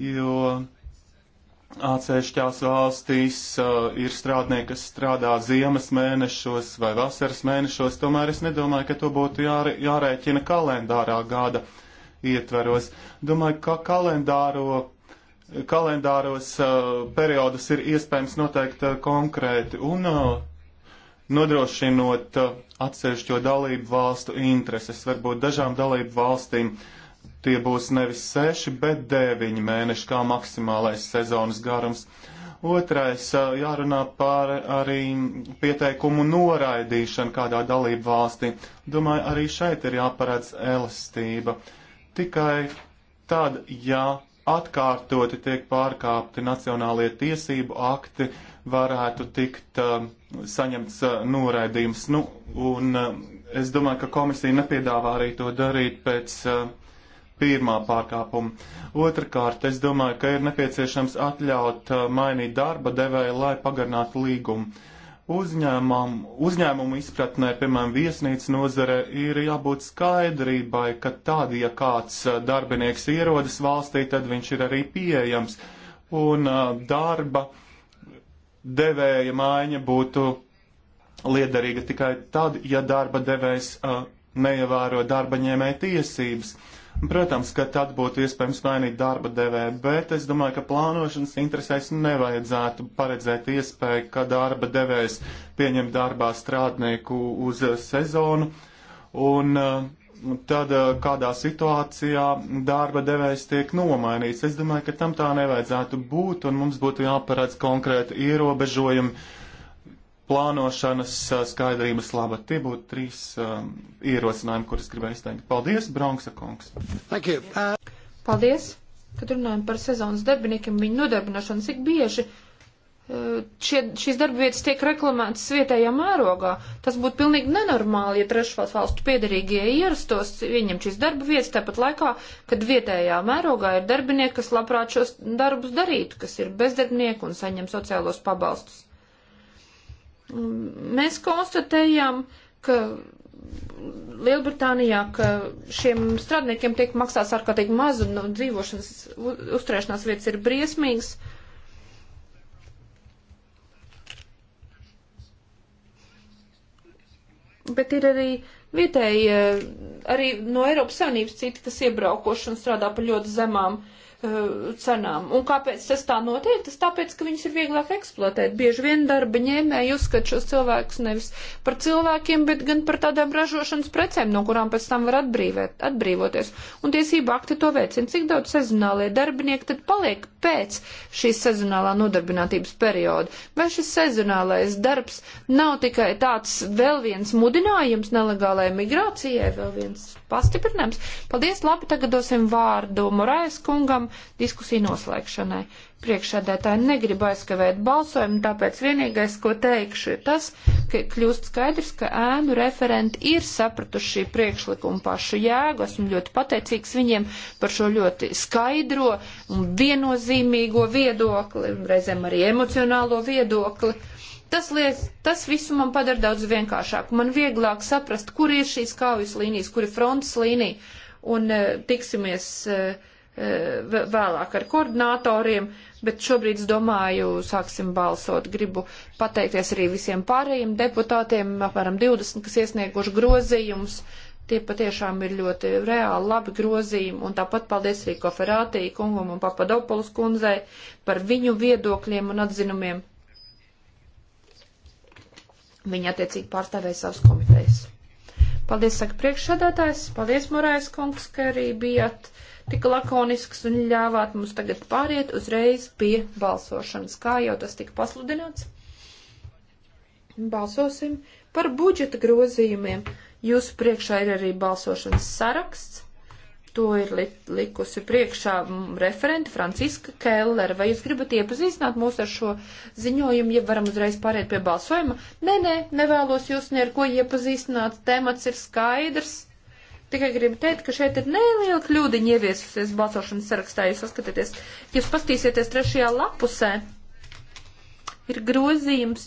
Speaker 3: jo Atsevišķās valstīs uh, ir strādnieki, kas strādā ziemas mēnešos vai vasaras mēnešos, tomēr es nedomāju, ka to būtu jāre, jārēķina kalendārā gada ietveros. Domāju, ka kalendāro, kalendāros uh, periodus ir iespējams noteikt uh, konkrēti un uh, nodrošinot uh, atsevišķo dalību valstu intereses. Varbūt dažām dalību valstīm uh, tie būs nevis seši, bet deviņi mēneši kā maksimālais sezonas garums. Otrais jārunā par arī pieteikumu noraidīšanu kādā dalību valstī. Domāju, arī šeit ir jāparedz elastība. Tikai tad, ja atkārtoti tiek pārkāpti nacionālie tiesību akti, varētu tikt uh, saņemts uh, noraidījums. Nu, un uh, es domāju, ka komisija nepiedāvā arī to darīt pēc uh, pirmā pārkāpuma. Otrakārt, es domāju, ka ir nepieciešams atļaut uh, mainīt darba devēju, lai pagarinātu līgumu. Uzņēmum, uzņēmumu izpratnē, piemēram, viesnīcas nozare, ir jābūt skaidrībai, ka tad, ja kāds uh, darbinieks ierodas valstī, tad viņš ir arī pieejams. Un uh, darba devēja maiņa būtu liederīga tikai tad, ja darba devējs neievēro darba ņēmēja tiesības. Uh, Protams, ka tad būtu iespējams mainīt darba devēju, bet es domāju, ka plānošanas interesēs nevajadzētu paredzēt iespēju, ka darba devējs pieņem darbā strādnieku uz sezonu, un uh, tad uh, kādā situācijā darba devējs tiek nomainīts. Es domāju, ka tam tā nevajadzētu būt, un mums būtu jāparedz konkrēti ierobežojumi plānošanas skaidrības laba. Tie būtu trīs um, ierosinājumi, kurus gribēju izteikt. Paldies, Bronksa kungs! Uh...
Speaker 2: Paldies! Kad runājam par sezonas darbiniekiem, viņu nodarbināšanu, cik bieži šie, šīs darba vietas tiek reklamētas vietējā mērogā. Tas būtu pilnīgi nenormāli, ja trešās valstu piedarīgie ierastos viņam šīs darba vietas, tāpat laikā, kad vietējā mērogā ir darbinieki, kas labprāt šos darbus darītu, kas ir bezdarbnieki un saņem sociālos pabalstus. Mēs konstatējām, ka Lielbritānijā, ka šiem strādniekiem tiek maksāts ārkārtīgi maz un nu, dzīvošanas uzturēšanās vietas ir briesmīgas. Bet ir arī vietēji, eh, arī no Eiropas Savienības citi, kas iebraukoši un strādā par ļoti zemām uh, Eh, cenām. Un kāpēc tas tā notiek? Tas tāpēc, ka viņus ir vieglāk eksploatēt. Bieži vien darba ņēmēji uzskata šos cilvēkus nevis par cilvēkiem, bet gan par tādām ražošanas precēm, no kurām pēc tam var atbrīvēt, atbrīvoties. Un tiesība akti to veicina. Cik daudz sezonālie darbinieki tad paliek pēc šīs sezonālā nodarbinātības perioda? Vai šis sezonālais darbs nav tikai tāds vēl viens mudinājums nelegālajai migrācijai, vēl viens pastiprinājums? Paldies, labi, tagad dosim vārdu Morais kungam laikam diskusiju noslēgšanai. Priekšsēdētāji negrib aizskavēt balsojumu, tāpēc vienīgais, ko teikšu, ir tas, ka kļūst skaidrs, ka ēnu referenti ir sapratuši šī priekšlikuma pašu jēgu. Esmu ļoti pateicīgs viņiem par šo ļoti skaidro un viennozīmīgo viedokli, reizēm arī emocionālo viedokli. Tas, liek, tas visu man padara daudz vienkāršāku. Man vieglāk saprast, kur ir šīs kaujas līnijas, kur ir frontes līnija. Un uh, tiksimies uh, vēlāk ar koordinatoriem, bet šobrīd, es domāju, sāksim balsot. Gribu pateikties arī visiem pārējiem deputātiem, apmēram 20, kas iesnieguši grozījumus. Tie patiešām ir ļoti reāli labi grozījumi, un tāpat paldies arī Koferātī kungam un Papadopolus kundzei par viņu viedokļiem un atzinumiem. Viņi attiecīgi pārstāvēja savas komitejas. Paldies, saka priekšsādātājs, paldies, Morais kungs, ka arī bijāt tik lakonisks un ļāvāt mums tagad pāriet uzreiz pie balsošanas, kā jau tas tika pasludināts. Balsosim par budžeta grozījumiem. Jūsu priekšā ir arī balsošanas saraksts. To ir li likusi priekšā referenti Franciska Keller. Vai jūs gribat iepazīstināt mūs ar šo ziņojumu, ja varam uzreiz pāriet pie balsojuma? Nē, nē, nevēlos jūs neko iepazīstināt. Temats ir skaidrs Tikai gribu teikt, ka šeit ir neliela kļūdiņa ieviesusies balsošanas sarakstā. Jūs saskatieties, ja jūs pastīsieties trešajā lapusē, ir grozījums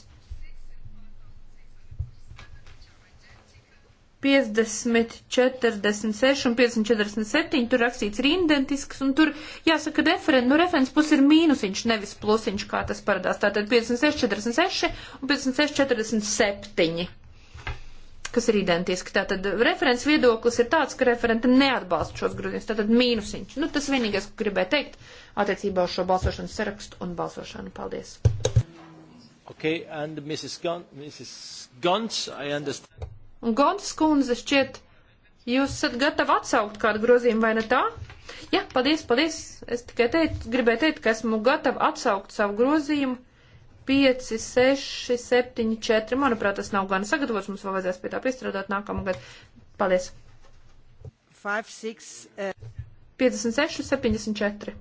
Speaker 2: 50, 46 un 50, 47, tur rakstīts ir identisks, un tur jāsaka referents, nu referents pus ir mīnusiņš, nevis plusiņš, kā tas parādās. Tātad 56, 46 un 56, 47 kas ir identiski. Tātad referents viedoklis ir tāds, ka referenta neatbalsta šos grozījumus. Tātad mīnusiņš. Nu, tas vienīgais, ko gribēju teikt attiecībā uz šo balsošanas sarakstu un balsošanu. Paldies. Okay, and Mrs. Gun Mrs. Guns, I understand. Un Gons kundze šķiet, jūs esat gatavi atsaukt kādu grozījumu, vai ne tā? Jā, paldies, paldies. Es tikai teicu, gribēju teikt, ka esmu gatava atsaukt savu grozījumu 5, 6, 7, 4. Manuprāt, tas nav gan sagatavots, mums vēl vajadzēs pie tā piestrādāt nākamgad. Paldies! 5, 6, uh... 56, 74.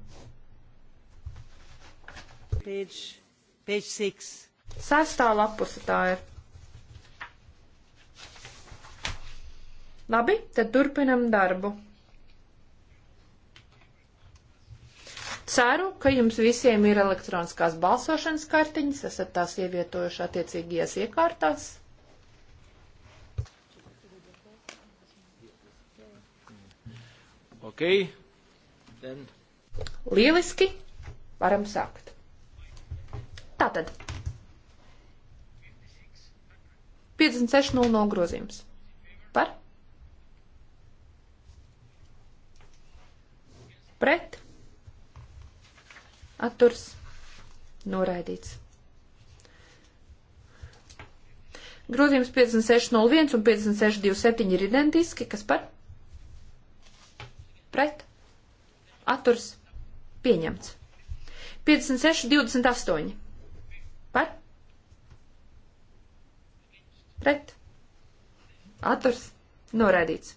Speaker 2: Page, page 6. Sestā lapuse tā ir. Labi, tad turpinam darbu. Ceru, ka jums visiem ir elektroniskās balsošanas kartiņas, esat tās ievietojuši attiecīgajās iekārtās. Ok, then. Lieliski, varam sākt. Tātad. 56.00 no grozījums. Par? Pret? atturs, noraidīts. Grozījums 56.01 un 56.27 ir identiski, kas par pret atturs pieņemts. 56.28 par pret atturs noraidīts.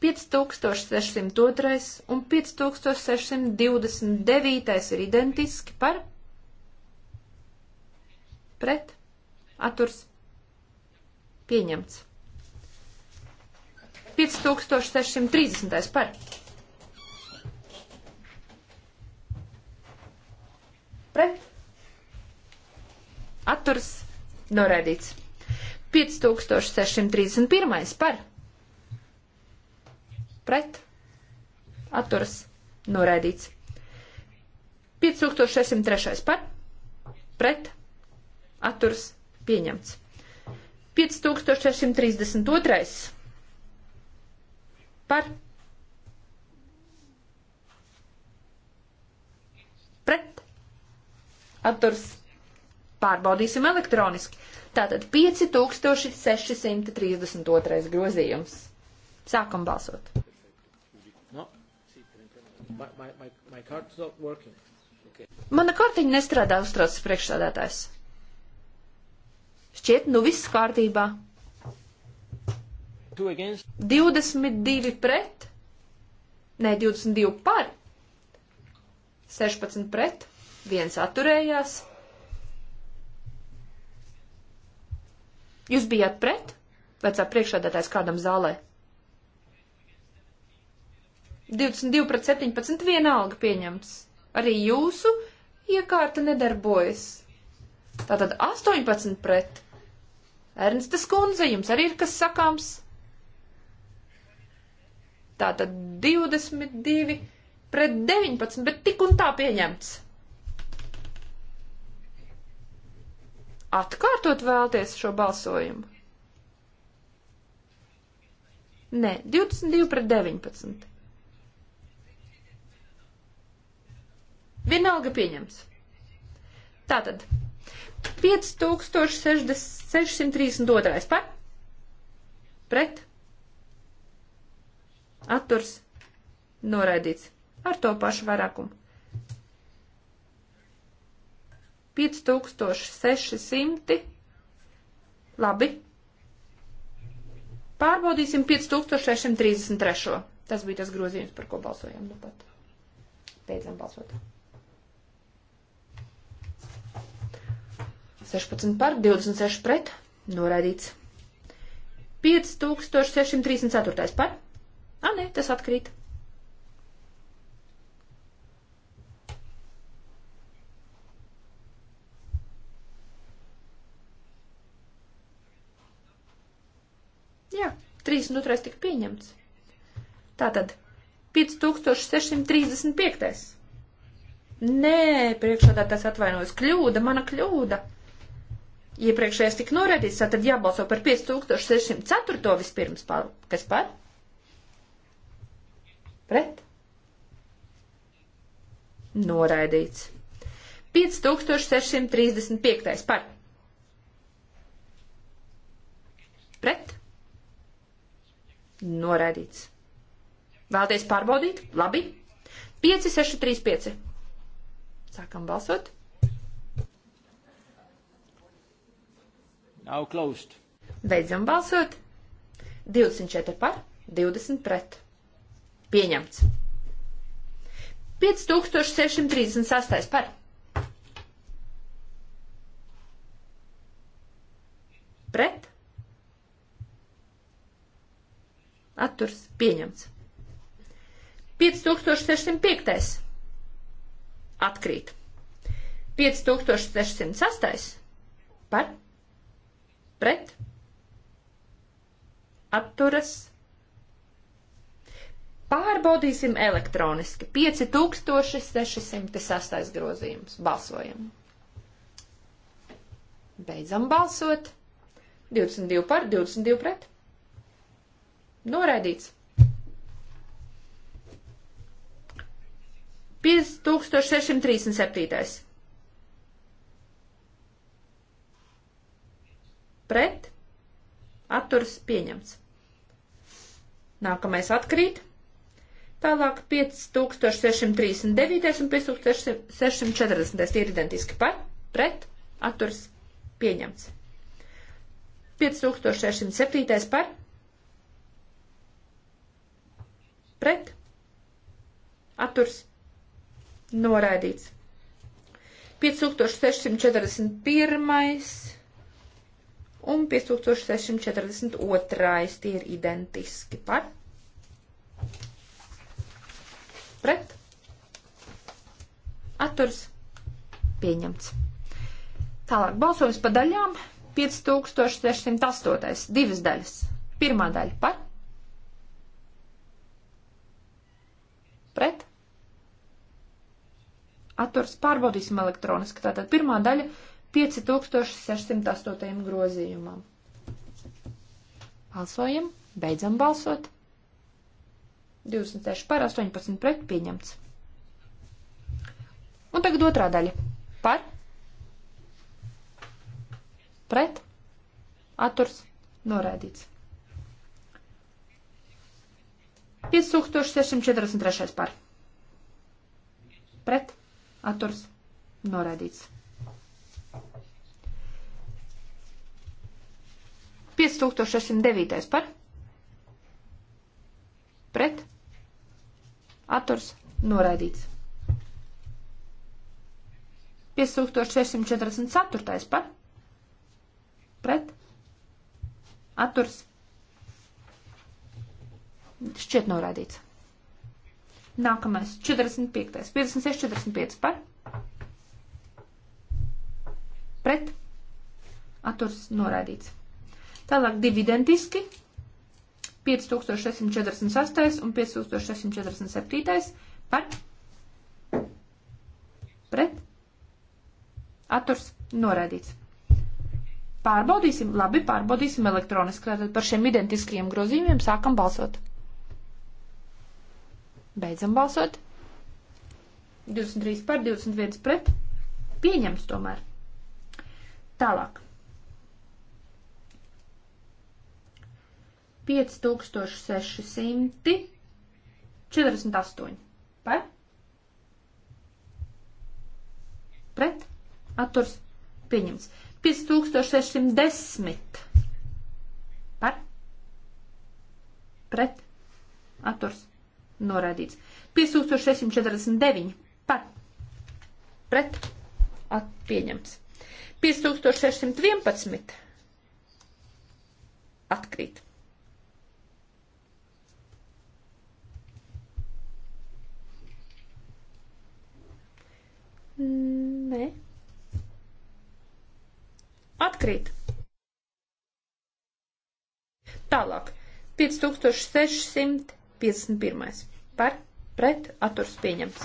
Speaker 2: 5602 un 5629 ir identiski par pret atturs pieņemts. 5630 par pret atturs norēdīts. 5631 par pret pret, atturas, noraidīts. 5603 par, pret, atturas, pieņemts. 5632 par, pret, atturas, pārbaudīsim elektroniski. Tātad 5632 grozījums. Sākam balsot!
Speaker 1: My, my, my, my card's not working. Okay.
Speaker 2: Mana kartiņa nestrādā uztraucas priekšsādātājs. Šķiet, nu viss kārtībā. 22 pret, nē, 22 par, 16 pret, viens atturējās. Jūs bijāt pret? Vecā priekšādātājs kādam zālē. 22 pret 17 vienalga pieņemts. Arī jūsu iekārta nedarbojas. Tātad 18 pret. Ernsta skundze, jums arī ir kas sakāms? Tātad 22 pret 19, bet tik un tā pieņemts. Atkārtot vēlties šo balsojumu? Nē, 22 pret 19. Vienalga pieņems. Tātad 5632 par pret atturs noraidīts ar to pašu vairākumu. 5600 labi. Pārbaudīsim 5633. Tas bija tas grozījums, par ko balsojām nu pat. Beidzam balsot. 16 par, 26 pret, noraidīts. 5634 par. Ā, nē, tas atkrīt. Jā, 32 tika pieņemts. Tātad 5635. Nē, priekšādā tas atvainojas. Kļūda, mana kļūda iepriekšējais tika noraidīts, tad jābalso par 5604 vispirms. Pār, kas par? Pret? Noraidīts. 5635 par. Pret? Noraidīts. Vēlties pārbaudīt? Labi. 5635. Sākam balsot. Now closed. Beidzam balsot. 24 par, 20 pret. Pieņemts. 5638 par. Pret. Atturs pieņemts. 5605. Atkrīt. 5608. Par pret, atturas. Pārbaudīsim elektroniski. 5608 grozījums. Balsojam. Beidzam balsot. 22 par, 22 pret. Noraidīts. 5637. pret, atturas pieņemts. Nākamais atkrīt. Tālāk 5639 un 5640 ir identiski par, pret, atturas pieņemts. 5607 par, pret, atturs noraidīts. 5641 un 5642. Tie ir identiski par. Pret. Atturs. Pieņemts. Tālāk balsojums pa daļām. 5608. Divas daļas. Pirmā daļa par. Pret. Atturs pārbaudīsim elektroniski. Tātad pirmā daļa 5608. grozījumam. Balsojam, beidzam balsot. 26 par 18 pret pieņemts. Un tagad otrā daļa. Par. Pret. Atturs. Norēdīts. 5643 par. Pret. Atturs. Norēdīts. 5609 par pret atturs noraidīts. 5644 par pret atturs šķiet noraidīts. Nākamais 45. 56, 45 par pret atturs noraidīts. Tālāk divi identiski. 5648 un 5647 par pret atturs norādīts. Pārbaudīsim, labi, pārbaudīsim elektroniski. Tātad par šiem identiskajiem grozījumiem sākam balsot. Beidzam balsot. 23 par, 21 pret. Pieņems tomēr. Tālāk. 5648 par pret atturs pieņemts. 5610 par pret atturs norādīts. 5649 par pret at, pieņemts. 5611 atkrīt. Mm, nē. Atkrīt. Tālāk. 5651. Par pret atturs pieņemts.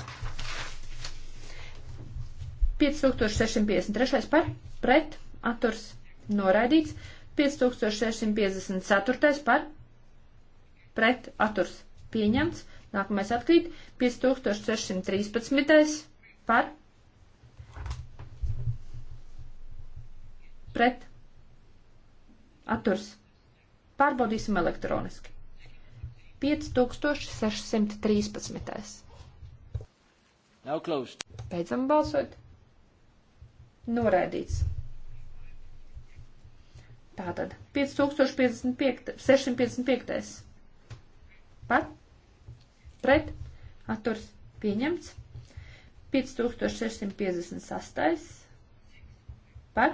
Speaker 2: 5653. Par pret atturs noraidīts. 5654. Par pret atturs pieņemts. Nākamais atkrīt. 5613. Par pret atturs. Pārbaudīsim elektroniski. 5613. Nav klaust. Beidzam balsot. Noraidīts. Tātad 5055, 655. Pat, pret, atturs pieņemts. 5658. Par,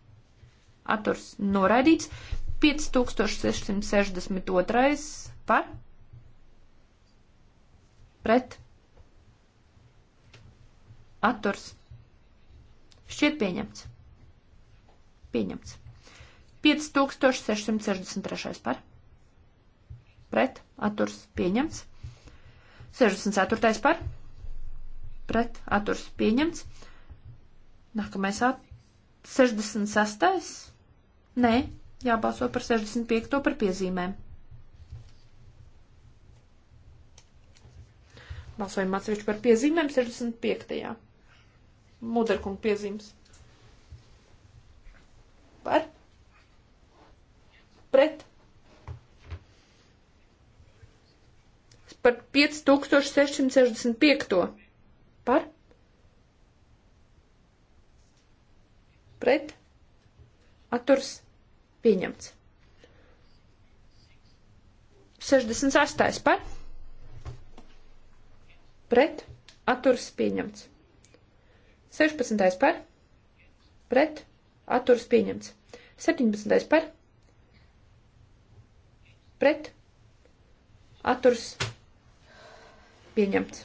Speaker 2: atturs noraidīts, 5662 par, pret, atturs, šķiet pieņemts, pieņemts, 5663 par, pret, atturs, pieņemts, 64 par, pret, atturs, pieņemts, nākamais atturs, 66. Nē, jābalso par 65. par piezīmēm. Balsojam atsevišķi par piezīmēm 65. Muderkunga piezīmes. Par? Pret? Par 5665. Par? Pret? atturs pieņemts. 68. par pret atturs pieņemts. 16. par pret atturs pieņemts. 17. par pret atturs pieņemts.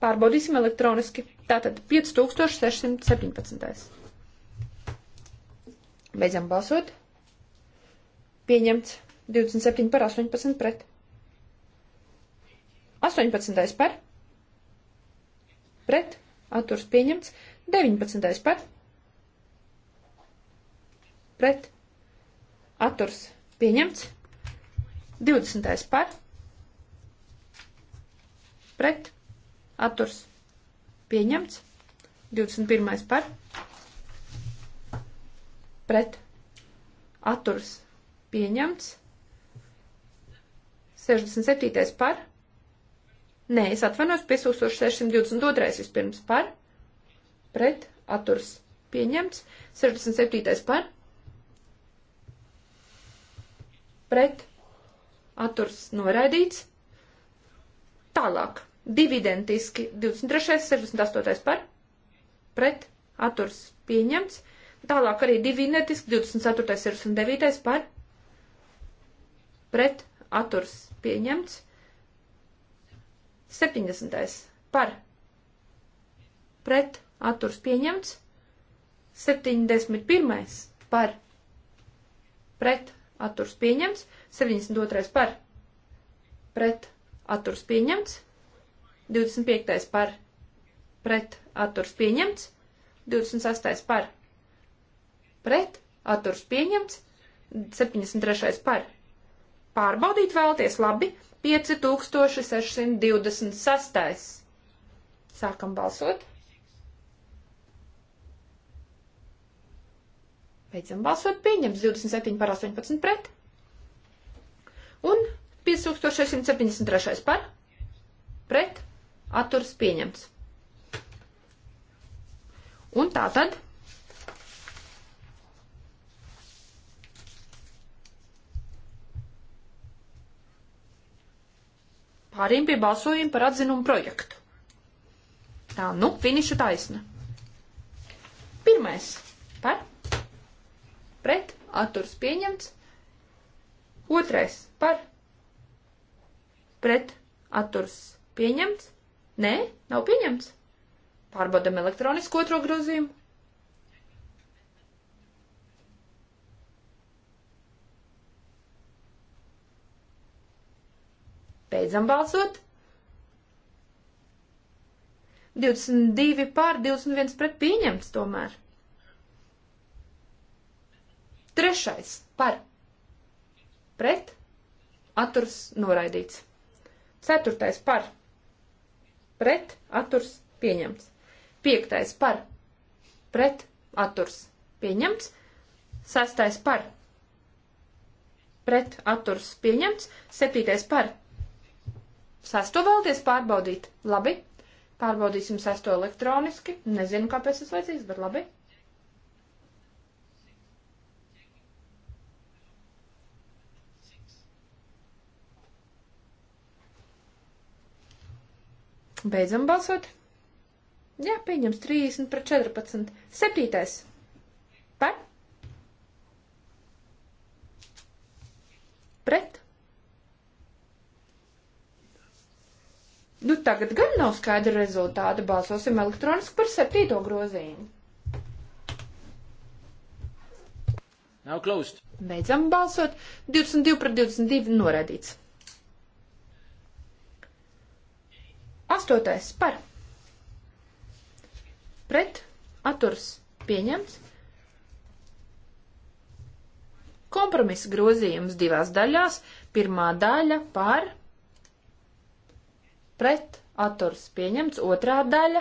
Speaker 2: Pārbaudīsim elektroniski. Tātad 5617. Beidzam balsot. Pieņemts 27 par 18 pret. 18. par. Pret. Atturs pieņemts. 19. par. Pret. Atturs pieņemts. 20. par. Pret. Atturs pieņemts. 21. par pret atturs pieņemts. 67. par. Nē, es atvainojos, 5622. vispirms par. Pret atturs pieņemts. 67. par. Pret atturs noraidīts. Tālāk. Dividentiski 23. 68. par. Pret atturs pieņemts. Tālāk arī divi identiski, 24. un 9. par pret aturs pieņemts. 70. par pret atturs pieņemts. 71. par pret atturs pieņemts. 72. par pret atturs pieņemts. 25. par pret atturs pieņemts. 28. par pret pret, atturs pieņemts, 73. par. Pārbaudīt vēlties labi, 5626. Sākam balsot. Beidzam balsot, pieņems 27 par 18 pret. Un 5673 par. Pret. Atturs pieņemts. Un tā tad Pāriem pie balsojuma par atzinumu projektu. Tā, nu, finiša taisna. Pirmais. Par. Pret. Atturs pieņemts. Otrais. Par. Pret. Atturs pieņemts. Nē, nav pieņemts. Pārbaudam elektronisku otro grozījumu. Beidzam balsot. 22 pār 21 pret pieņemts tomēr. Trešais par pret atturs noraidīts. Ceturtais par pret atturs pieņemts. Piektais par pret atturs pieņemts. Sastais par pret atturs pieņemts. Septītais par Sesto vēlties pārbaudīt? Labi. Pārbaudīsim sesto elektroniski. Nezinu, kāpēc tas vajadzīgs, bet labi. Beidzam balsot. Jā, pieņems 30 pret 14. Septītais. Par? Pret? Nu, tagad gan nav skaidra rezultāta. Balsosim elektroniski par septīto grozījumu. Nav klaust. Beidzam balsot. 22 pret 22 noraidīts. Astotais par. Pret. Aturs. Pieņemts. Kompromisa grozījums divās daļās. Pirmā daļa par pret atturs pieņemts. Otrā daļa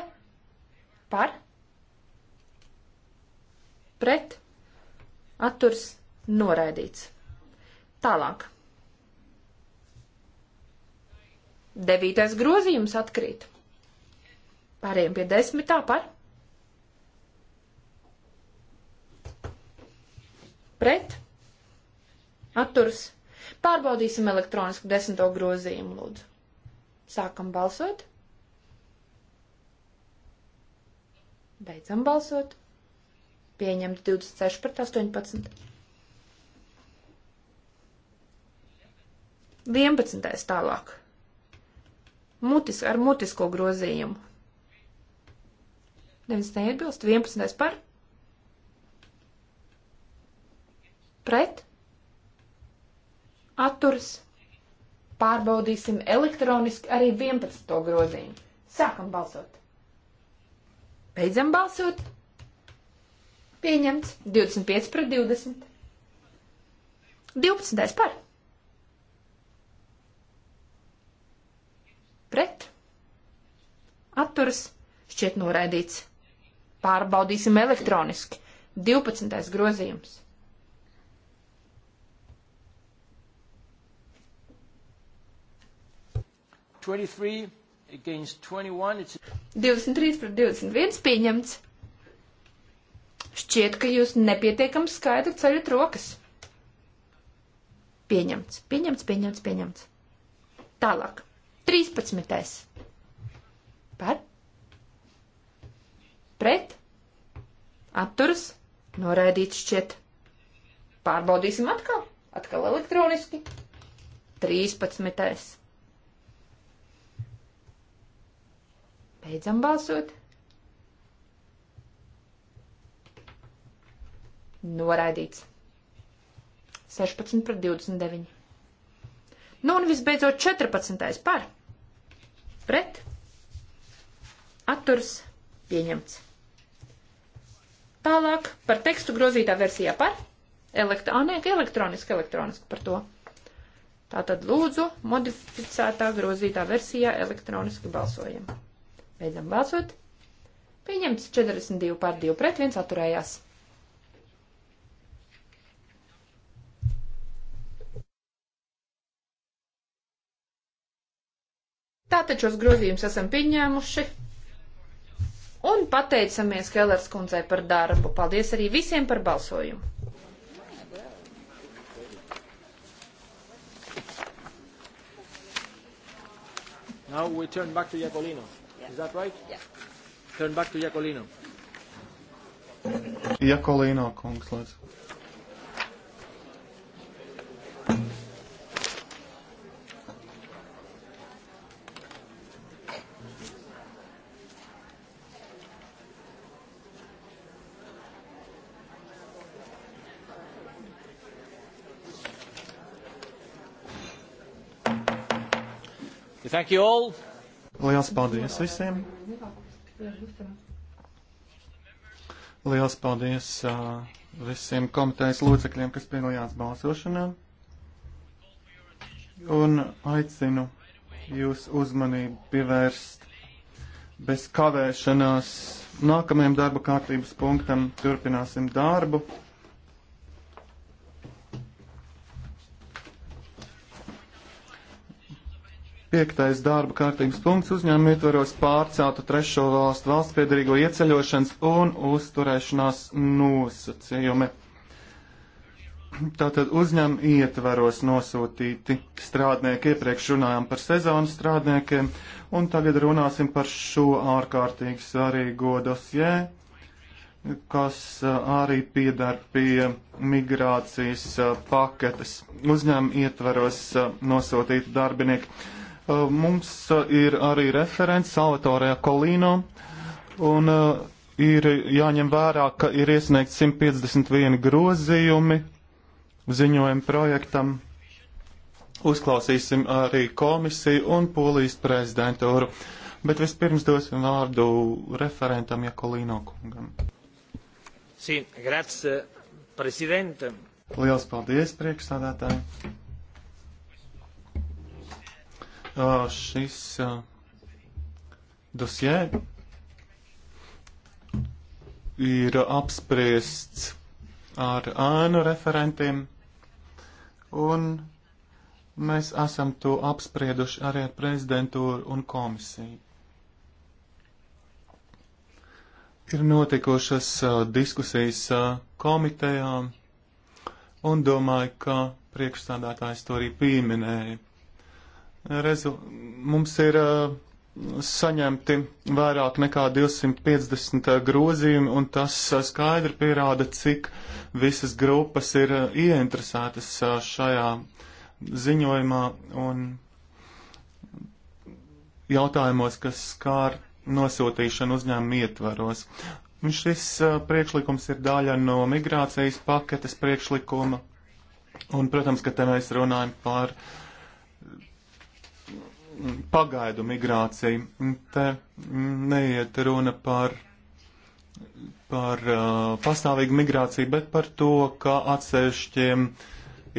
Speaker 2: par pret atturs noraidīts. Tālāk. Devītais grozījums atkrīt. Pārējiem pie desmitā par. Pret. Atturs. Pārbaudīsim elektronisku desmito grozījumu, lūdzu. Sākam balsot. Beidzam balsot. Pieņemt 26 pret 18. 11. tālāk. Mutis, ar mutisko grozījumu. Neviens neiebilst. 11. par. Pret. Atturas pārbaudīsim elektroniski arī 11. grozījumu. Sākam balsot. Beidzam balsot. Pieņemts 25 pret 20. 12. par. Pret. Atturas. Šķiet noraidīts. Pārbaudīsim elektroniski. 12. grozījums. 23 against 21. It's... 23 pret 21 pieņemts. Šķiet, ka jūs nepietiekams skaidri ceļat rokas. Pieņemts, pieņemts, pieņemts, pieņemts. Tālāk. 13. Par. Pret. Atturas. Noraidīts šķiet. Pārbaudīsim atkal. Atkal elektroniski. 13. Beidzam balsot. Noraidīts. 16 pret 29. Nu un visbeidzot 14. par. Pret. Atturs pieņemts. Tālāk par tekstu grozītā versijā par. Elektro, ah, nē, elektroniski, elektroniski par to. Tātad lūdzu modificētā grozītā versijā elektroniski balsojam. Beidzam balsot. Pieņemts 42 pār 2 pret 1 atturējās. Tātad šos grozījumus esam pieņēmuši. Un pateicamies Kellers kundzei par darbu. Paldies arī visiem par balsojumu. Now we turn back to Iacolino. Is that right? Yeah. Turn back to Jacolino.
Speaker 3: Jacolino, kungs, lūdzu.
Speaker 1: Thank you all.
Speaker 3: Liels paldies visiem! Liels paldies uh, visiem komitejas locekļiem, kas piedalījās balsošanā. Un aicinu jūs uzmanību pievērst bez kavēšanās nākamajam darba kārtības punktam. Turpināsim darbu. Piektais darba kārtības punkts uzņēmuma ietveros pārceltu trešo valstu valsts piedarīgo ieceļošanas un uzturēšanās nosacījumi. Tātad uzņēmuma ietveros nosūtīti strādnieki. Iepriekš runājām par sezonu strādniekiem, un tagad runāsim par šo ārkārtīgi svarīgo dosjē, kas arī piedar pie migrācijas paketes. Uzņēmuma ietveros nosūtīti darbinieki Uh, mums uh, ir arī referents Salvatorē Kolīno, un uh, ir jāņem vērā, ka ir iesniegt 151 grozījumi ziņojumu projektam. Uzklausīsim arī komisiju un polijas prezidentūru, bet vispirms dosim vārdu referentam Jakolīno kungam.
Speaker 1: Sī, grats, prezidenta.
Speaker 3: Liels paldies, priekšstādātāji. Uh, šis uh, dosjē ir apspriests ar ēnu referentiem, un mēs esam to apsprieduši arī ar prezidentūru un komisiju. Ir notikušas uh, diskusijas uh, komitejām, un domāju, ka priekšstādātājs to arī pieminēja rezu, mums ir uh, saņemti vairāk nekā 250 uh, grozījumi, un tas uh, skaidri pierāda, cik visas grupas ir uh, ieinteresētas uh, šajā ziņojumā un jautājumos, kas skār nosūtīšanu uzņēmumu ietvaros. Šis uh, priekšlikums ir daļa no migrācijas paketes priekšlikuma, un, protams, ka te mēs runājam par uh, pagaidu migrāciju. Te neiet runa par, par uh, pastāvīgu migrāciju, bet par to, ka atsevišķiem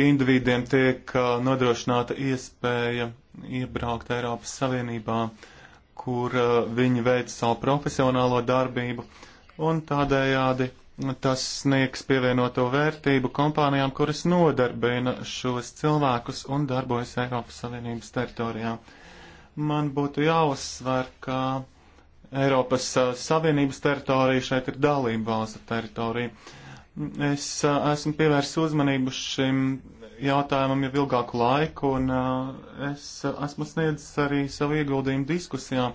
Speaker 3: individiem tiek uh, nodrošināta iespēja iebraukt Eiropas Savienībā, kur uh, viņi veic savu profesionālo darbību un tādējādi tas sniegs pievienoto vērtību kompānijām, kuras nodarbina šos cilvēkus un darbojas Eiropas Savienības teritorijā. Uh, man būtu jāuzsver, ka Eiropas uh, Savienības teritorija šeit ir dalība valsts teritorija. Es uh, esmu pievērsis uzmanību šim jautājumam jau ilgāku laiku, un uh, es esmu sniedzis arī savu ieguldījumu diskusijā.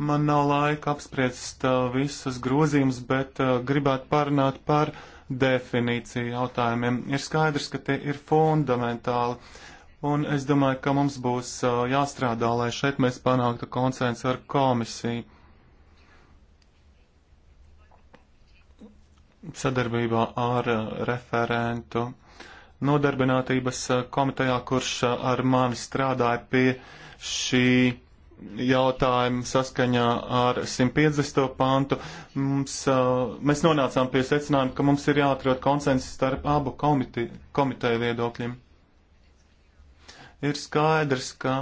Speaker 3: Man nav laika apspriest visas grozījumus, bet gribētu parunāt par definīciju jautājumiem. Ir skaidrs, ka tie ir fundamentāli. Un es domāju, ka mums būs uh, jāstrādā, lai šeit mēs panāktu konsensu ar komisiju. Sadarbībā ar uh, referentu nodarbinātības uh, komitejā, kurš uh, ar mani strādāja pie šī jautājuma saskaņā ar 150. pantu, mums, uh, mēs nonācām pie secinājuma, ka mums ir jāatrod konsensus starp abu komite, komiteju viedokļiem. Ir skaidrs, ka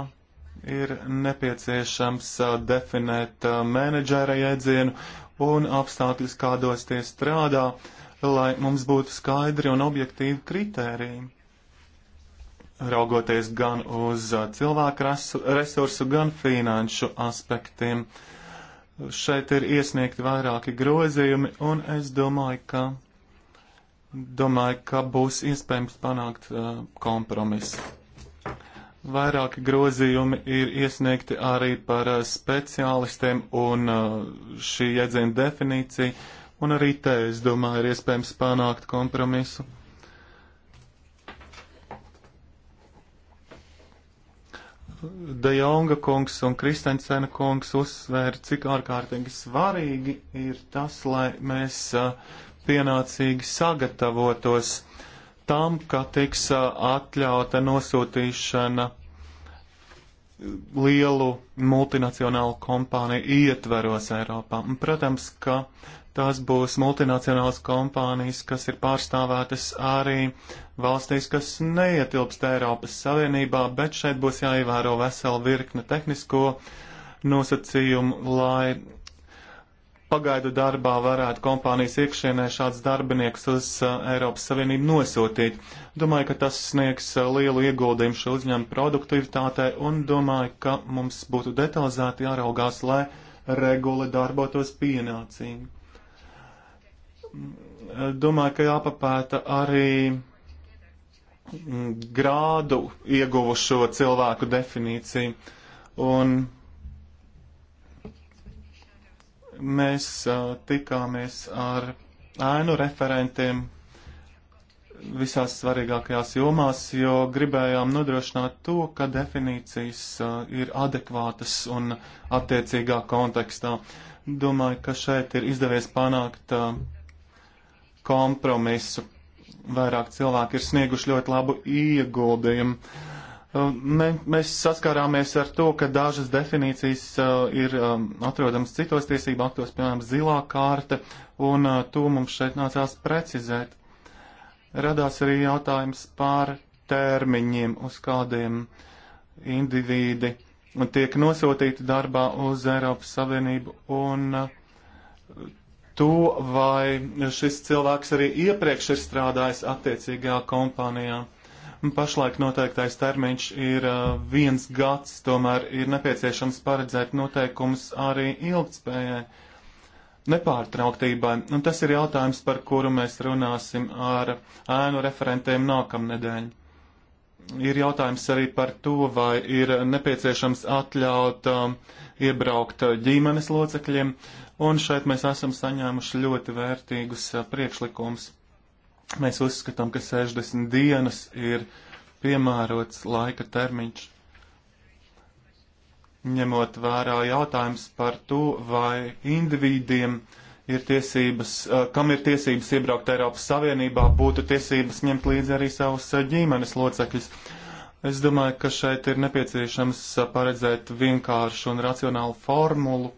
Speaker 3: ir nepieciešams uh, definēt uh, menedžera jēdzienu un apstākļus, kādos tie strādā, lai mums būtu skaidri un objektīvi kritēriji. Raugoties gan uz uh, cilvēku resursu, gan finanšu aspektiem. Šeit ir iesniegti vairāki grozījumi, un es domāju, ka, domāju, ka būs iespējams panākt uh, kompromisu. Vairāki grozījumi ir iesniegti arī par eh, speciālistiem un eh, šī jēdziena definīciju, un arī te, es domāju, ir iespējams panākt kompromisu. De Jonga kungs un Kristensena kungs uzsvēra, cik ārkārtīgi svarīgi ir tas, lai mēs eh, pienācīgi sagatavotos tam, ka tiks atļauta nosūtīšana lielu multinacionālu kompāniju ietveros Eiropā. Un, protams, ka tās būs multinacionālas kompānijas, kas ir pārstāvētas arī valstīs, kas neietilpst Eiropas Savienībā, bet šeit būs jāievēro vesela virkne tehnisko nosacījumu, lai pagaidu darbā varētu kompānijas iekšienē šāds darbinieks uz uh, Eiropas Savienību nosūtīt. Domāju, ka tas sniegs uh, lielu ieguldījumu šo uzņēmumu produktivitātē un domāju, ka mums būtu detalizēti jāraugās, lai regula darbotos pienācīgi. Mm, domāju, ka jāpapēta arī mm, grādu ieguvušo cilvēku definīciju. Un mēs uh, tikāmies ar ēnu referentiem visās svarīgākajās jomās, jo gribējām nodrošināt to, ka definīcijas uh, ir adekvātas un attiecīgā kontekstā. Domāju, ka šeit ir izdevies panākt uh, kompromisu. Vairāk cilvēki ir snieguši ļoti labu ieguldījumu. Mē, um, mēs saskārāmies ar to, ka dažas definīcijas uh, ir um, atrodamas citos tiesību aktos, piemēram, zilā kārta, un uh, to mums šeit nācās precizēt. Radās arī jautājums par termiņiem, uz kādiem indivīdi tiek nosūtīti darbā uz Eiropas Savienību, un uh, to, vai šis cilvēks arī iepriekš ir strādājis attiecīgajā kompānijā. Uh, Pašlaik noteiktais termiņš ir viens gads, tomēr ir nepieciešams paredzēt noteikumus arī ilgtspējai, nepārtrauktībai. Un tas ir jautājums, par kuru mēs runāsim ar ēnu referentiem nākamnedēļ. Ir jautājums arī par to, vai ir nepieciešams atļaut um, iebraukt ģimenes locekļiem, un šeit mēs esam saņēmuši ļoti vērtīgus uh, priekšlikumus Mēs uzskatām, ka 60 dienas ir piemērots laika termiņš, ņemot vērā jautājums par to, vai individiem ir tiesības, eh, kam ir tiesības iebraukt Eiropas Savienībā, būtu tiesības ņemt līdzi arī savus eh, ģimenes locekļus. Es domāju, ka šeit ir nepieciešams eh, paredzēt vienkāršu un racionālu formulu,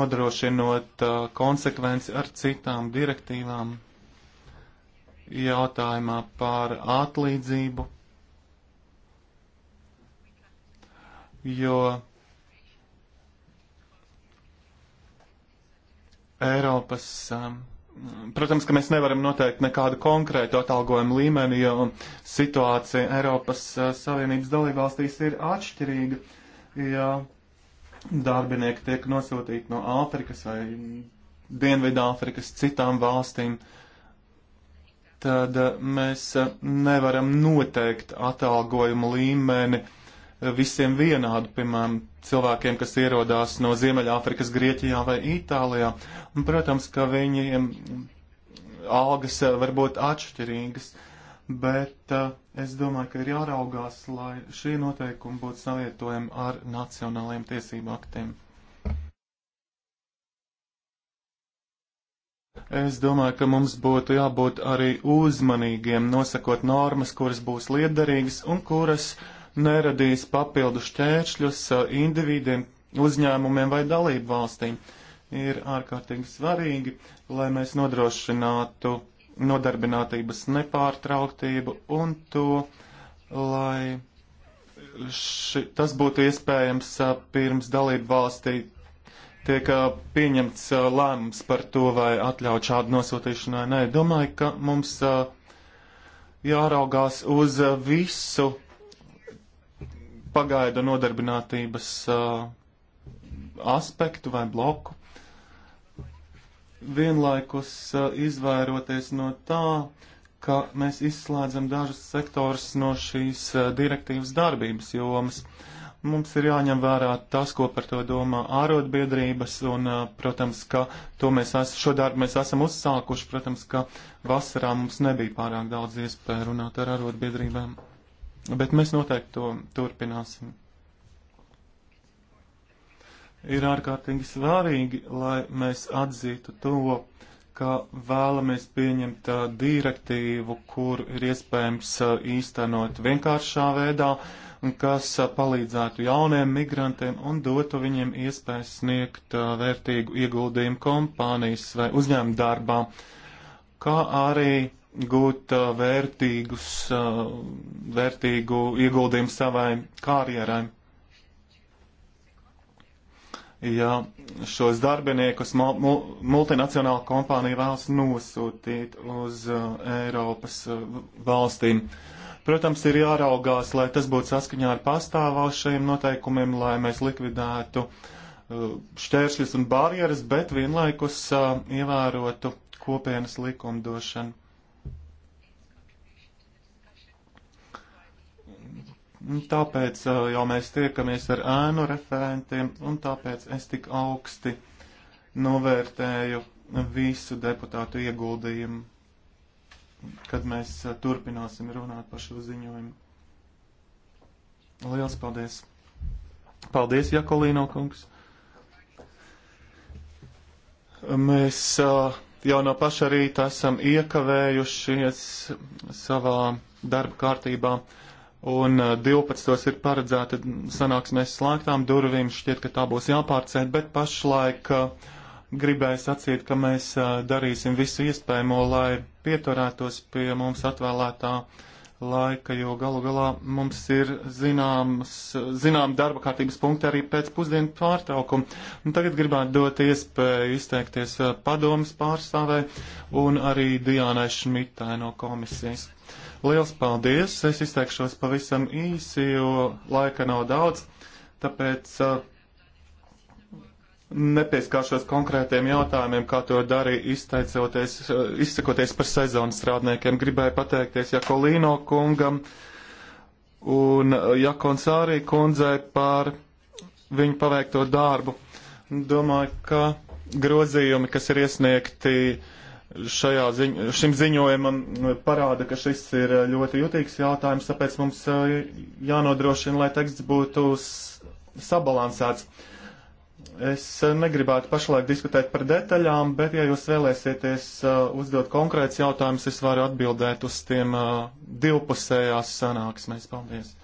Speaker 3: nodrošinot konsekvenci ar citām direktīvām jautājumā par atlīdzību, jo Eiropas, um, protams, ka mēs nevaram noteikt nekādu konkrētu atalgojumu līmeni, jo situācija Eiropas uh, Savienības dalībvalstīs ir atšķirīga. Ja darbinieki tiek nosūtīti no Āfrikas vai Dienvidāfrikas citām valstīm, uh, tad eh, mēs eh, nevaram noteikt atalgojumu līmeni eh, visiem vienādu, piemēram, cilvēkiem, kas ierodās no Ziemeļāfrikas, Grieķijā vai Itālijā. Un, protams, ka viņiem algas var būt atšķirīgas, bet uh, es domāju, ka ir jāraugās, lai šie noteikumi būtu savietojami ar nacionālajiem tiesību aktiem. Es domāju, ka mums būtu jābūt arī uzmanīgiem nosakot normas, kuras būs liederīgas un kuras neradīs papildu šķēršļus uh, individiem, uzņēmumiem vai dalību valstīm. Ir ārkārtīgi svarīgi, lai mēs nodrošinātu nodarbinātības nepārtrauktību un to, lai ši, tas būtu iespējams uh, pirms dalību valstī tiek pieņemts lēmums par to, vai atļaut šādu nosūtīšanu vai nē. Domāju, ka mums jāraugās uz visu pagaidu nodarbinātības aspektu vai bloku, vienlaikus izvairoties no tā, ka mēs izslēdzam dažus sektors no šīs direktīvas darbības jomas. Jo mums ir jāņem vērā tas, ko par to domā ārotbiedrības, un, protams, ka to mēs es, šo darbu mēs esam uzsākuši, protams, ka vasarā mums nebija pārāk daudz iespēju runāt ar ārotbiedrībām, bet mēs noteikti to turpināsim. Ir ārkārtīgi svarīgi, lai mēs atzītu to, ka vēlamies pieņemt direktīvu, kur ir iespējams īstenot vienkāršā veidā, uh, kas palīdzētu jauniem migrantiem un dotu viņiem iespēju sniegt vērtīgu ieguldījumu kompānijas vai uzņēmuma darbā, kā arī gūt vērtīgus, vērtīgu ieguldījumu savai karjerai. Ja šos darbiniekus multinacionāla kompānija vēlas nosūtīt uz Eiropas valstīm, uh, Protams, ir jāraugās, lai tas būtu saskaņā ar pastāvošajiem noteikumiem, lai mēs likvidētu uh, šķēršļus un barjeras, bet vienlaikus uh, ievērotu kopienas likumdošanu. Tāpēc uh, jau mēs tiekamies ar ēnu referentiem, un tāpēc es tik augsti novērtēju visu deputātu ieguldījumu kad mēs turpināsim runāt par šo ziņojumu. Liels paldies! Paldies, Jakolīno kungs! Mēs jau no paša rīta esam iekavējušies savā darba kārtībā, un 12. ir paredzēta sanāksmēs slēgtām durvīm, šķiet, ka tā būs jāpārcēt, bet pašlaik uh, gribēju sacīt, ka mēs darīsim visu iespējamo, lai pieturētos pie mums atvēlētā laika, jo galu galā mums ir zināms, zinām darba kārtības punkti arī pēc pusdienu pārtraukuma. Un tagad gribētu dot iespēju izteikties padomas pārstāvē un arī Diānai Šmitai no komisijas. Liels paldies! Es izteikšos pavisam īsi, jo laika nav daudz, tāpēc uh, nepieskāršos konkrētiem jautājumiem, kā to darīja izsakoties par sezonas strādniekiem. Gribēju pateikties Jakolīno kungam un Jakonsārī kundzei par viņu paveikto darbu. Domāju, ka grozījumi, kas ir iesniegti šajā ziņ šim ziņojumam, parāda, ka šis ir ļoti jutīgs jautājums, tāpēc mums eh, jānodrošina, lai teksts būtu sabalansēts Es eh, negribētu pašlaik diskutēt par detaļām, bet, ja jūs vēlēsieties uh, uzdot konkrēts jautājums, es varu atbildēt uz tiem uh, divpusējās sanāksmēs. Paldies!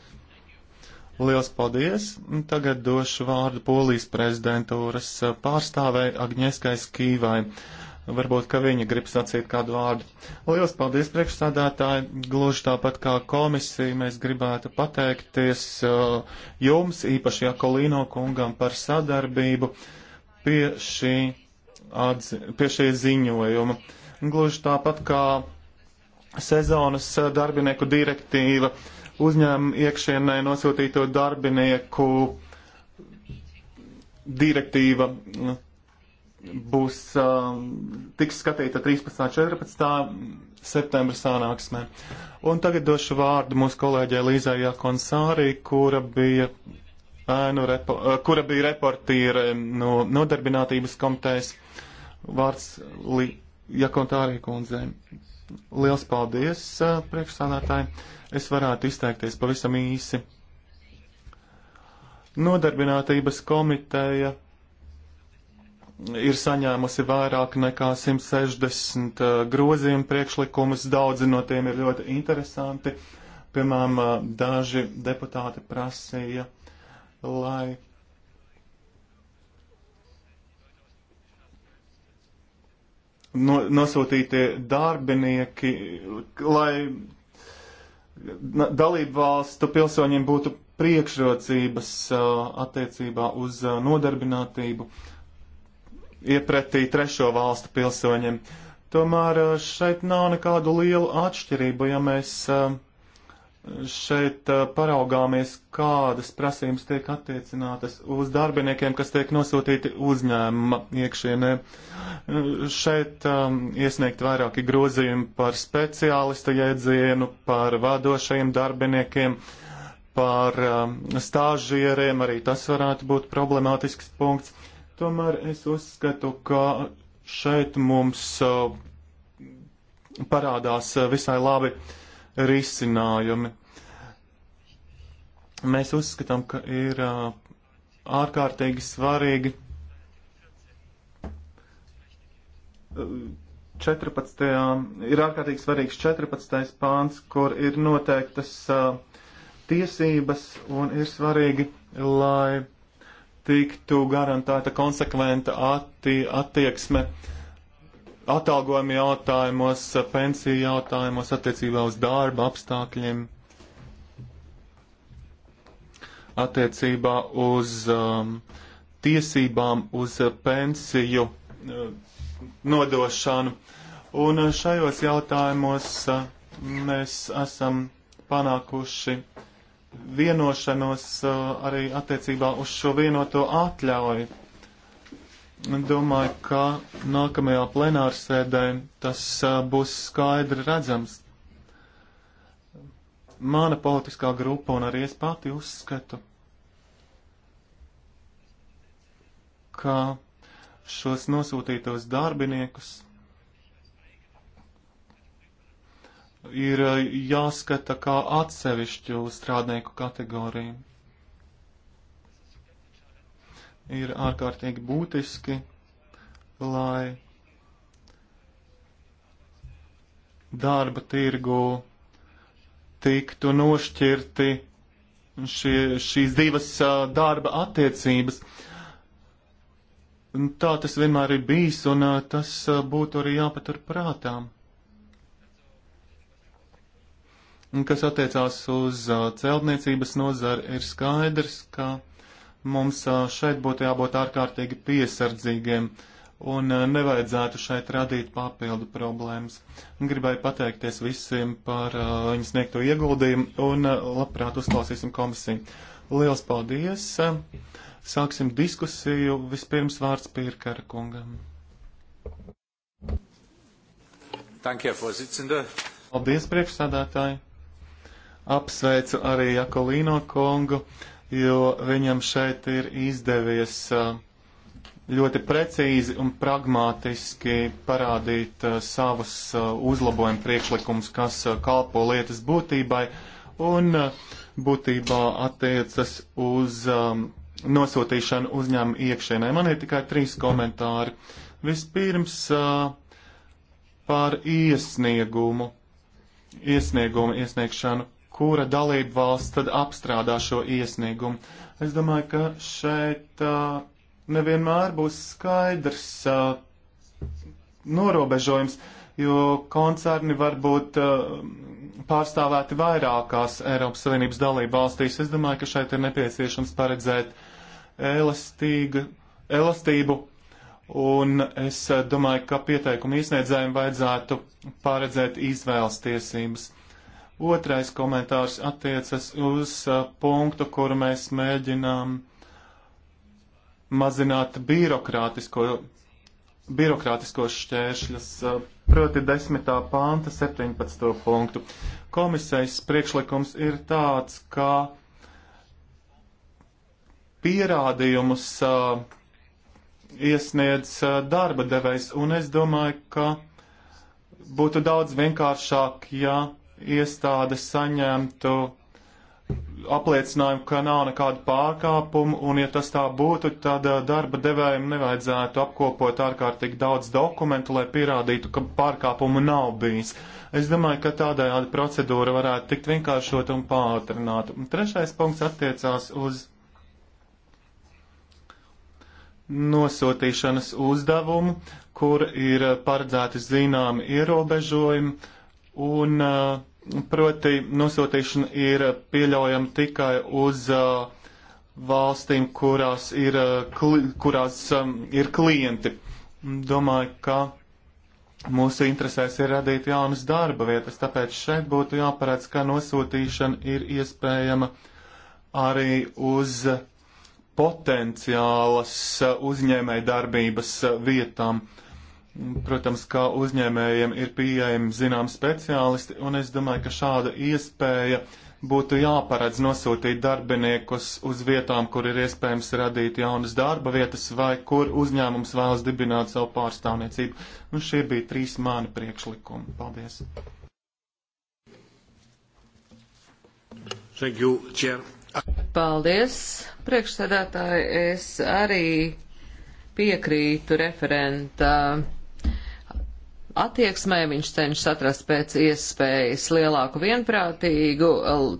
Speaker 3: Liels paldies! Tagad došu vārdu Polijas prezidentūras pārstāvei Agnieskai Skīvai. Uh, Varbūt, ka viņa grib sacīt kādu vārdu. Lielas paldies priekšsādātāji. Gluži tāpat kā komisija, mēs gribētu pateikties uh, jums, īpaši Jakolīno kungam, par sadarbību pie šī, atzi, pie šī ziņojuma. Gluži tāpat kā sezonas darbinieku direktīva uzņēmumu iekšienē nosūtīto darbinieku direktīva būs um, tiks skatīta 13. un 14. septembra sanāksmē. Un tagad došu vārdu mūsu kolēģē Līzai Jakonsārī, kura bija ēnu, repo, eh, kura bija reportīra no nodarbinātības komitejas. Vārds li, Jakontārī kundzei. Liels paldies, eh, priekšsādātāji. Es varētu izteikties pavisam īsi. Nodarbinātības komiteja ir saņēmusi vairāk nekā 160 eh, grozījumu priekšlikumus, daudzi no tiem ir ļoti interesanti. Piemēram, eh, daži deputāti prasīja, lai. No, nosūtītie darbinieki, lai dalību valstu pilsoņiem būtu priekšrocības uh, attiecībā uz uh, nodarbinātību. Uh, iepretī trešo valstu pilsoņiem. Tomēr eh, šeit nav nekādu lielu atšķirību, ja mēs eh, šeit eh, paraugāmies, kādas prasības tiek attiecinātas uz darbiniekiem, kas tiek nosūtīti uzņēmuma iekšienē. Šeit iesniegt vairāki grozījumi par speciālista jēdzienu, par vadošajiem darbiniekiem, par stāžieriem, arī tas varētu būt problemātisks punkts Tomēr es uzskatu, ka šeit mums uh, parādās uh, visai labi risinājumi. Mēs uzskatām, ka ir uh, ārkārtīgi svarīgi 14. ir ārkārtīgi svarīgs 14. pāns, kur ir noteiktas uh, tiesības un ir svarīgi, lai tiktu garantēta konsekventa atti, attieksme atalgojuma jautājumos, pensiju jautājumos, attiecībā uz darba apstākļiem, attiecībā uz um, tiesībām, uz pensiju uh, nodošanu. Un uh, šajos jautājumos uh, mēs esam panākuši uh, vienošanos uh, arī attiecībā uz šo vienoto atļauju. Domāju, ka nākamajā plenārsēdē tas uh, būs skaidri redzams. Mana politiskā grupa un arī es pati uzskatu, ka šos nosūtītos darbiniekus ir jāskata kā atsevišķu strādnieku kategoriju. Ir ārkārtīgi būtiski, lai darba tirgu tiktu nošķirti šie, šīs divas darba attiecības. Tā tas vienmēr ir bijis, un tas būtu arī jāpatur prātām. kas attiecās uz celtniecības nozari, ir skaidrs, ka mums šeit būtu jābūt ārkārtīgi piesardzīgiem un nevajadzētu šeit radīt papildu problēmas. Gribēju pateikties visiem par viņu sniegto ieguldījumu un labprāt uzklausīsim komisiju. Liels paldies! Sāksim diskusiju. Vispirms vārds Pirkara kungam. Danke, Herr Vorsitzender. Paldies, priekšsādātāji! Apsveicu arī Jakolīno Kongu, jo viņam šeit ir izdevies ļoti precīzi un pragmātiski parādīt savus uzlabojumu priekšlikumus, kas kalpo lietas būtībai un būtībā attiecas uz nosūtīšanu uzņēmumu iekšienē. Man ir tikai trīs komentāri. Vispirms par iesniegumu, iesniegumu iesniegšanu kura dalība valsts tad apstrādā šo iesniegumu. Es domāju, ka šeit uh, nevienmēr būs skaidrs uh, norobežojums, jo koncerni var būt uh, pārstāvēti vairākās Eiropas Savienības dalība valstīs. Es domāju, ka šeit ir nepieciešams paredzēt elastīgu, elastību Un es domāju, ka pieteikumu iesniedzējiem vajadzētu paredzēt izvēles tiesības. Otrais komentārs attiecas uz uh, punktu, kuru mēs mēģinām mazināt birokrātisko, birokrātiskos šķēršļus, uh, proti 10. pānta 17. punktu. Komisijas priekšlikums ir tāds, ka pierādījumus uh, iesniedz uh, darba devējs, un es domāju, ka būtu daudz vienkāršāk, ja iestādes saņemtu apliecinājumu, ka nav nekādu pārkāpumu, un ja tas tā būtu, tad uh, darba devējiem nevajadzētu apkopot ārkārtīgi daudz dokumentu, lai pierādītu, ka pārkāpumu nav bijis. Es domāju, ka tādējādi procedūra varētu tikt vienkāršot un pātrināt. Un trešais punkts attiecās uz nosūtīšanas uzdevumu, kur ir paredzēti zināmi ierobežojumi Un, uh, proti, nosūtīšana ir pieļaujama tikai uz uh, valstīm, kurās ir, uh, kurās um, ir klienti. Domāju, ka mūsu interesēs ir radīt jaunas darba vietas, tāpēc šeit būtu jāparedz, ka nosūtīšana ir iespējama arī uz potenciālas uzņēmējdarbības vietām. Uh, Protams, kā uzņēmējiem ir pieejami zinām speciālisti, un es domāju, ka šāda iespēja būtu jāparedz nosūtīt darbiniekus uz vietām, kur ir iespējams radīt jaunas darba vietas vai kur uzņēmums vēlas dibināt savu pārstāvniecību. Un nu, šie bija trīs mani priekšlikumi. Paldies! Thank you, chair.
Speaker 1: Paldies, priekšsēdētāji. Es arī piekrītu referenta attieksmē, viņš cenšas atrast pēc iespējas lielāku vienprātīgu,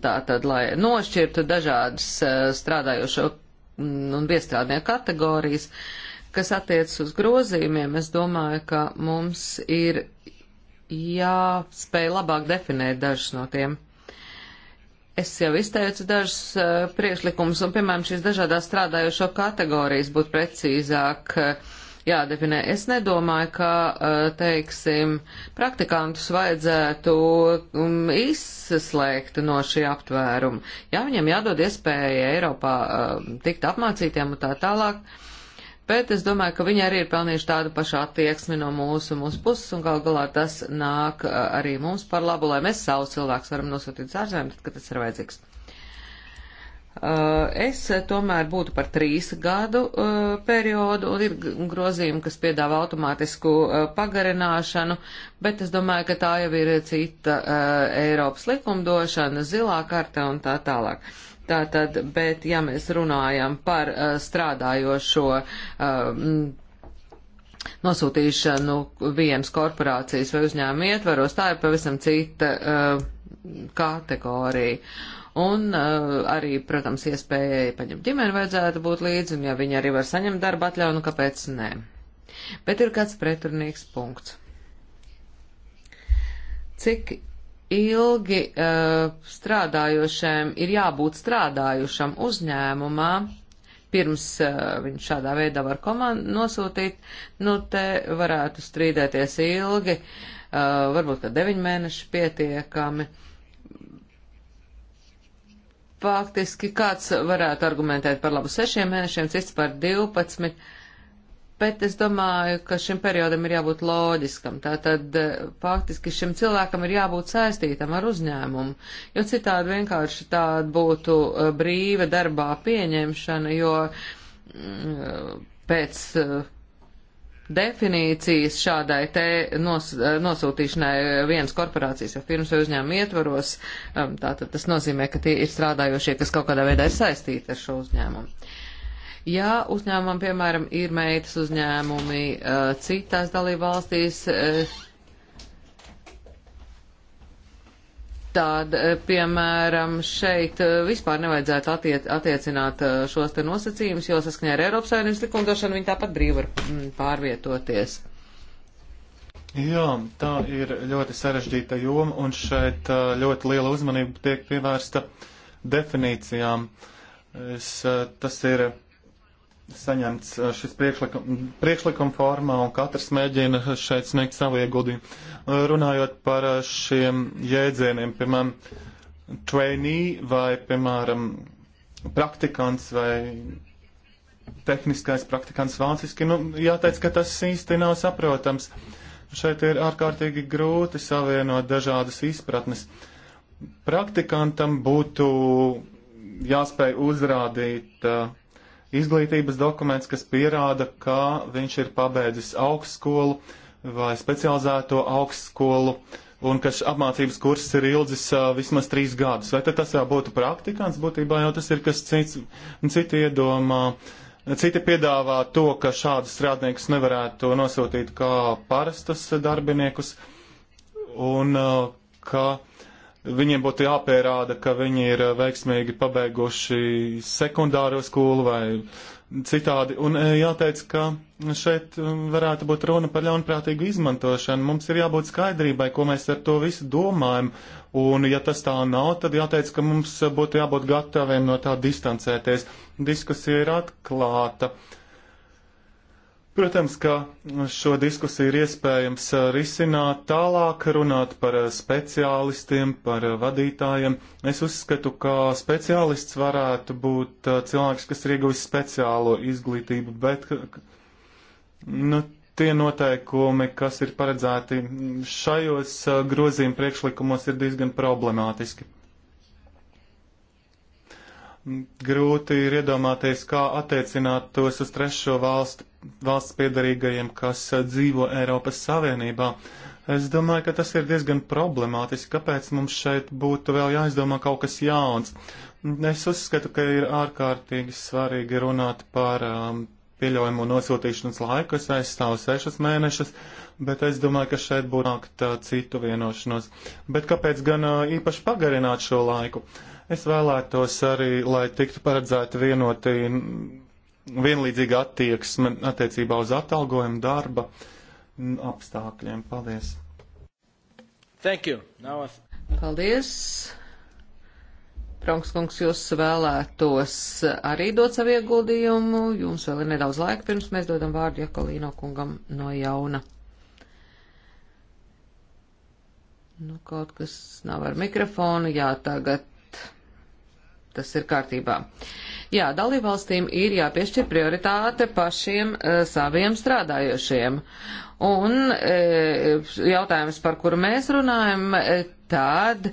Speaker 1: tātad, lai nošķirtu dažādas e, strādājošo mm, un biestrādnieku kategorijas, kas attiecas uz grozījumiem. Es domāju, ka mums ir jāspēj labāk definēt dažus no tiem. Es jau izteicu dažus uh, e, priekšlikumus, un, piemēram, šīs dažādās strādājošo kategorijas būtu precīzāk uh, jādefinē. Es nedomāju, ka, eh, teiksim, praktikantus vajadzētu um, izslēgt no šī aptvēruma. Jā, viņiem jādod iespēja Eiropā eh, tikt apmācītiem un tā tālāk. Bet es domāju, ka viņi arī ir pelnījuši tādu pašu attieksmi no mūsu, mūsu puses, un gal galā tas nāk eh, arī mums par labu, lai mēs savus cilvēkus varam nosūtīt uz ārzemēm, tad, kad tas ir vajadzīgs. Eh, es tomēr būtu par trīs gadu eh, periodu, un ir grozījumi, kas piedāvā automātisku eh, pagarināšanu, bet es domāju, ka tā jau ir cita Eiropas likumdošana, zilā karte un tā tālāk. Tātad, bet ja mēs runājam par strādājošo nosūtīšanu vienas korporācijas vai uzņēmuma ietvaros, tā ir pavisam cita kategorija. Un uh, arī, protams, iespējai paņemt ģimeni vajadzētu būt līdzi, un ja viņi arī var saņemt darba atļauju, nu kāpēc nē. Bet ir kāds pretrunīgs punkts. Cik ilgi uh, strādājošiem ir jābūt strādājušam uzņēmumā, pirms uh, viņš šādā veidā var komandu nosūtīt, nu te varētu strīdēties ilgi, uh, varbūt, ka deviņi mēneši pietiekami. Uh, faktiski kāds varētu argumentēt par labu sešiem mēnešiem, cits par 12, bet es domāju, ka šim periodam ir jābūt loģiskam. Tātad eh, faktiski šim cilvēkam ir jābūt saistītam ar uzņēmumu, jo citādi vienkārši tāda būtu eh, brīva darbā pieņemšana, jo mm, eh, pēc definīcijas šādai te nos, nosūtīšanai vienas korporācijas, jo firmas vai uzņēmuma ietvaros, um, tātad tas nozīmē, ka tie ir strādājošie, kas kaut kādā veidā ir saistīti ar šo uzņēmumu. Ja uzņēmumam, piemēram, ir meitas uzņēmumi uh, citās dalībvalstīs, uh, Tad, eh, piemēram, šeit eh, vispār nevajadzētu attiec, attiecināt eh, šos te nosacījumus, jo saskaņā ar Eiropas Savienības likumdošanu viņi tāpat brīvi var mm, pārvietoties.
Speaker 3: Jā, tā ir ļoti sarežģīta joma, un šeit ļoti liela uzmanība tiek pievērsta definīcijām. Es, tas ir saņemts šis priekšlikums priekšlikum formā, un katrs mēģina šeit sniegt savu ieguldījumu runājot par eh, šiem jēdzieniem, piemēram, trainee vai, piemēram, praktikants vai tehniskais praktikants vāciski, nu, jāteic, ka tas īsti nav saprotams. Šeit ir ārkārtīgi grūti savienot dažādas izpratnes. Praktikantam būtu jāspēj uzrādīt uh, izglītības dokuments, kas pierāda, ka viņš ir pabeidzis augstskolu, uh, vai specializēto augstskolu, un ka apmācības kurs ir ilgs vismaz trīs gadus. Vai tas jau būtu praktikants, būtībā jau tas ir kas cits, un citi iedomā. Citi piedāvā to, ka šādus strādniekus nevarētu nosūtīt kā parastus darbiniekus, un ka viņiem būtu jāpierāda, ka viņi ir veiksmīgi pabeiguši sekundāro skolu vai uh, citādi. Un e, jāteic, ka šeit e, varētu būt runa par ļaunprātīgu izmantošanu. Mums ir jābūt skaidrībai, ko mēs ar to visu domājam. Un ja tas tā nav, tad jāteic, ka mums būtu jābūt gataviem no tā distancēties. Diskusija ir atklāta. Uh, Protams, ka šo diskusiju ir iespējams uh, risināt tālāk, runāt par uh, speciālistiem, par uh, vadītājiem. Es uzskatu, ka speciālists varētu būt cilvēks, kas ir ieguvis speciālo izglītību, bet nu, tie noteikumi, kas ir paredzēti šajos grozījuma priekšlikumos, ir diezgan problemātiski grūti ir iedomāties, kā attiecināt tos uz trešo valstu, valsts piedarīgajiem, kas dzīvo Eiropas Savienībā. Es domāju, ka tas ir diezgan problemātiski, kāpēc mums šeit būtu vēl jāizdomā kaut kas jauns. Es uzskatu, ka ir ārkārtīgi svarīgi runāt par um, pieļaujamo nosūtīšanas laiku. Es aizstāvu sešus mēnešus, bet es domāju, ka šeit būtu nākt uh, citu vienošanos. Bet kāpēc gan uh, īpaši pagarināt šo laiku? Uh, Es vēlētos arī, lai tiktu paredzēta vienoti, vienlīdzīga attieksme attiecībā uz atalgojumu darba apstākļiem. Paldies! Thank
Speaker 1: you. Now I've...
Speaker 3: Paldies! Pronks kungs, jūs vēlētos
Speaker 1: arī dot savu ieguldījumu. Jums vēl ir nedaudz laika, pirms mēs dodam vārdu Jakolīno kungam no jauna. Nu, kaut kas nav ar mikrofonu. Jā, tagad tas ir kārtībā. Jā, dalībvalstīm ir jāpiešķir prioritāte pašiem uh, saviem strādājošiem. Un e, jautājums, par kuru mēs runājam, e, tad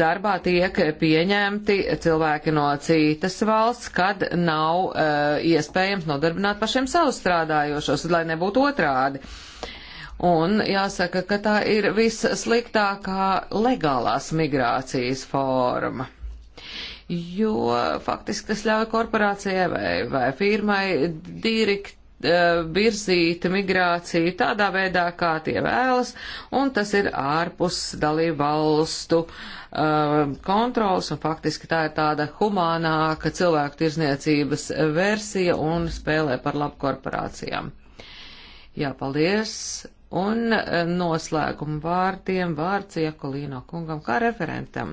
Speaker 1: darbā tiek pieņemti cilvēki no citas valsts, kad nav e, iespējams nodarbināt pašiem savus strādājošos, lai nebūtu otrādi. Un jāsaka, ka tā ir vissliktākā legālās migrācijas forma jo faktiski tas ļauj korporācijai vai, vai firmai direkt eh, virzīt migrāciju tādā veidā, kā tie vēlas, un tas ir ārpus dalību valstu uh, kontrols, un faktiski tā ir tāda humānāka cilvēku tirzniecības versija un spēlē par labu korporācijām. Jā, paldies. Un e, noslēguma vārdiem vārds Iekolīno kungam kā referentam.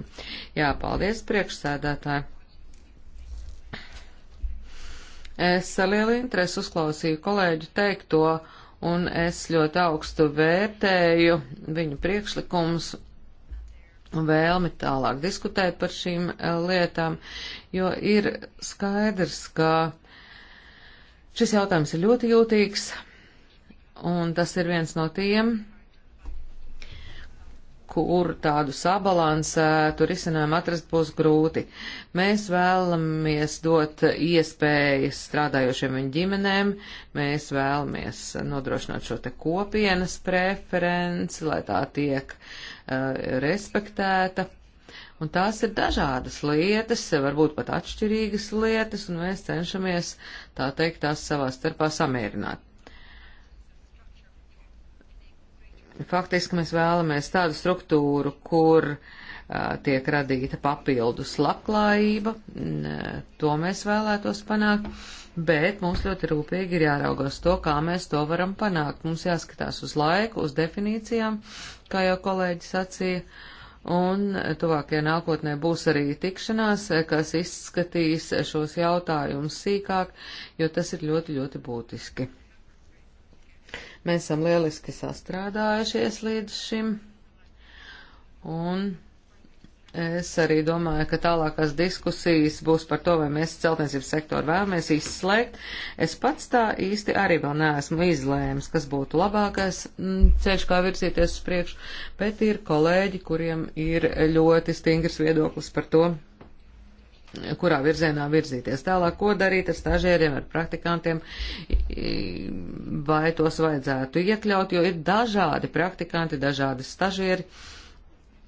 Speaker 1: Jā, paldies priekšsēdētāji. Es ar lielu interesi uzklausīju kolēģu teikto, un es ļoti augstu vērtēju viņu priekšlikumus un vēlmi tālāk diskutēt par šīm e, lietām, jo ir skaidrs, ka šis jautājums ir ļoti jūtīgs un tas ir viens no tiem, kur tādu sabalansētu risinājumu atrast būs grūti. Mēs vēlamies dot iespējas strādājošiem viņu ģimenēm, mēs vēlamies nodrošināt šo te kopienas preferenci, lai tā tiek uh, respektēta. Un tās ir dažādas lietas, varbūt pat atšķirīgas lietas, un mēs cenšamies, tā teikt, tās savā starpā samierināt. Faktiski mēs vēlamies tādu struktūru, kur tiek radīta papildus labklājība, to mēs vēlētos panākt, bet mums ļoti rūpīgi ir jāraugās to, kā mēs to varam panākt. Mums jāskatās uz laiku, uz definīcijām, kā jau kolēģis sacīja, un tuvākajā nākotnē būs arī tikšanās, kas izskatīs šos jautājumus sīkāk, jo tas ir ļoti, ļoti būtiski. Mēs esam lieliski sastrādājušies līdz šim. Un Es arī domāju, ka tālākās diskusijas būs par to, vai mēs celtniecības sektoru vēlamies izslēgt. Es pats tā īsti arī vēl neesmu izlēms, kas būtu labākais mm, ceļš, kā virzīties uz priekšu, bet ir kolēģi, kuriem ir ļoti stingrs viedoklis par to, kurā virzienā virzīties tālāk, ko darīt ar stažieriem, ar praktikantiem, vai tos vajadzētu iekļaut, jo ir dažādi praktikanti, dažādi stažieri.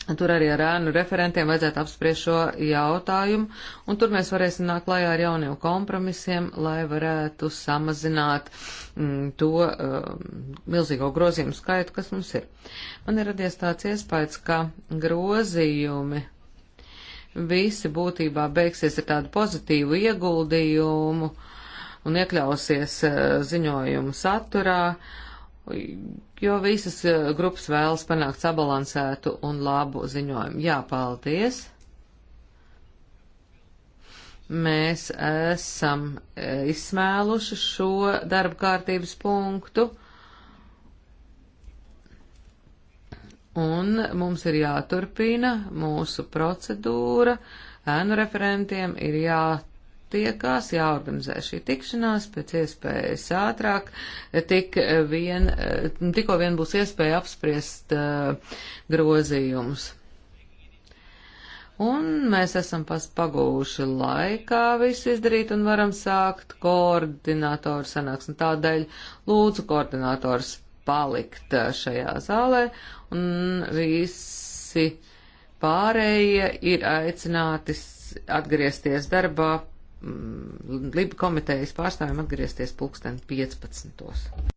Speaker 1: Tur arī ar ēnu referentiem vajadzētu apspriest šo jautājumu, un tur mēs varēsim nākt klajā ar jauniem kompromisiem, lai varētu samazināt mm, to mm, milzīgo grozījumu skaitu, kas mums ir. Man ir radies tāds iespējas, ka grozījumi visi būtībā beigsies ar tādu pozitīvu ieguldījumu un iekļausies eh, ziņojumu saturā, jo visas eh, grupas vēlas panākt sabalansētu un labu ziņojumu. Jā, paldies! Mēs esam eh, izsmēluši šo darba kārtības punktu. un mums ir jāturpina mūsu procedūra, ēnu referentiem ir jātiekās, jāorganizē šī tikšanās pēc iespējas ātrāk, tik vien, tikko vien būs iespēja apspriest uh, grozījumus. Un mēs esam paspagūši laikā visu izdarīt un varam sākt koordinatoru sanāksmi. Tādēļ lūdzu koordinators palikt eh, šajā zālē, un visi pārējie ir aicināti atgriezties darbā, mm, Liba komitejas pārstāvjiem atgriezties pulksten 15.